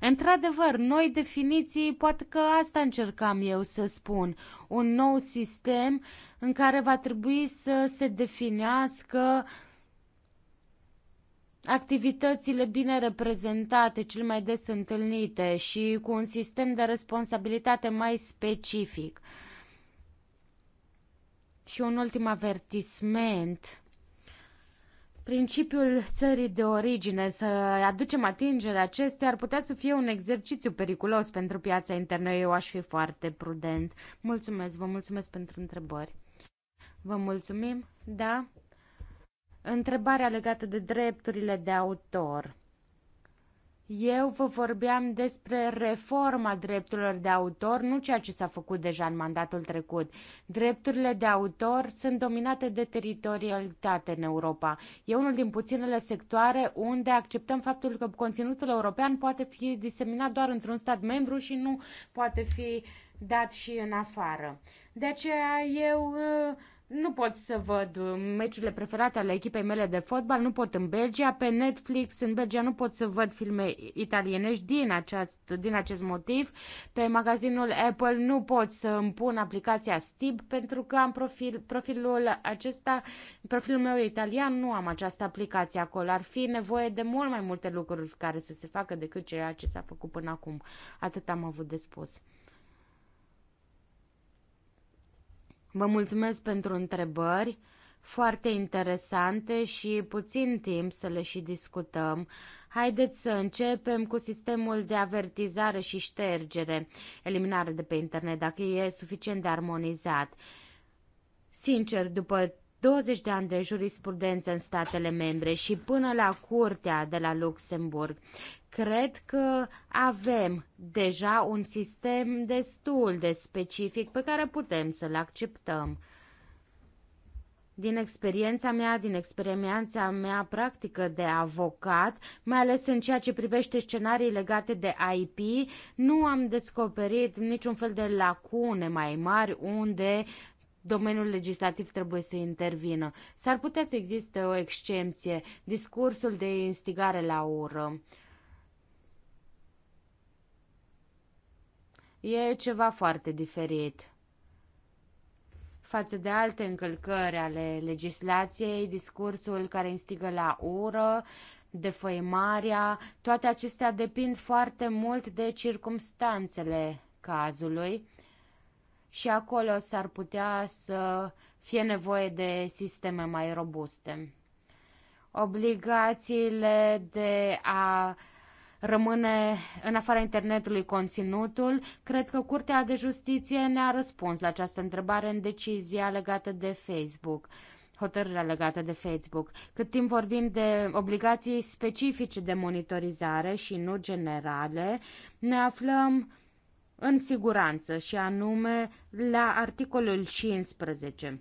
Într-adevăr, noi definiții, poate că asta încercam eu să spun, un nou sistem în care va trebui să se definească activitățile bine reprezentate, cel mai des întâlnite și cu un sistem de responsabilitate mai specific. Și un ultim avertisment. Principiul țării de origine, să aducem atingere acestuia, ar putea să fie un exercițiu periculos pentru piața internă. Eu aș fi foarte prudent. Mulțumesc, vă mulțumesc pentru întrebări. Vă mulțumim, da? Întrebarea legată de drepturile de autor. Eu vă vorbeam despre reforma drepturilor de autor, nu ceea ce s-a făcut deja în mandatul trecut. Drepturile de autor sunt dominate de teritorialitate în Europa. E unul din puținele sectoare unde acceptăm faptul că conținutul european poate fi diseminat doar într-un stat membru și nu poate fi dat și în afară. De aceea eu uh, nu pot să văd uh, meciurile preferate ale echipei mele de fotbal, nu pot în Belgia, pe Netflix în Belgia nu pot să văd filme italienești din, aceast, din acest motiv, pe magazinul Apple nu pot să îmi pun aplicația Stib pentru că am profil, profilul acesta, profilul meu italian, nu am această aplicație acolo. Ar fi nevoie de mult mai multe lucruri care să se facă decât ceea ce s-a făcut până acum. Atât am avut de spus. Vă mulțumesc pentru întrebări foarte interesante și puțin timp să le și discutăm. Haideți să începem cu sistemul de avertizare și ștergere, eliminare de pe internet, dacă e suficient de armonizat. Sincer, după 20 de ani de jurisprudență în statele membre și până la curtea de la Luxemburg. Cred că avem deja un sistem destul de specific pe care putem să-l acceptăm. Din experiența mea, din experiența mea practică de avocat, mai ales în ceea ce privește scenarii legate de IP, nu am descoperit niciun fel de lacune mai mari unde domeniul legislativ trebuie să intervină. S-ar putea să existe o excepție, discursul de instigare la ură. E ceva foarte diferit. Față de alte încălcări ale legislației, discursul care instigă la ură, defăimarea, toate acestea depind foarte mult de circumstanțele cazului și acolo s-ar putea să fie nevoie de sisteme mai robuste. Obligațiile de a rămâne în afara internetului conținutul, cred că Curtea de Justiție ne-a răspuns la această întrebare în decizia legată de Facebook hotărârea legată de Facebook. Cât timp vorbim de obligații specifice de monitorizare și nu generale, ne aflăm în siguranță și anume la articolul 15.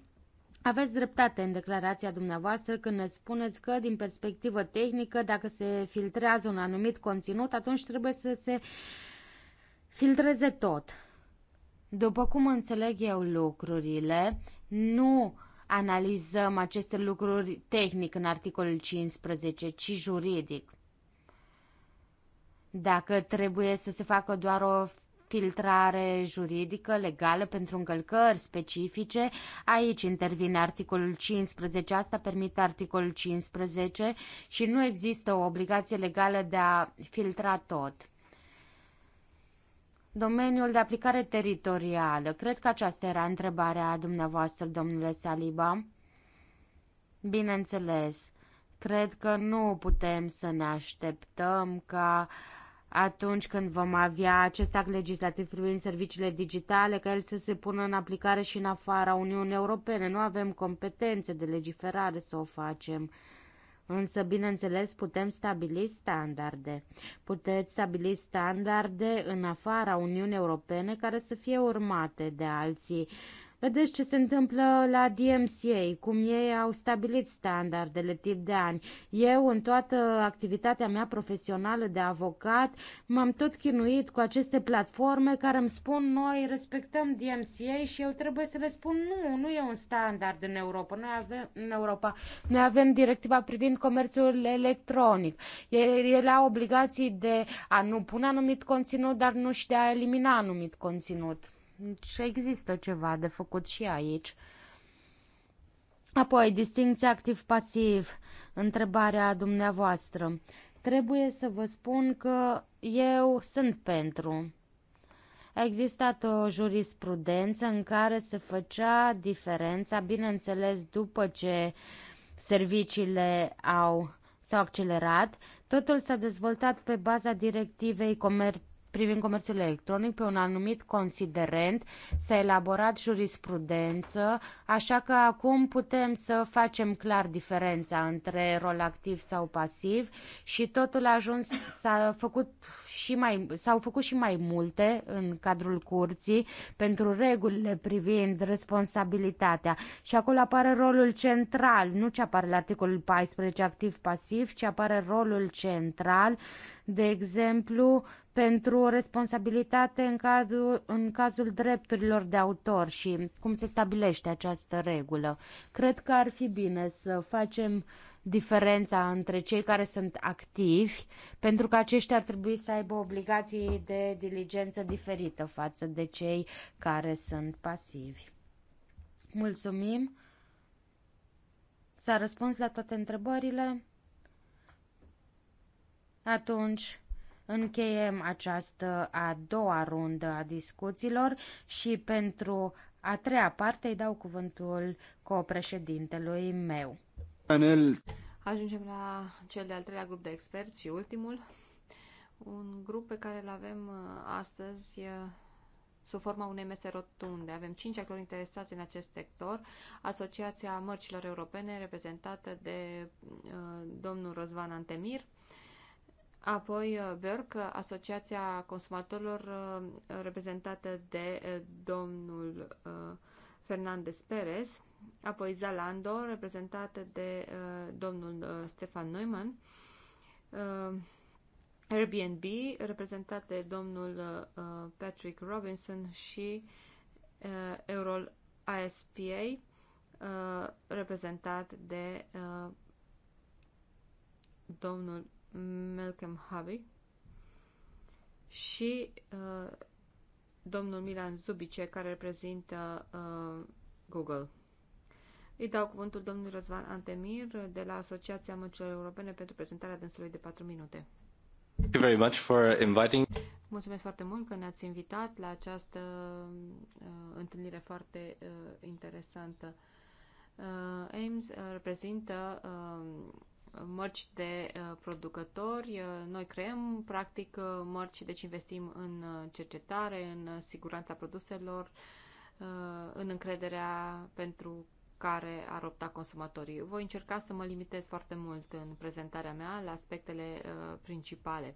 Aveți dreptate în declarația dumneavoastră când ne spuneți că, din perspectivă tehnică, dacă se filtrează un anumit conținut, atunci trebuie să se filtreze tot. După cum înțeleg eu lucrurile, nu analizăm aceste lucruri tehnic în articolul 15, ci juridic. Dacă trebuie să se facă doar o filtrare juridică legală pentru încălcări specifice. Aici intervine articolul 15, asta permite articolul 15 și nu există o obligație legală de a filtra tot. Domeniul de aplicare teritorială. Cred că aceasta era întrebarea dumneavoastră, domnule Saliba. Bineînțeles, cred că nu putem să ne așteptăm ca uh, atunci când vom avea acest act legislativ privind serviciile digitale, ca el să se pună în aplicare și în afara Uniunii Europene. Nu avem competențe de legiferare să o facem. Însă, bineînțeles, putem stabili standarde. Puteți stabili standarde în afara Uniunii Europene care să fie urmate de alții. Uh, Vedeți ce se întâmplă la DMCA, cum ei au stabilit standardele tip de ani. Eu, în toată activitatea mea profesională de avocat, m-am tot chinuit cu aceste platforme care îmi spun noi respectăm DMCA și eu trebuie să le spun nu, nu e un standard în Europa. Noi avem, în Europa, noi avem directiva privind comerțul electronic. Ele au obligații de a nu pune anumit conținut, dar nu și de a elimina anumit conținut. Și deci există ceva de făcut și aici. Apoi, distinția activ-pasiv, întrebarea dumneavoastră. Trebuie să vă spun că eu sunt pentru. A existat o jurisprudență în care se făcea diferența, bineînțeles, după ce serviciile au s-au accelerat, totul s-a dezvoltat pe baza directivei comerciale privind comerțul electronic pe un anumit considerent, s-a elaborat jurisprudență, așa că acum putem să facem clar diferența între rol activ sau pasiv și totul a ajuns, s-a făcut și mai, s-au făcut și mai multe în cadrul curții pentru regulile privind responsabilitatea și acolo apare rolul central, nu ce apare la articolul 14 activ-pasiv, ci apare rolul central, de exemplu, pentru responsabilitate în, cadru, în cazul drepturilor de autor și cum se stabilește această regulă. Cred că ar fi bine să facem diferența între cei care sunt activi, pentru că aceștia ar trebui să aibă obligații de diligență diferită față de cei care sunt pasivi. Mulțumim! S-a răspuns la toate întrebările? Atunci, încheiem această a doua rundă a discuțiilor și pentru a treia parte îi dau cuvântul copreședintelui meu. Anel. Ajungem la cel de-al treilea grup de experți și ultimul. Un grup pe care îl avem uh, astăzi uh, sub forma unei mese rotunde. Avem cinci actori interesați în acest sector, Asociația Mărcilor Europene, reprezentată de uh, domnul Răzvan Antemir, Apoi, uh, Berg, Asociația Consumatorilor, uh, reprezentată de uh, domnul Fernandez Perez, apoi Zalando, reprezentată de domnul Stefan Neumann, Airbnb, reprezentată de domnul Patrick Robinson și Eurol ASPA, reprezentat de domnul Malcolm Harvey și uh, domnul Milan Zubice, care reprezintă uh, Google. Îi dau cuvântul domnului Răzvan Antemir de la Asociația Muncilor Europene pentru prezentarea dânsului de 4 minute. Thank you very much for inviting. Mulțumesc foarte mult că ne-ați invitat la această uh, întâlnire foarte uh, interesantă. Uh, Ames uh, reprezintă uh, mărci de uh, producători. Uh, noi creăm, practic, uh, mărci, deci investim în cercetare, în siguranța produselor, în încrederea pentru care ar opta consumatorii. Voi încerca să mă limitez foarte mult în prezentarea mea la aspectele principale.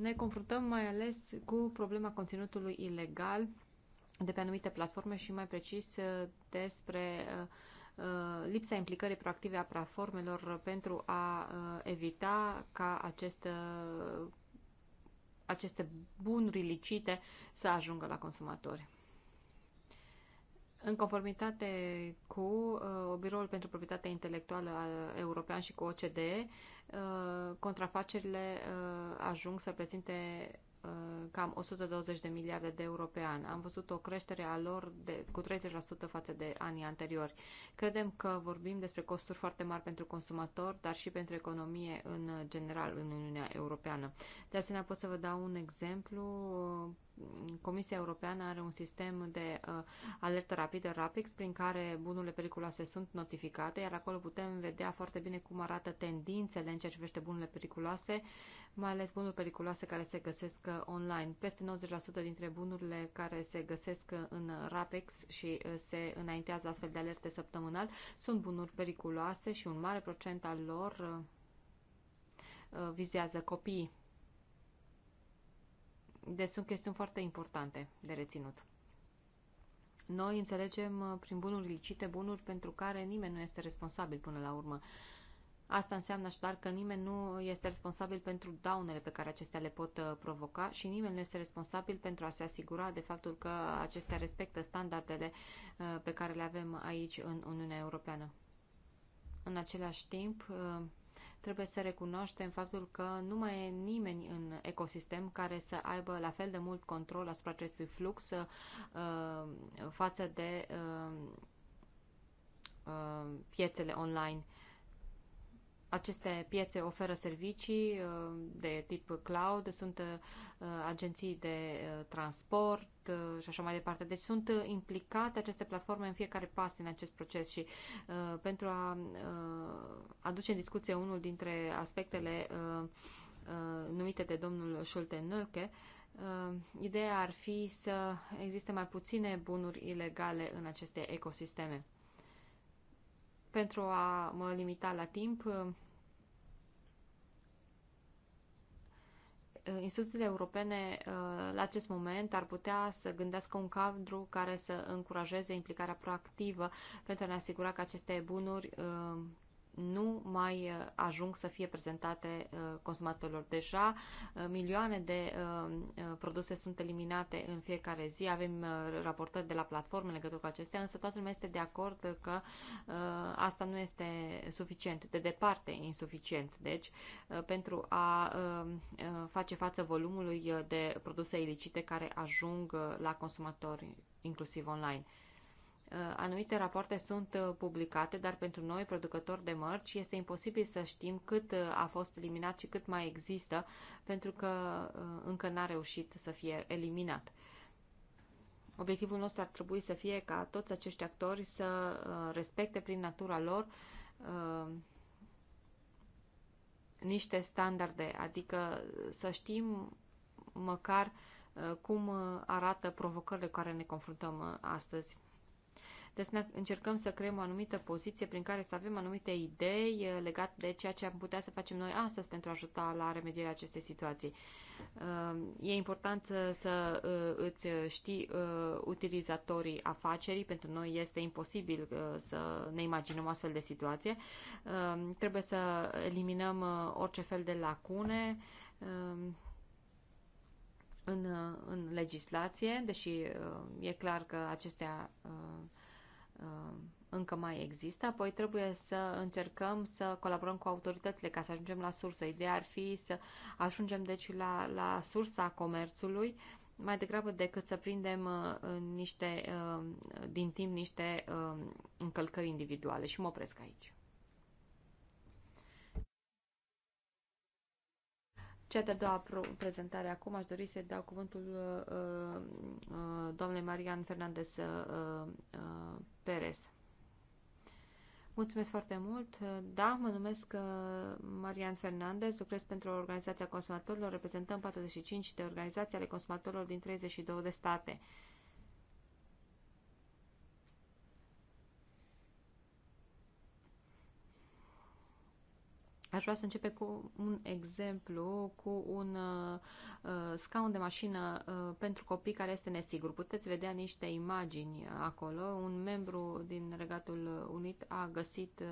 Ne confruntăm mai ales cu problema conținutului ilegal de pe anumite platforme și mai precis despre uh, Uh, lipsa implicării proactive a platformelor pentru a uh, evita ca aceste uh, aceste bunuri licite să ajungă la consumatori. În conformitate cu uh, Biroul pentru Proprietatea Intelectuală European și cu OCDE, uh, contrafacerile uh, ajung să prezinte Uh, cam 120 de miliarde de euro pe an. Am văzut o creștere a lor de, cu 30% față de anii anteriori. Credem că vorbim despre costuri foarte mari pentru consumator, dar și pentru economie în general în Uniunea Europeană. De asemenea, pot să vă dau un exemplu. Comisia Europeană are un sistem de uh, alertă rapidă, RAPIX, prin care bunurile periculoase sunt notificate, iar acolo putem vedea foarte bine cum arată tendințele în ceea ce privește bunurile periculoase uh, mai ales bunuri periculoase care se găsesc uh, online. Peste 90% dintre bunurile care se găsesc uh, în RAPEX și uh, se înaintează astfel de alerte săptămânal sunt bunuri periculoase și un mare procent al lor vizează copiii. Deci sunt chestiuni foarte importante de reținut. Noi înțelegem prin bunuri licite bunuri pentru care nimeni nu este responsabil până la urmă. Uh, Asta înseamnă așadar că nimeni nu este responsabil pentru daunele pe care acestea le pot uh, provoca și nimeni nu este responsabil pentru a se asigura de faptul că acestea respectă standardele uh, pe care le avem aici în Uniunea Europeană. În același timp, uh, trebuie să recunoaștem faptul că nu mai e nimeni în ecosistem care să aibă la fel de mult control asupra acestui flux față de piețele online. Aceste piețe oferă servicii uh, de tip cloud, sunt uh, agenții de uh, transport și așa mai departe. Deci sunt implicate aceste platforme în fiecare pas în acest proces și pentru a aduce în discuție unul dintre aspectele numite de domnul Schulte-Nöke, ideea ar fi să existe mai puține bunuri ilegale în aceste ecosisteme pentru a mă limita la timp, uh, instituțiile europene uh, la acest moment ar putea să gândească un cadru care să încurajeze implicarea proactivă pentru a ne asigura că aceste bunuri uh, nu mai uh, ajung să fie prezentate uh, consumatorilor. Deja uh, milioane de produse sunt eliminate în fiecare zi, avem raportări de la platforme în legătură cu acestea, însă toată lumea este de acord că asta nu este suficient, de departe insuficient, deci pentru a face față volumului de produse ilicite care ajung la consumatori, inclusiv online. Uh, anumite rapoarte sunt uh, publicate, dar pentru noi, producători de mărci, este imposibil să știm cât uh, a fost eliminat și cât mai există, pentru că încă n-a reușit să fie eliminat. Obiectivul nostru ar trebui să fie ca toți acești actori să respecte prin natura lor niște standarde, adică să știm măcar cum arată provocările cu care ne confruntăm astăzi să ne încercăm să creăm o anumită poziție prin care să avem anumite idei eh, legate de ceea ce am putea să facem noi astăzi pentru a ajuta la remedierea acestei situații. Eh, e important să eh, îți știi utilizatorii afacerii. Pentru noi este imposibil să ne imaginăm astfel de situație. Trebuie să eliminăm orice fel de lacune în, în legislație, deși e clar că acestea Uh, încă mai există, apoi trebuie să încercăm să colaborăm cu autoritățile ca să ajungem la sursă. Ideea ar fi să ajungem deci la, la sursa comerțului mai degrabă decât să prindem uh, niște, uh, din timp niște încălcări individuale și mă opresc aici. Cea de-a doua prezentare acum aș dori să-i dau cuvântul uh, uh, doamnei Marian Fernandez uh, uh, Perez. Mulțumesc foarte mult. Da, mă numesc uh, Marian Fernandez, lucrez pentru Organizația Consumatorilor, reprezentăm 45 de organizații ale consumatorilor din 32 de state. Aș vrea să începe cu un exemplu, cu un uh, uh, scaun de mașină uh, pentru copii care este nesigur. Puteți vedea niște imagini acolo. Un membru din Regatul Unit a găsit uh,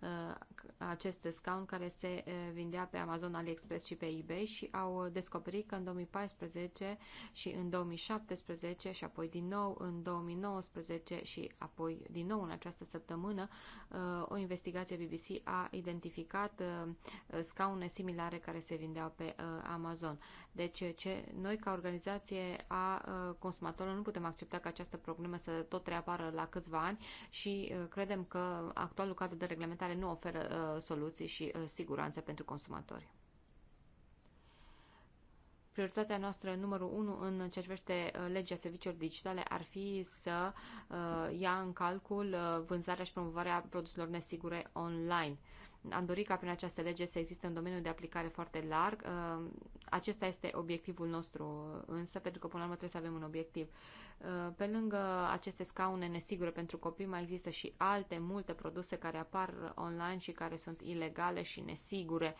Uh, acest scaun care se uh, vindea pe Amazon, AliExpress și pe eBay și au descoperit că în 2014 și în 2017 și apoi din nou în 2019 și apoi din nou în această săptămână uh, o investigație BBC a identificat scaune similare care se vindeau pe Amazon. Deci ce noi ca organizație a consumatorilor nu putem accepta că această problemă să tot reapară la câțiva ani și credem că actualul cadru de reglementare care nu oferă uh, soluții și uh, siguranță pentru consumatori. Prioritatea noastră numărul 1 în ceea ce privește uh, legea serviciilor digitale ar fi să uh, ia în calcul uh, vânzarea și promovarea produselor nesigure online. Uh, am dorit ca prin această lege să existe un domeniu de aplicare foarte larg. Uh, acesta este obiectivul nostru însă, pentru că până la urmă trebuie să avem un obiectiv. Uh, pe lângă aceste scaune nesigure pentru copii, mai există și alte multe produse care apar online și care sunt ilegale și nesigure.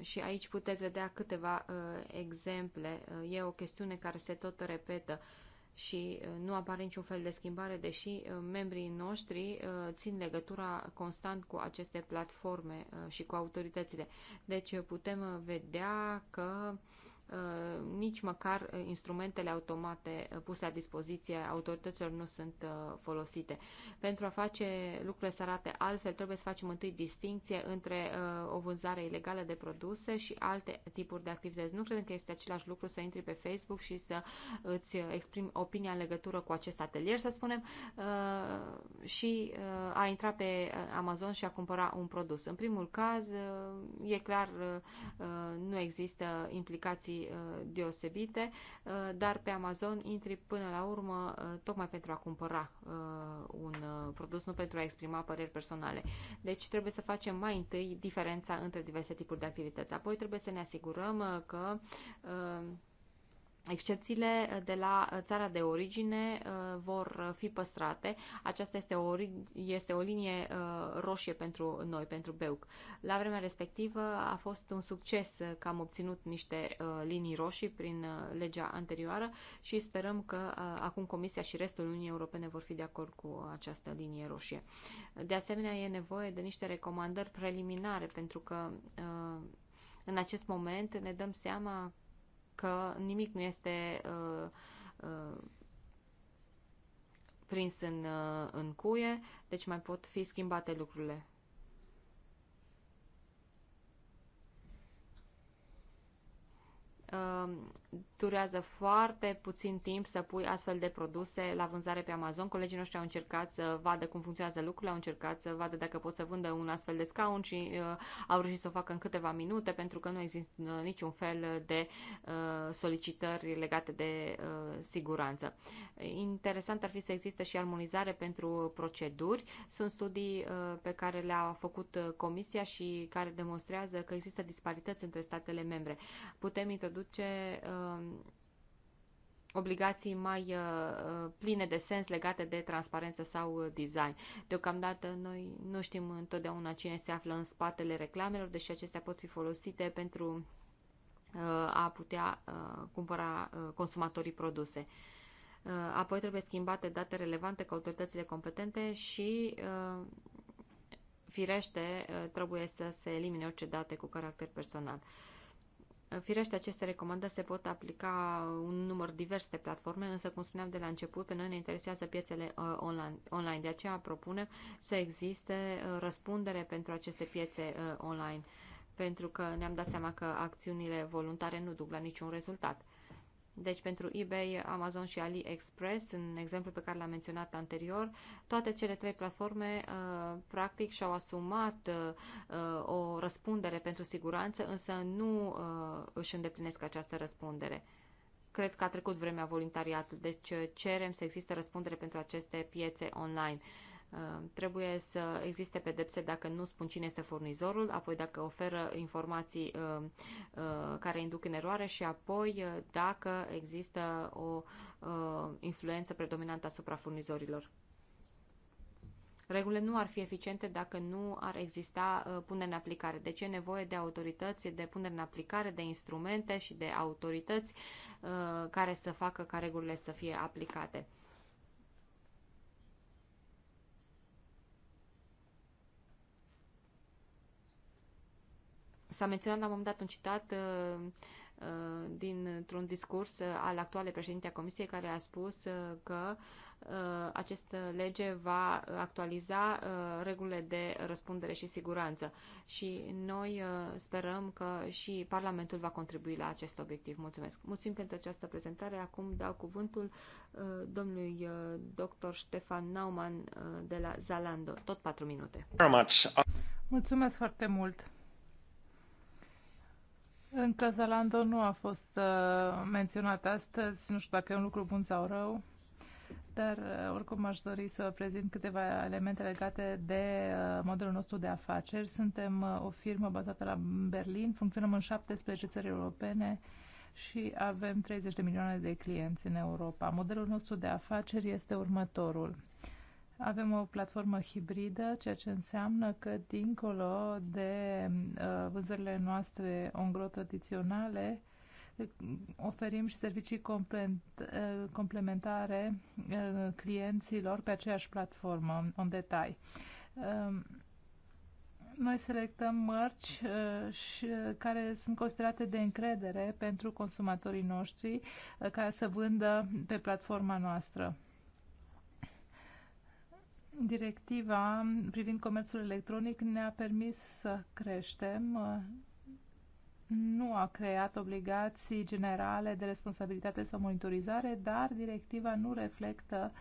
Și aici puteți vedea câteva uh, exemple. E o chestiune care se tot repetă. Uh, și uh, nu apare niciun fel de schimbare, deși uh, membrii noștri uh, țin legătura constant cu aceste platforme și cu autoritățile. Deci putem vedea că Uh, nici măcar uh, instrumentele automate uh, puse la dispoziție autorităților nu sunt folosite. Pentru a face lucrurile să arate altfel, trebuie să facem întâi distinție între o vânzare ilegală de produse și alte tipuri de activități. Nu credem că este același lucru să intri pe Facebook și să îți exprimi opinia în legătură cu acest atelier, să spunem, și a intra pe Amazon și a cumpăra un produs. În primul caz, e clar, nu există implicații condiții uh, deosebite, uh, dar pe Amazon intri până la urmă uh, tocmai pentru a cumpăra un produs, nu pentru a exprima păreri personale. Deci trebuie să facem mai întâi diferența între diverse tipuri de activități. Apoi trebuie să ne asigurăm că Excepțiile uh, de la uh, țara de origine uh, vor fi păstrate. Aceasta este o, este o linie roșie pentru noi, pentru BEUC. La vremea respectivă a fost un succes că am obținut niște linii roșii prin legea anterioară și sperăm că acum Comisia și restul Uniunii Europene vor fi de acord cu această linie roșie. De asemenea, e nevoie de niște recomandări preliminare pentru că în acest moment ne dăm seama că nimic nu este uh, uh, prins în, uh, în cuie, deci mai pot fi schimbate lucrurile. Uh, durează foarte puțin timp să pui astfel de produse la vânzare pe Amazon. Colegii noștri au încercat să vadă cum funcționează lucrurile, au încercat să vadă dacă pot să vândă un astfel de scaun și uh, au reușit să o facă în câteva minute pentru că nu există uh, niciun fel de uh, solicitări legate de uh, siguranță. Interesant ar fi să existe și armonizare pentru proceduri. Sunt studii uh, pe care le-a făcut uh, Comisia și care demonstrează că există disparități între statele membre. Putem introduce uh, Um, obligații mai uh, uh, pline de sens legate de transparență sau uh, design. Deocamdată noi nu știm întotdeauna cine se află în spatele reclamelor, deși acestea pot fi folosite pentru a putea cumpăra consumatorii produse. Apoi trebuie schimbate date relevante cu autoritățile competente și firește trebuie să se elimine orice date cu caracter personal. Firește, aceste recomandări se pot aplica un număr divers de platforme, însă, cum spuneam de la început, pe noi ne interesează piețele uh, online. De aceea propunem să existe uh, răspundere pentru aceste piețe uh, online, pentru că ne-am dat seama că acțiunile voluntare nu duc la niciun rezultat. Deci pentru eBay, Amazon și AliExpress, în exemplu pe care l-am menționat anterior, toate cele trei platforme uh, practic și-au asumat uh, uh o răspundere pentru siguranță, însă nu uh, își îndeplinesc această răspundere. Cred că a trecut vremea voluntariatului, deci uh, cerem să existe răspundere pentru aceste piețe online. Uh, Trebuie să existe pedepse dacă nu spun cine este furnizorul, apoi dacă oferă informații care induc în eroare și apoi dacă există o influență predominantă asupra furnizorilor. Regulile nu ar fi eficiente dacă nu ar exista punere în aplicare. Deci e nevoie de autorități, de punere în aplicare, de instrumente și de autorități care să facă ca regulile să fie aplicate. S-a menționat la un moment dat un citat uh, uh, dintr-un discurs uh, al actualei președinte a Comisiei care a spus că această lege va actualiza regulile de răspundere și siguranță și noi sperăm că și Parlamentul va contribui la acest obiectiv. Mulțumesc! Mulțumim pentru această prezentare. Acum dau cuvântul domnului dr. Ștefan Nauman de la Zalando. Tot patru minute. Mulțumesc foarte mult! Încă Zalando nu a fost uh, menționat astăzi, nu știu dacă e un lucru bun sau rău, dar uh, oricum aș dori să prezint câteva elemente legate de uh, modelul nostru de afaceri. Suntem uh, o firmă bazată la Berlin, funcționăm în 17 țări europene și avem 30 de milioane de clienți în Europa. Modelul nostru de afaceri este următorul. Avem o platformă hibridă, ceea ce înseamnă că dincolo de uh, vânzările noastre ongro tradiționale, oferim și servicii uh, complementare uh, clienților pe aceeași platformă, în detai. Um, noi selectăm mărci care sunt considerate de încredere pentru consumatorii noștri care să vândă pe platforma noastră. Directiva privind comerțul electronic ne-a permis să creștem nu a creat obligații generale de responsabilitate sau monitorizare, dar directiva nu reflectă,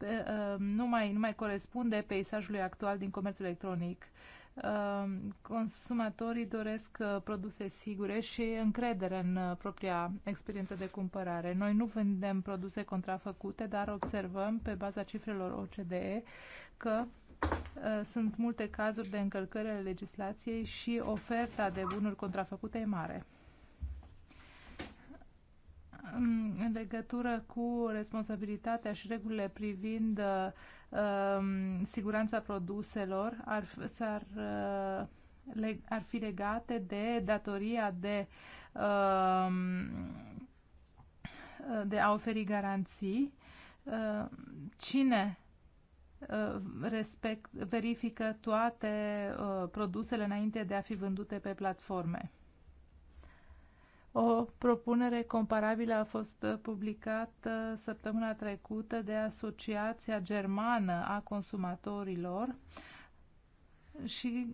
uh, nu mai, nu mai corespunde peisajului actual din comerțul electronic. Ehm, consumatorii doresc uh, produse sigure și încredere în uh, propria experiență de cumpărare. Noi nu vândem produse contrafăcute, dar observăm pe baza cifrelor OCDE că uh, sunt multe cazuri de încălcări ale legislației și oferta de bunuri contrafăcute e mare. Mm, în legătură cu responsabilitatea și regulile privind uh, um, siguranța produselor ar, ar uh, ar fi legate de datoria de, uh, de a oferi garanții. Uh, cine uh, respect, verifică toate uh, produsele înainte de a fi vândute pe platforme? O propunere comparabilă a fost publicată săptămâna trecută de Asociația Germană a Consumatorilor și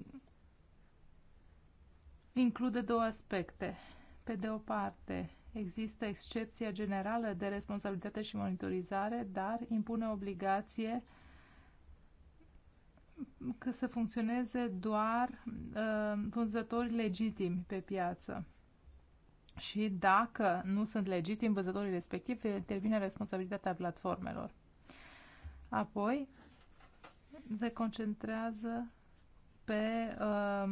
include două aspecte. Pe de o parte, există excepția generală de responsabilitate și monitorizare, dar impune obligație că să funcționeze doar uh, vânzători legitimi pe piață și dacă nu sunt legitim văzătorii respectivi, intervine responsabilitatea platformelor. Apoi, se concentrează pe um,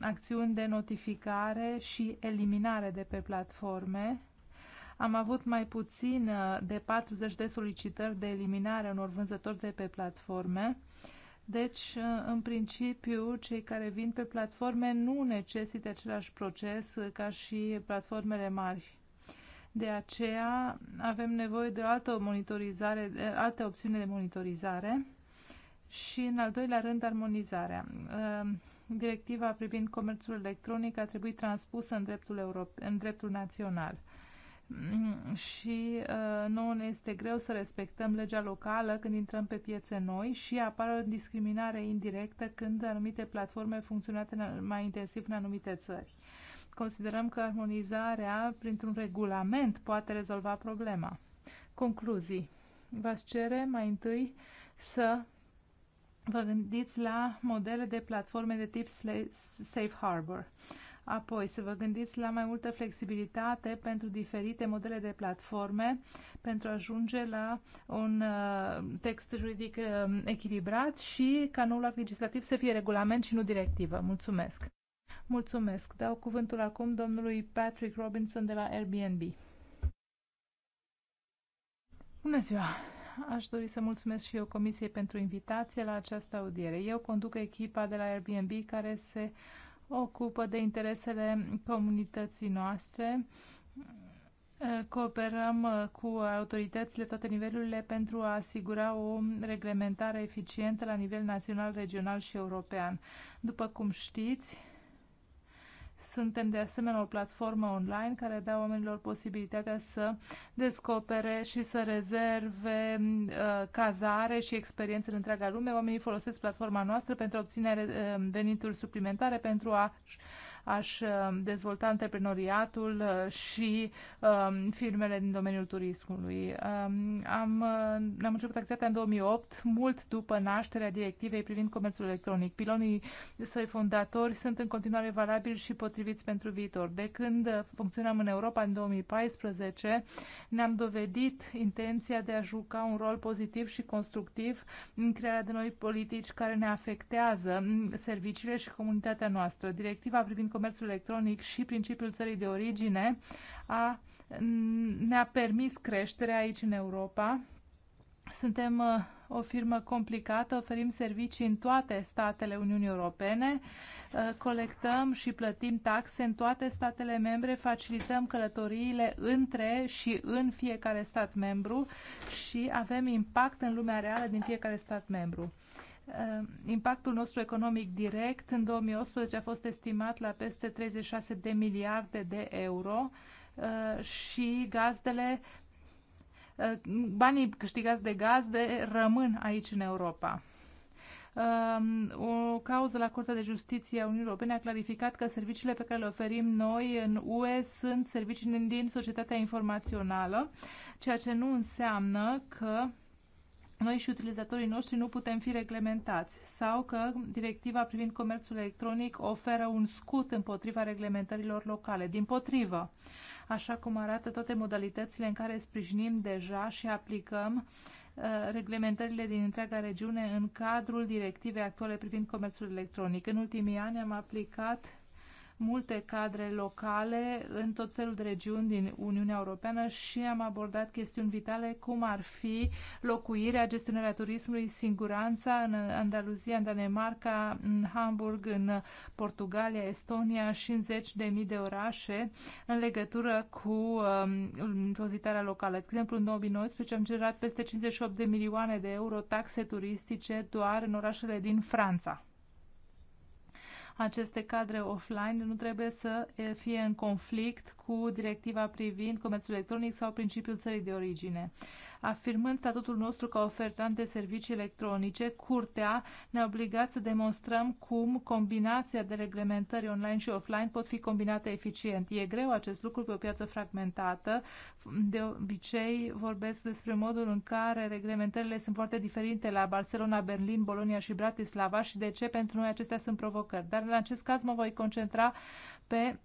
acțiuni de notificare și eliminare de pe platforme. Am avut mai puțin uh, de 40 de solicitări de eliminare unor vânzători de pe platforme. Uh, deci, uh, în principiu, cei care vin pe platforme nu necesită același proces uh, ca și platformele mari. De aceea avem nevoie de o altă monitorizare, alte opțiuni de monitorizare și, în al doilea rând, armonizarea. Uh, directiva privind comerțul electronic a trebuit transpusă în dreptul, europe, în dreptul național. Mm, și uh, nouă ne este greu să respectăm legea locală când intrăm pe piețe noi și apare o discriminare indirectă când anumite platforme funcționează mai intensiv în anumite țări. Considerăm că armonizarea printr-un regulament poate rezolva problema. Concluzii. V-aș cere mai întâi să vă gândiți la modele de platforme de tip Safe Harbor. Uh, Apoi, să vă gândiți la mai multă flexibilitate pentru diferite modele de platforme, pentru a ajunge la un uh, text juridic uh, echilibrat și ca noul act legislativ să fie regulament și nu directivă. Mulțumesc! Mulțumesc! Dau cuvântul acum domnului Patrick Robinson de la Airbnb. Bună ziua! Aș dori să mulțumesc și eu Comisiei pentru invitație la această audiere. Eu conduc echipa de la Airbnb care se ocupă de interesele comunității noastre. Cooperăm uh, cu autoritățile toate nivelurile pentru a asigura o reglementare eficientă la nivel național, regional și european. După cum știți, suntem de asemenea o platformă online care dă oamenilor posibilitatea să descopere și să rezerve uh, cazare și experiențe în întreaga lume. Oamenii folosesc platforma noastră pentru a obține uh, venituri suplimentare, pentru a aș uh, dezvolta antreprenoriatul uh, și um, firmele din domeniul turismului. Um, am, uh, am început activitatea în 2008, mult după nașterea directivei privind comerțul electronic. Pilonii săi fondatori sunt în continuare valabili și potriviți pentru viitor. De când funcționăm în Europa în 2014, ne-am dovedit intenția de a juca un rol pozitiv și constructiv în crearea de noi politici care ne afectează mm, serviciile și comunitatea noastră. Directiva privind comerțul electronic și principiul țării de origine a, ne-a permis creșterea aici în Europa. Suntem uh, o firmă complicată, oferim servicii în toate statele Uniunii Europene, uh, colectăm și plătim taxe în toate statele membre, facilităm călătoriile între și în fiecare stat membru și avem impact în lumea reală din fiecare stat membru. Eh, impactul nostru economic direct în 2018 a fost estimat la peste 36 de miliarde de euro eh, și gazdele, eh, banii câștigați de gazde rămân aici în Europa. O cauză la Curtea de Justiție a Uniunii Europene a clarificat că serviciile pe care le oferim noi în UE sunt servicii din societatea informațională, ceea ce nu înseamnă că noi și utilizatorii noștri nu putem fi reglementați sau că directiva privind comerțul electronic oferă un scut împotriva reglementărilor locale. Din potrivă, așa cum arată toate modalitățile în care sprijinim deja și aplicăm uh, reglementările din întreaga regiune în cadrul directivei actuale privind comerțul electronic. În ultimii ani am aplicat multe cadre locale în tot felul de regiuni din Uniunea Europeană și am abordat chestiuni vitale cum ar fi locuirea, gestionarea turismului, siguranța în Andaluzia, în Danemarca, în Hamburg, în Portugalia, Estonia și în zeci de mii de orașe în legătură cu um, impozitarea um, locală. De exemplu, în 2019 am generat peste 58 de milioane de euro taxe turistice doar în orașele din Franța aceste cadre offline nu trebuie să fie în conflict cu directiva privind comerțul electronic sau principiul țării de origine. Afirmând statutul nostru ca ofertant de servicii electronice, Curtea ne-a obligat să demonstrăm cum combinația de reglementări online și offline pot fi combinate eficient. E greu acest lucru pe o piață fragmentată. De obicei vorbesc despre modul în care reglementările sunt foarte diferite la Barcelona, Berlin, Bolonia și Bratislava și de ce pentru noi acestea sunt provocări. Dar în acest caz mă voi concentra pe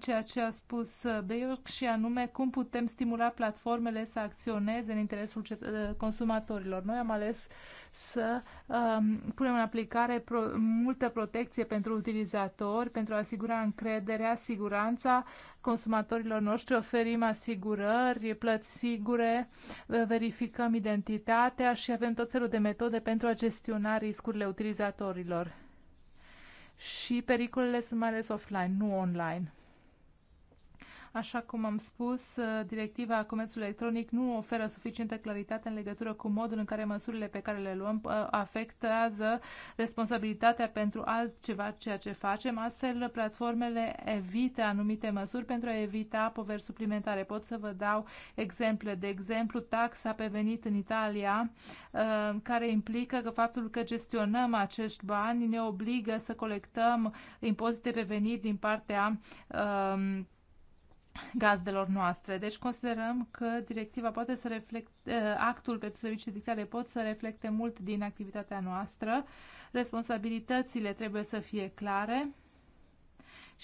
ceea ce a spus uh, Berg și anume cum putem stimula platformele să acționeze în interesul uh, consumatorilor. Noi am ales să um, punem în aplicare pro, multă protecție pentru utilizatori, pentru a asigura încrederea, siguranța consumatorilor noștri, oferim asigurări, plăți sigure, uh, verificăm identitatea și avem tot felul de metode pentru a gestiona riscurile utilizatorilor. Și pericolele sunt mai ales offline, nu online. Așa cum am spus, uh, directiva comerțului electronic nu oferă suficientă claritate în legătură cu modul în care măsurile pe care le luăm uh, afectează responsabilitatea pentru altceva ceea ce facem. Astfel, platformele evită anumite măsuri pentru a evita poveri suplimentare. Pot să vă dau exemple. De exemplu, taxa pe venit în Italia, uh, care implică că faptul că gestionăm acești bani ne obligă să colectăm impozite pe venit din partea gazdelor noastre. Deci considerăm că directiva poate să reflecte, eh, actul pentru servicii digitale pot să reflecte mult din activitatea noastră. Responsabilitățile trebuie să fie clare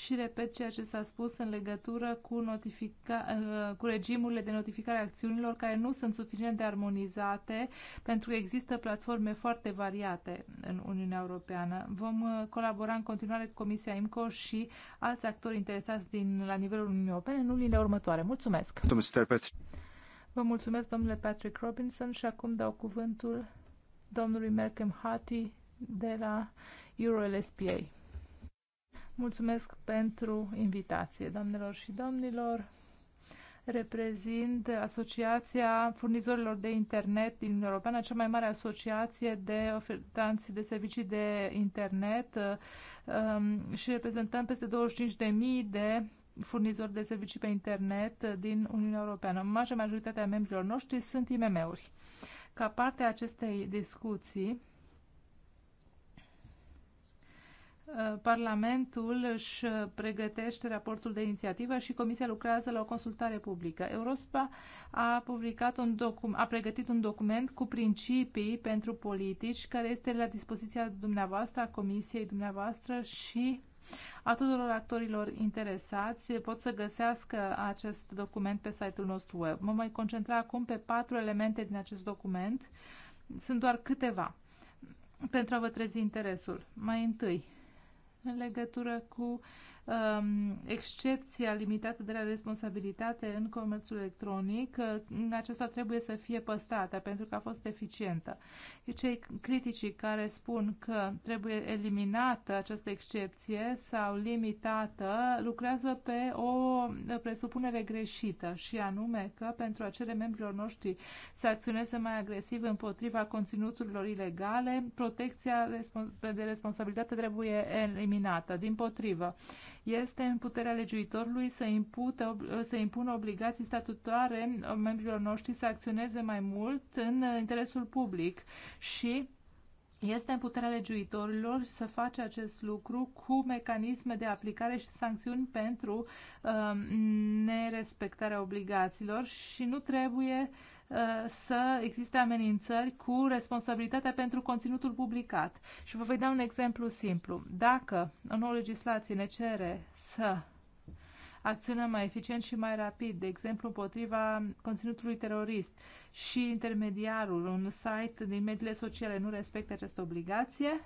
și repet ceea ce s-a spus în legătură cu, notifica, uh, cu regimurile de notificare a acțiunilor care nu sunt suficient de armonizate pentru că există platforme foarte variate în Uniunea Europeană. Vom uh, colabora în continuare cu Comisia IMCO și alți actori interesați din, la nivelul Uniunii Europene în lunile următoare. Mulțumesc! Vă mulțumesc, domnule Patrick Robinson, și acum dau cuvântul domnului Merkem Hati de la EuroLSPA. Mulțumesc pentru invitație, doamnelor și domnilor. Reprezint Asociația Furnizorilor de Internet din Uniunea Europeană, cea mai mare asociație de ofertanți de servicii de internet um, și reprezentăm peste 25.000 de furnizori de servicii pe internet din Uniunea Europeană. Marea majoritatea membrilor noștri sunt IMM-uri. Ca parte a acestei discuții, Uh, Parlamentul își pregătește raportul de inițiativă și Comisia lucrează la o consultare publică. Eurospa a, publicat un document, a pregătit un document cu principii pentru politici care este la dispoziția dumneavoastră, a Comisiei dumneavoastră și a tuturor actorilor interesați pot să găsească acest document pe site-ul nostru web. Mă mai concentra acum pe patru elemente din acest document. Sunt doar câteva pentru a vă trezi interesul. Mai întâi, în legătură cu Um, excepția limitată de la responsabilitate în comerțul electronic, uh, aceasta trebuie să fie păstrată pentru că a fost eficientă. Cei critici care spun că trebuie eliminată această excepție sau limitată lucrează pe o presupunere greșită și anume că pentru a cere membrilor noștri să acționeze mai agresiv împotriva conținuturilor ilegale, protecția de responsabilitate trebuie eliminată. Din potrivă, este în puterea legiuitorului să, impute, să impună obligații statutare uh, membrilor noștri să acționeze mai mult în uh, interesul public și este în puterea legiuitorilor să face acest lucru cu mecanisme de aplicare și sancțiuni pentru uh, nerespectarea obligațiilor și nu trebuie uh, să existe amenințări cu responsabilitatea pentru conținutul publicat. Și vă voi da un exemplu simplu. Dacă o nouă legislație ne cere să acționăm mai eficient și mai rapid, de exemplu împotriva conținutului terorist și intermediarul, un site din mediile sociale nu respectă această obligație,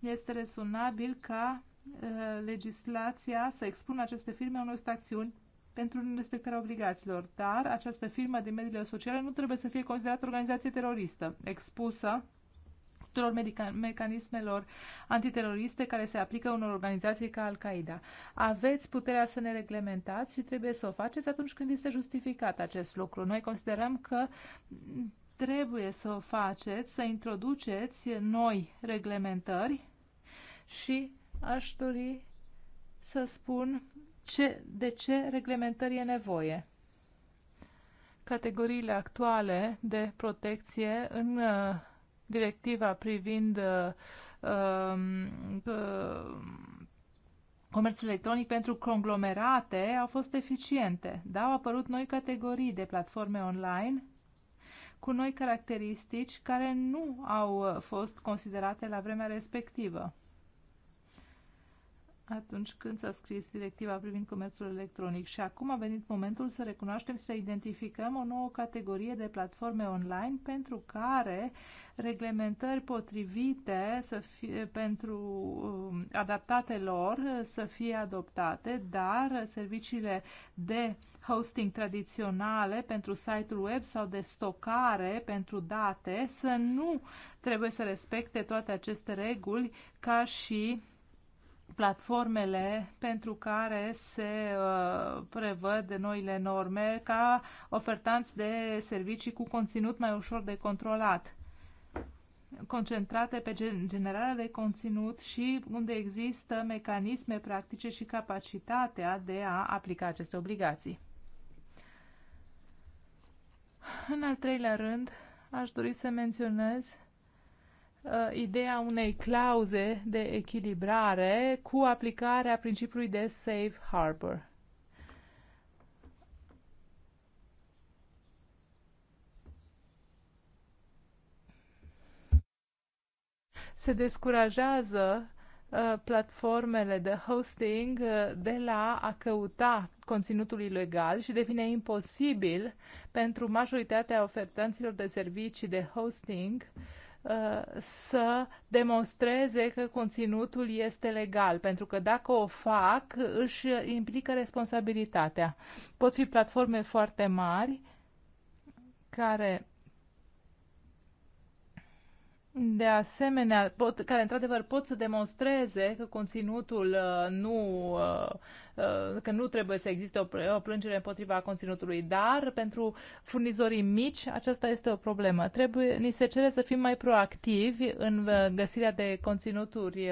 este rezonabil ca uh, legislația să expună aceste firme unor stațiuni pentru respectarea obligațiilor, dar această firmă din mediile sociale nu trebuie să fie considerată organizație teroristă, expusă tuturor mecanismelor antiteroriste care se aplică unor organizații ca Al-Qaeda. Aveți puterea să ne reglementați și trebuie să o faceți atunci când este justificat acest lucru. Noi considerăm că trebuie să o faceți, să introduceți noi reglementări și aș dori să spun ce, de ce reglementări e nevoie. Categoriile actuale de protecție în uh, directiva privind uh, um, uh, comerțul electronic pentru conglomerate au fost eficiente. Da, au apărut noi categorii de platforme online cu noi caracteristici care nu au uh, fost considerate la vremea respectivă atunci când s-a scris directiva privind comerțul electronic și acum a venit momentul să recunoaștem, să identificăm o nouă categorie de platforme online pentru care reglementări potrivite să fie, pentru um, adaptate lor să fie adoptate, dar serviciile de hosting tradiționale pentru site-ul web sau de stocare pentru date să nu trebuie să respecte toate aceste reguli ca și platformele pentru care se uh, prevăd noile norme ca ofertanți de servicii cu conținut mai ușor de controlat concentrate pe generarea de conținut și unde există mecanisme practice și capacitatea de a aplica aceste obligații. În al treilea rând, aș dori să menționez Uh, ideea unei clauze de echilibrare cu aplicarea principiului de safe harbor. Se descurajează uh, platformele de hosting uh, de la a căuta conținutul ilegal și devine imposibil pentru majoritatea ofertanților de servicii de hosting uh, Uh, să demonstreze că conținutul este legal, pentru că dacă o fac, își implică responsabilitatea. Pot fi platforme foarte mari care de asemenea, pot, care într-adevăr pot să demonstreze că conținutul uh, nu, uh, uh, că nu trebuie să existe o, o plângere împotriva conținutului, dar pentru furnizorii mici aceasta este o problemă. Trebuie, ni se cere să fim mai proactivi în găsirea de conținuturi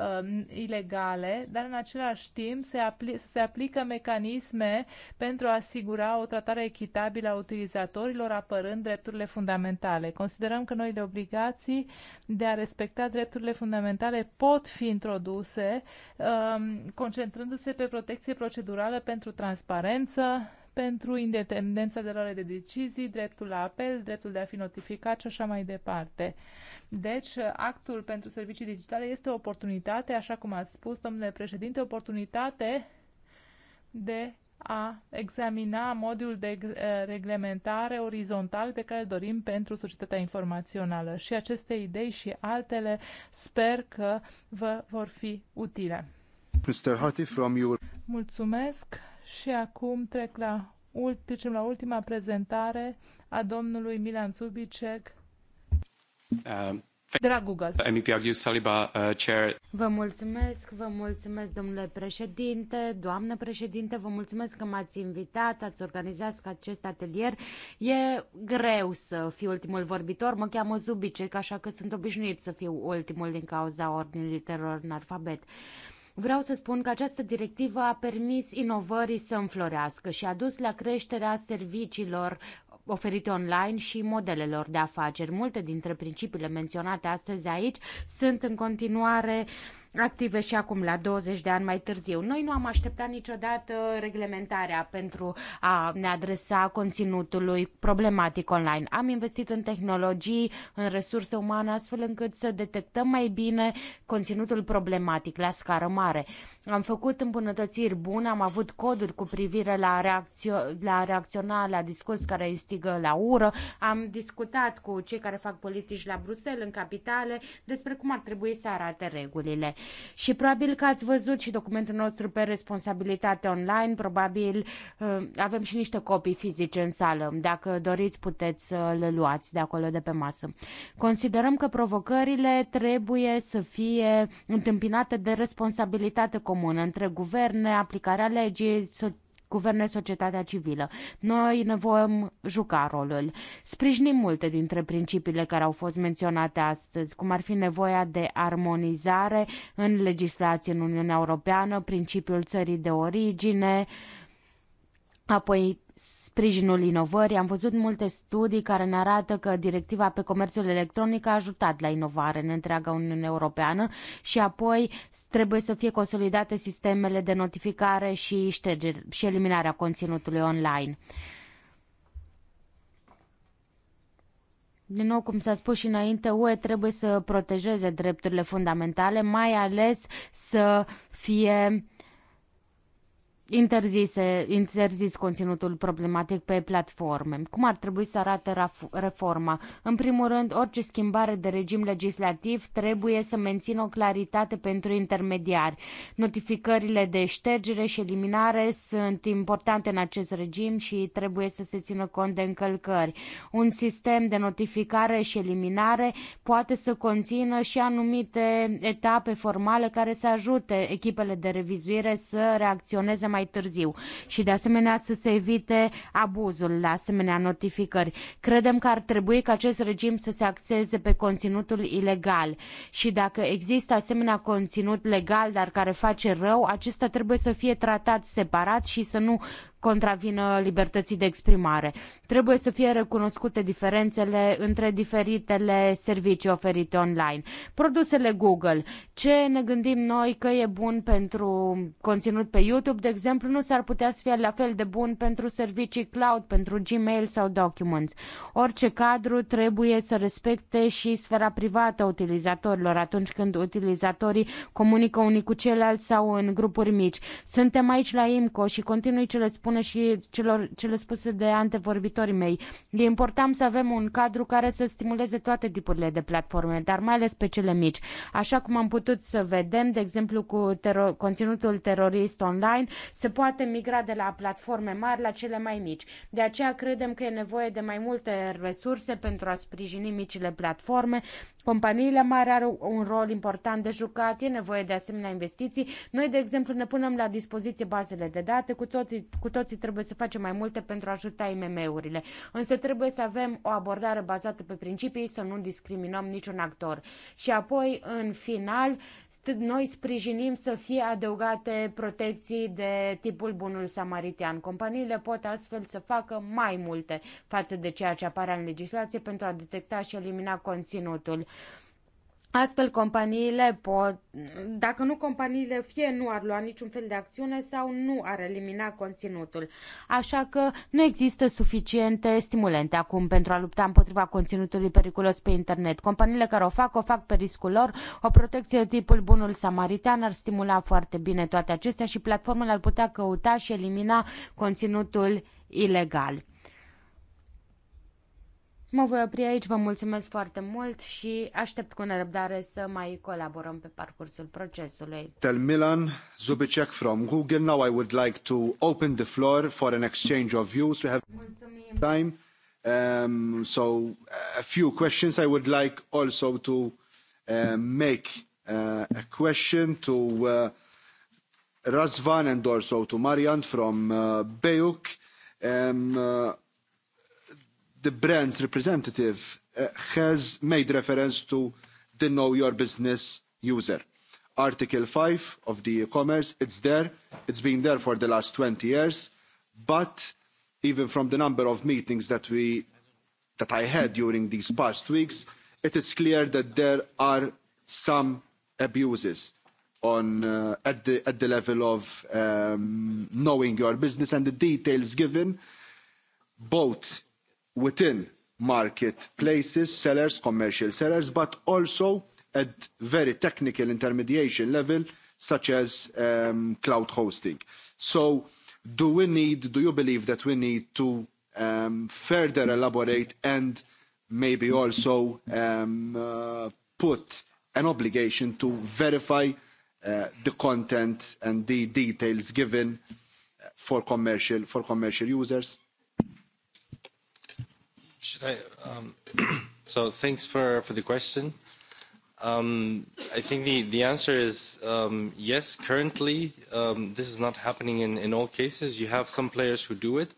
uh, ilegale, dar în același timp se, apli se aplică mecanisme pentru a asigura o tratare echitabilă a utilizatorilor, apărând drepturile fundamentale. Considerăm că noile obligații de a respecta drepturile fundamentale pot fi introduse, uh, concentrându-se pe protecție procedurală pentru transparență, pentru independența de luare de decizii, dreptul la apel, dreptul de a fi notificat și așa mai departe. Deci, actul pentru servicii digitale este o oportunitate, așa cum a spus, domnule președinte, oportunitate de a examina modul de reglementare orizontal pe care îl dorim pentru societatea informațională. Și aceste idei și altele sper că vă vor fi utile. Mr. Hati, from your... Mulțumesc. Și acum trec la, trecem la ultima prezentare a domnului Milan Zubicek um, De la Google. MEPRU Saliba, uh, chair. Vă mulțumesc, vă mulțumesc, domnule președinte, doamnă președinte, vă mulțumesc că m-ați invitat, ați organizat acest atelier. E greu să fiu ultimul vorbitor, mă cheamă Zubicek, așa că sunt obișnuit să fiu ultimul din cauza ordinii literelor în alfabet. Vreau să spun că această directivă a permis inovării să înflorească și a dus la creșterea serviciilor oferite online și modelelor de afaceri. Multe dintre principiile menționate astăzi aici sunt în continuare uh, active și acum la 20 de ani mai târziu. Noi nu am așteptat niciodată reglementarea pentru a ne adresa conținutului problematic online. Am investit în tehnologii, în resurse umane, astfel încât să detectăm mai bine conținutul problematic la scară mare. Am făcut îmbunătățiri bune, am avut coduri cu privire la, reacțio- la reacționa la discurs care instigă la ură, am discutat cu cei care fac politici la Bruxelles, în capitale, despre cum ar trebui să arate regulile. Și probabil că ați văzut și documentul nostru pe responsabilitate online, probabil uh, avem și niște copii fizice în sală. Dacă doriți, puteți să le luați de acolo, de pe masă. Considerăm că provocările trebuie să fie întâmpinate de responsabilitate comună între guverne, aplicarea legii, guverne societatea civilă. Noi ne vom juca rolul. Sprijinim multe dintre principiile care au fost menționate astăzi, cum ar fi nevoia de armonizare în legislație în Uniunea Europeană, principiul țării de origine, uh, Apoi, sprijinul inovării. Am văzut multe studii care ne arată că directiva pe comerțul electronic a ajutat la inovare în întreaga Uniune Europeană și apoi trebuie să fie consolidate sistemele de notificare și, ștergeri, și eliminarea conținutului online. Din nou, cum s-a spus și înainte, UE trebuie să protejeze drepturile fundamentale, mai ales să fie interzise, interzis conținutul problematic pe platforme. Cum ar trebui să arate reforma? În primul rând, orice schimbare de regim legislativ trebuie să mențină o claritate pentru intermediari. Notificările de ștergere și eliminare sunt importante în acest regim și trebuie să se țină cont de încălcări. Un sistem de notificare și eliminare poate să conțină și anumite etape formale care să ajute echipele de revizuire să reacționeze mai mai târziu și de asemenea să se evite abuzul la asemenea notificări. Credem că ar trebui ca acest regim să se axeze pe conținutul ilegal și dacă există asemenea conținut legal dar care face rău, acesta trebuie să fie tratat separat și să nu contravină libertății de exprimare. Trebuie să fie recunoscute diferențele între diferitele servicii oferite online. Produsele Google. Ce ne gândim noi că e bun pentru conținut pe YouTube, de exemplu, nu s-ar putea să fie la fel de bun pentru servicii cloud, pentru Gmail sau Documents. Orice cadru trebuie să respecte și sfera privată a utilizatorilor atunci când utilizatorii comunică unii cu ceilalți sau în grupuri mici. Suntem aici la IMCO și continui le spun spune și celor, cele spuse de antevorbitorii mei. E important să avem un cadru care să stimuleze toate tipurile de platforme, dar mai ales pe cele mici. Așa cum am putut să vedem, de exemplu, cu tero- conținutul terorist online, se poate migra de la platforme mari la cele mai mici. De aceea credem că e nevoie de mai multe resurse pentru a sprijini micile platforme, Companiile mari au un rol important de jucat, e nevoie de asemenea investiții. Noi, de exemplu, ne punem la dispoziție bazele de date, cu toții, cu toții trebuie să facem mai multe pentru a ajuta IMM-urile. Însă trebuie să avem o abordare bazată pe principii, să nu discriminăm niciun actor. Și apoi, în final, noi sprijinim să fie adăugate protecții de tipul bunul samaritian. Companiile pot astfel să facă mai multe față de ceea ce apare în legislație pentru a detecta și elimina conținutul. Uh, Astfel, companiile pot, dacă nu companiile, fie nu ar lua niciun fel de acțiune sau nu ar elimina conținutul. Așa că nu există suficiente stimulente acum pentru a lupta împotriva conținutului periculos pe internet. Companiile care o fac, o fac pe riscul lor. O protecție de tipul bunul samaritan ar stimula foarte bine toate acestea și platformele ar putea căuta și elimina conținutul ilegal. Mă voi opri aici, vă mulțumesc foarte mult și aștept cu nerăbdare să mai colaborăm pe parcursul procesului. Tel Milan Zubicek from Google. Now I would like to open the floor for an exchange of views. We have Mulțumim. time. Um, so a few questions. I would like also to uh, make uh, a question to uh, Razvan and also to Marian from uh, Beuk. Um, uh, the brand's representative uh, has made reference to the know your business user. Article 5 of the e-commerce, it's there. It's been there for the last 20 years. But even from the number of meetings that, we, that I had during these past weeks, it is clear that there are some abuses on, uh, at, the, at the level of um, knowing your business and the details given both within marketplaces, sellers, commercial sellers, but also at very technical intermediation level, such as um, cloud hosting. So do we need, do you believe that we need to um, further elaborate and maybe also um, uh, put an obligation to verify uh, the content and the details given uh, for commercial, for commercial users? Should I? Um, so thanks for, for the question. Um, I think the, the answer is um, yes, currently um, this is not happening in, in all cases. You have some players who do it.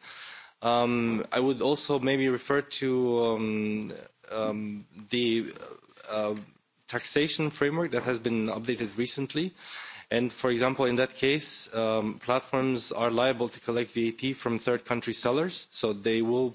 Um, I would also maybe refer to um, um, the uh, uh taxation framework that has been updated recently. And for example, in that case, um, platforms are liable to collect VAT from third country sellers, so they will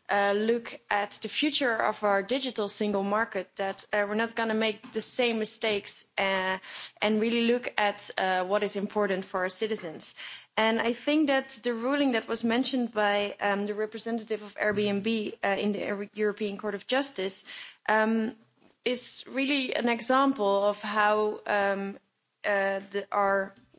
Uh, look at the future of our digital single market, that uh, we're not going to make the same mistakes uh, and really look at what is important for our citizens. And I think that the ruling that was mentioned by um, the representative of Airbnb in the European Court of Justice um, is really an example of how um, our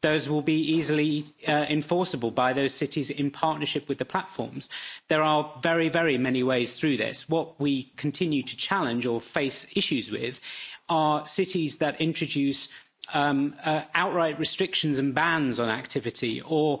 those will be easily uh, enforceable by those cities in partnership with the platforms. There are very, very many ways through this. What we continue to challenge or face issues with are cities that introduce um, uh, outright restrictions and bans on activity or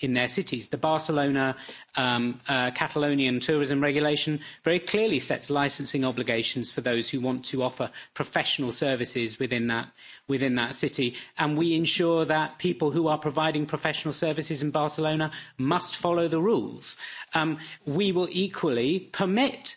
in their cities. The Barcelona um, uh, Catalonian tourism regulation very clearly sets licensing obligations for those who want to offer professional services within that, within that city. And we ensure that people who are providing professional services in Barcelona must follow the rules. Um, we will equally permit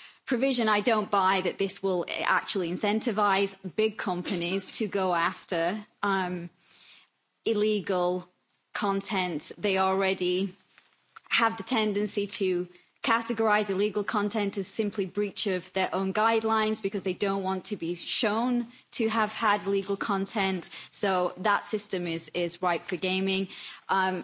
provision, I don't buy that this will actually incentivise big companies to go after um, illegal content. They already have the tendency to categorize illegal content as simply breach of their own guidelines because they don't want to be shown to have had legal content. So that system is, is ripe for gaming. Um,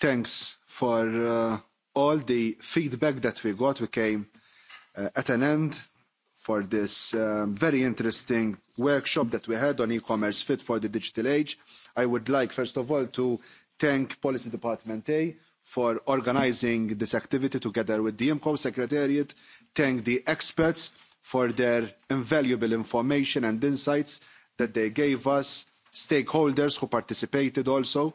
thanks for uh, all the feedback that we got. We came uh, at an end for this um, very interesting workshop that we had on e-commerce fit for the digital age. I would like, first of all, to thank Policy Department A for organising this activity together with the IMCO Secretariat, thank the experts for their invaluable information and insights that they gave us, stakeholders who participated also,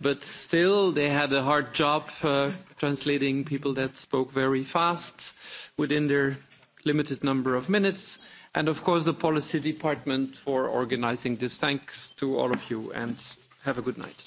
But still, they had a hard job uh, translating people that spoke very fast within their limited number of minutes. And of course, the policy department for organizing this. Thanks to all of you and have a good night.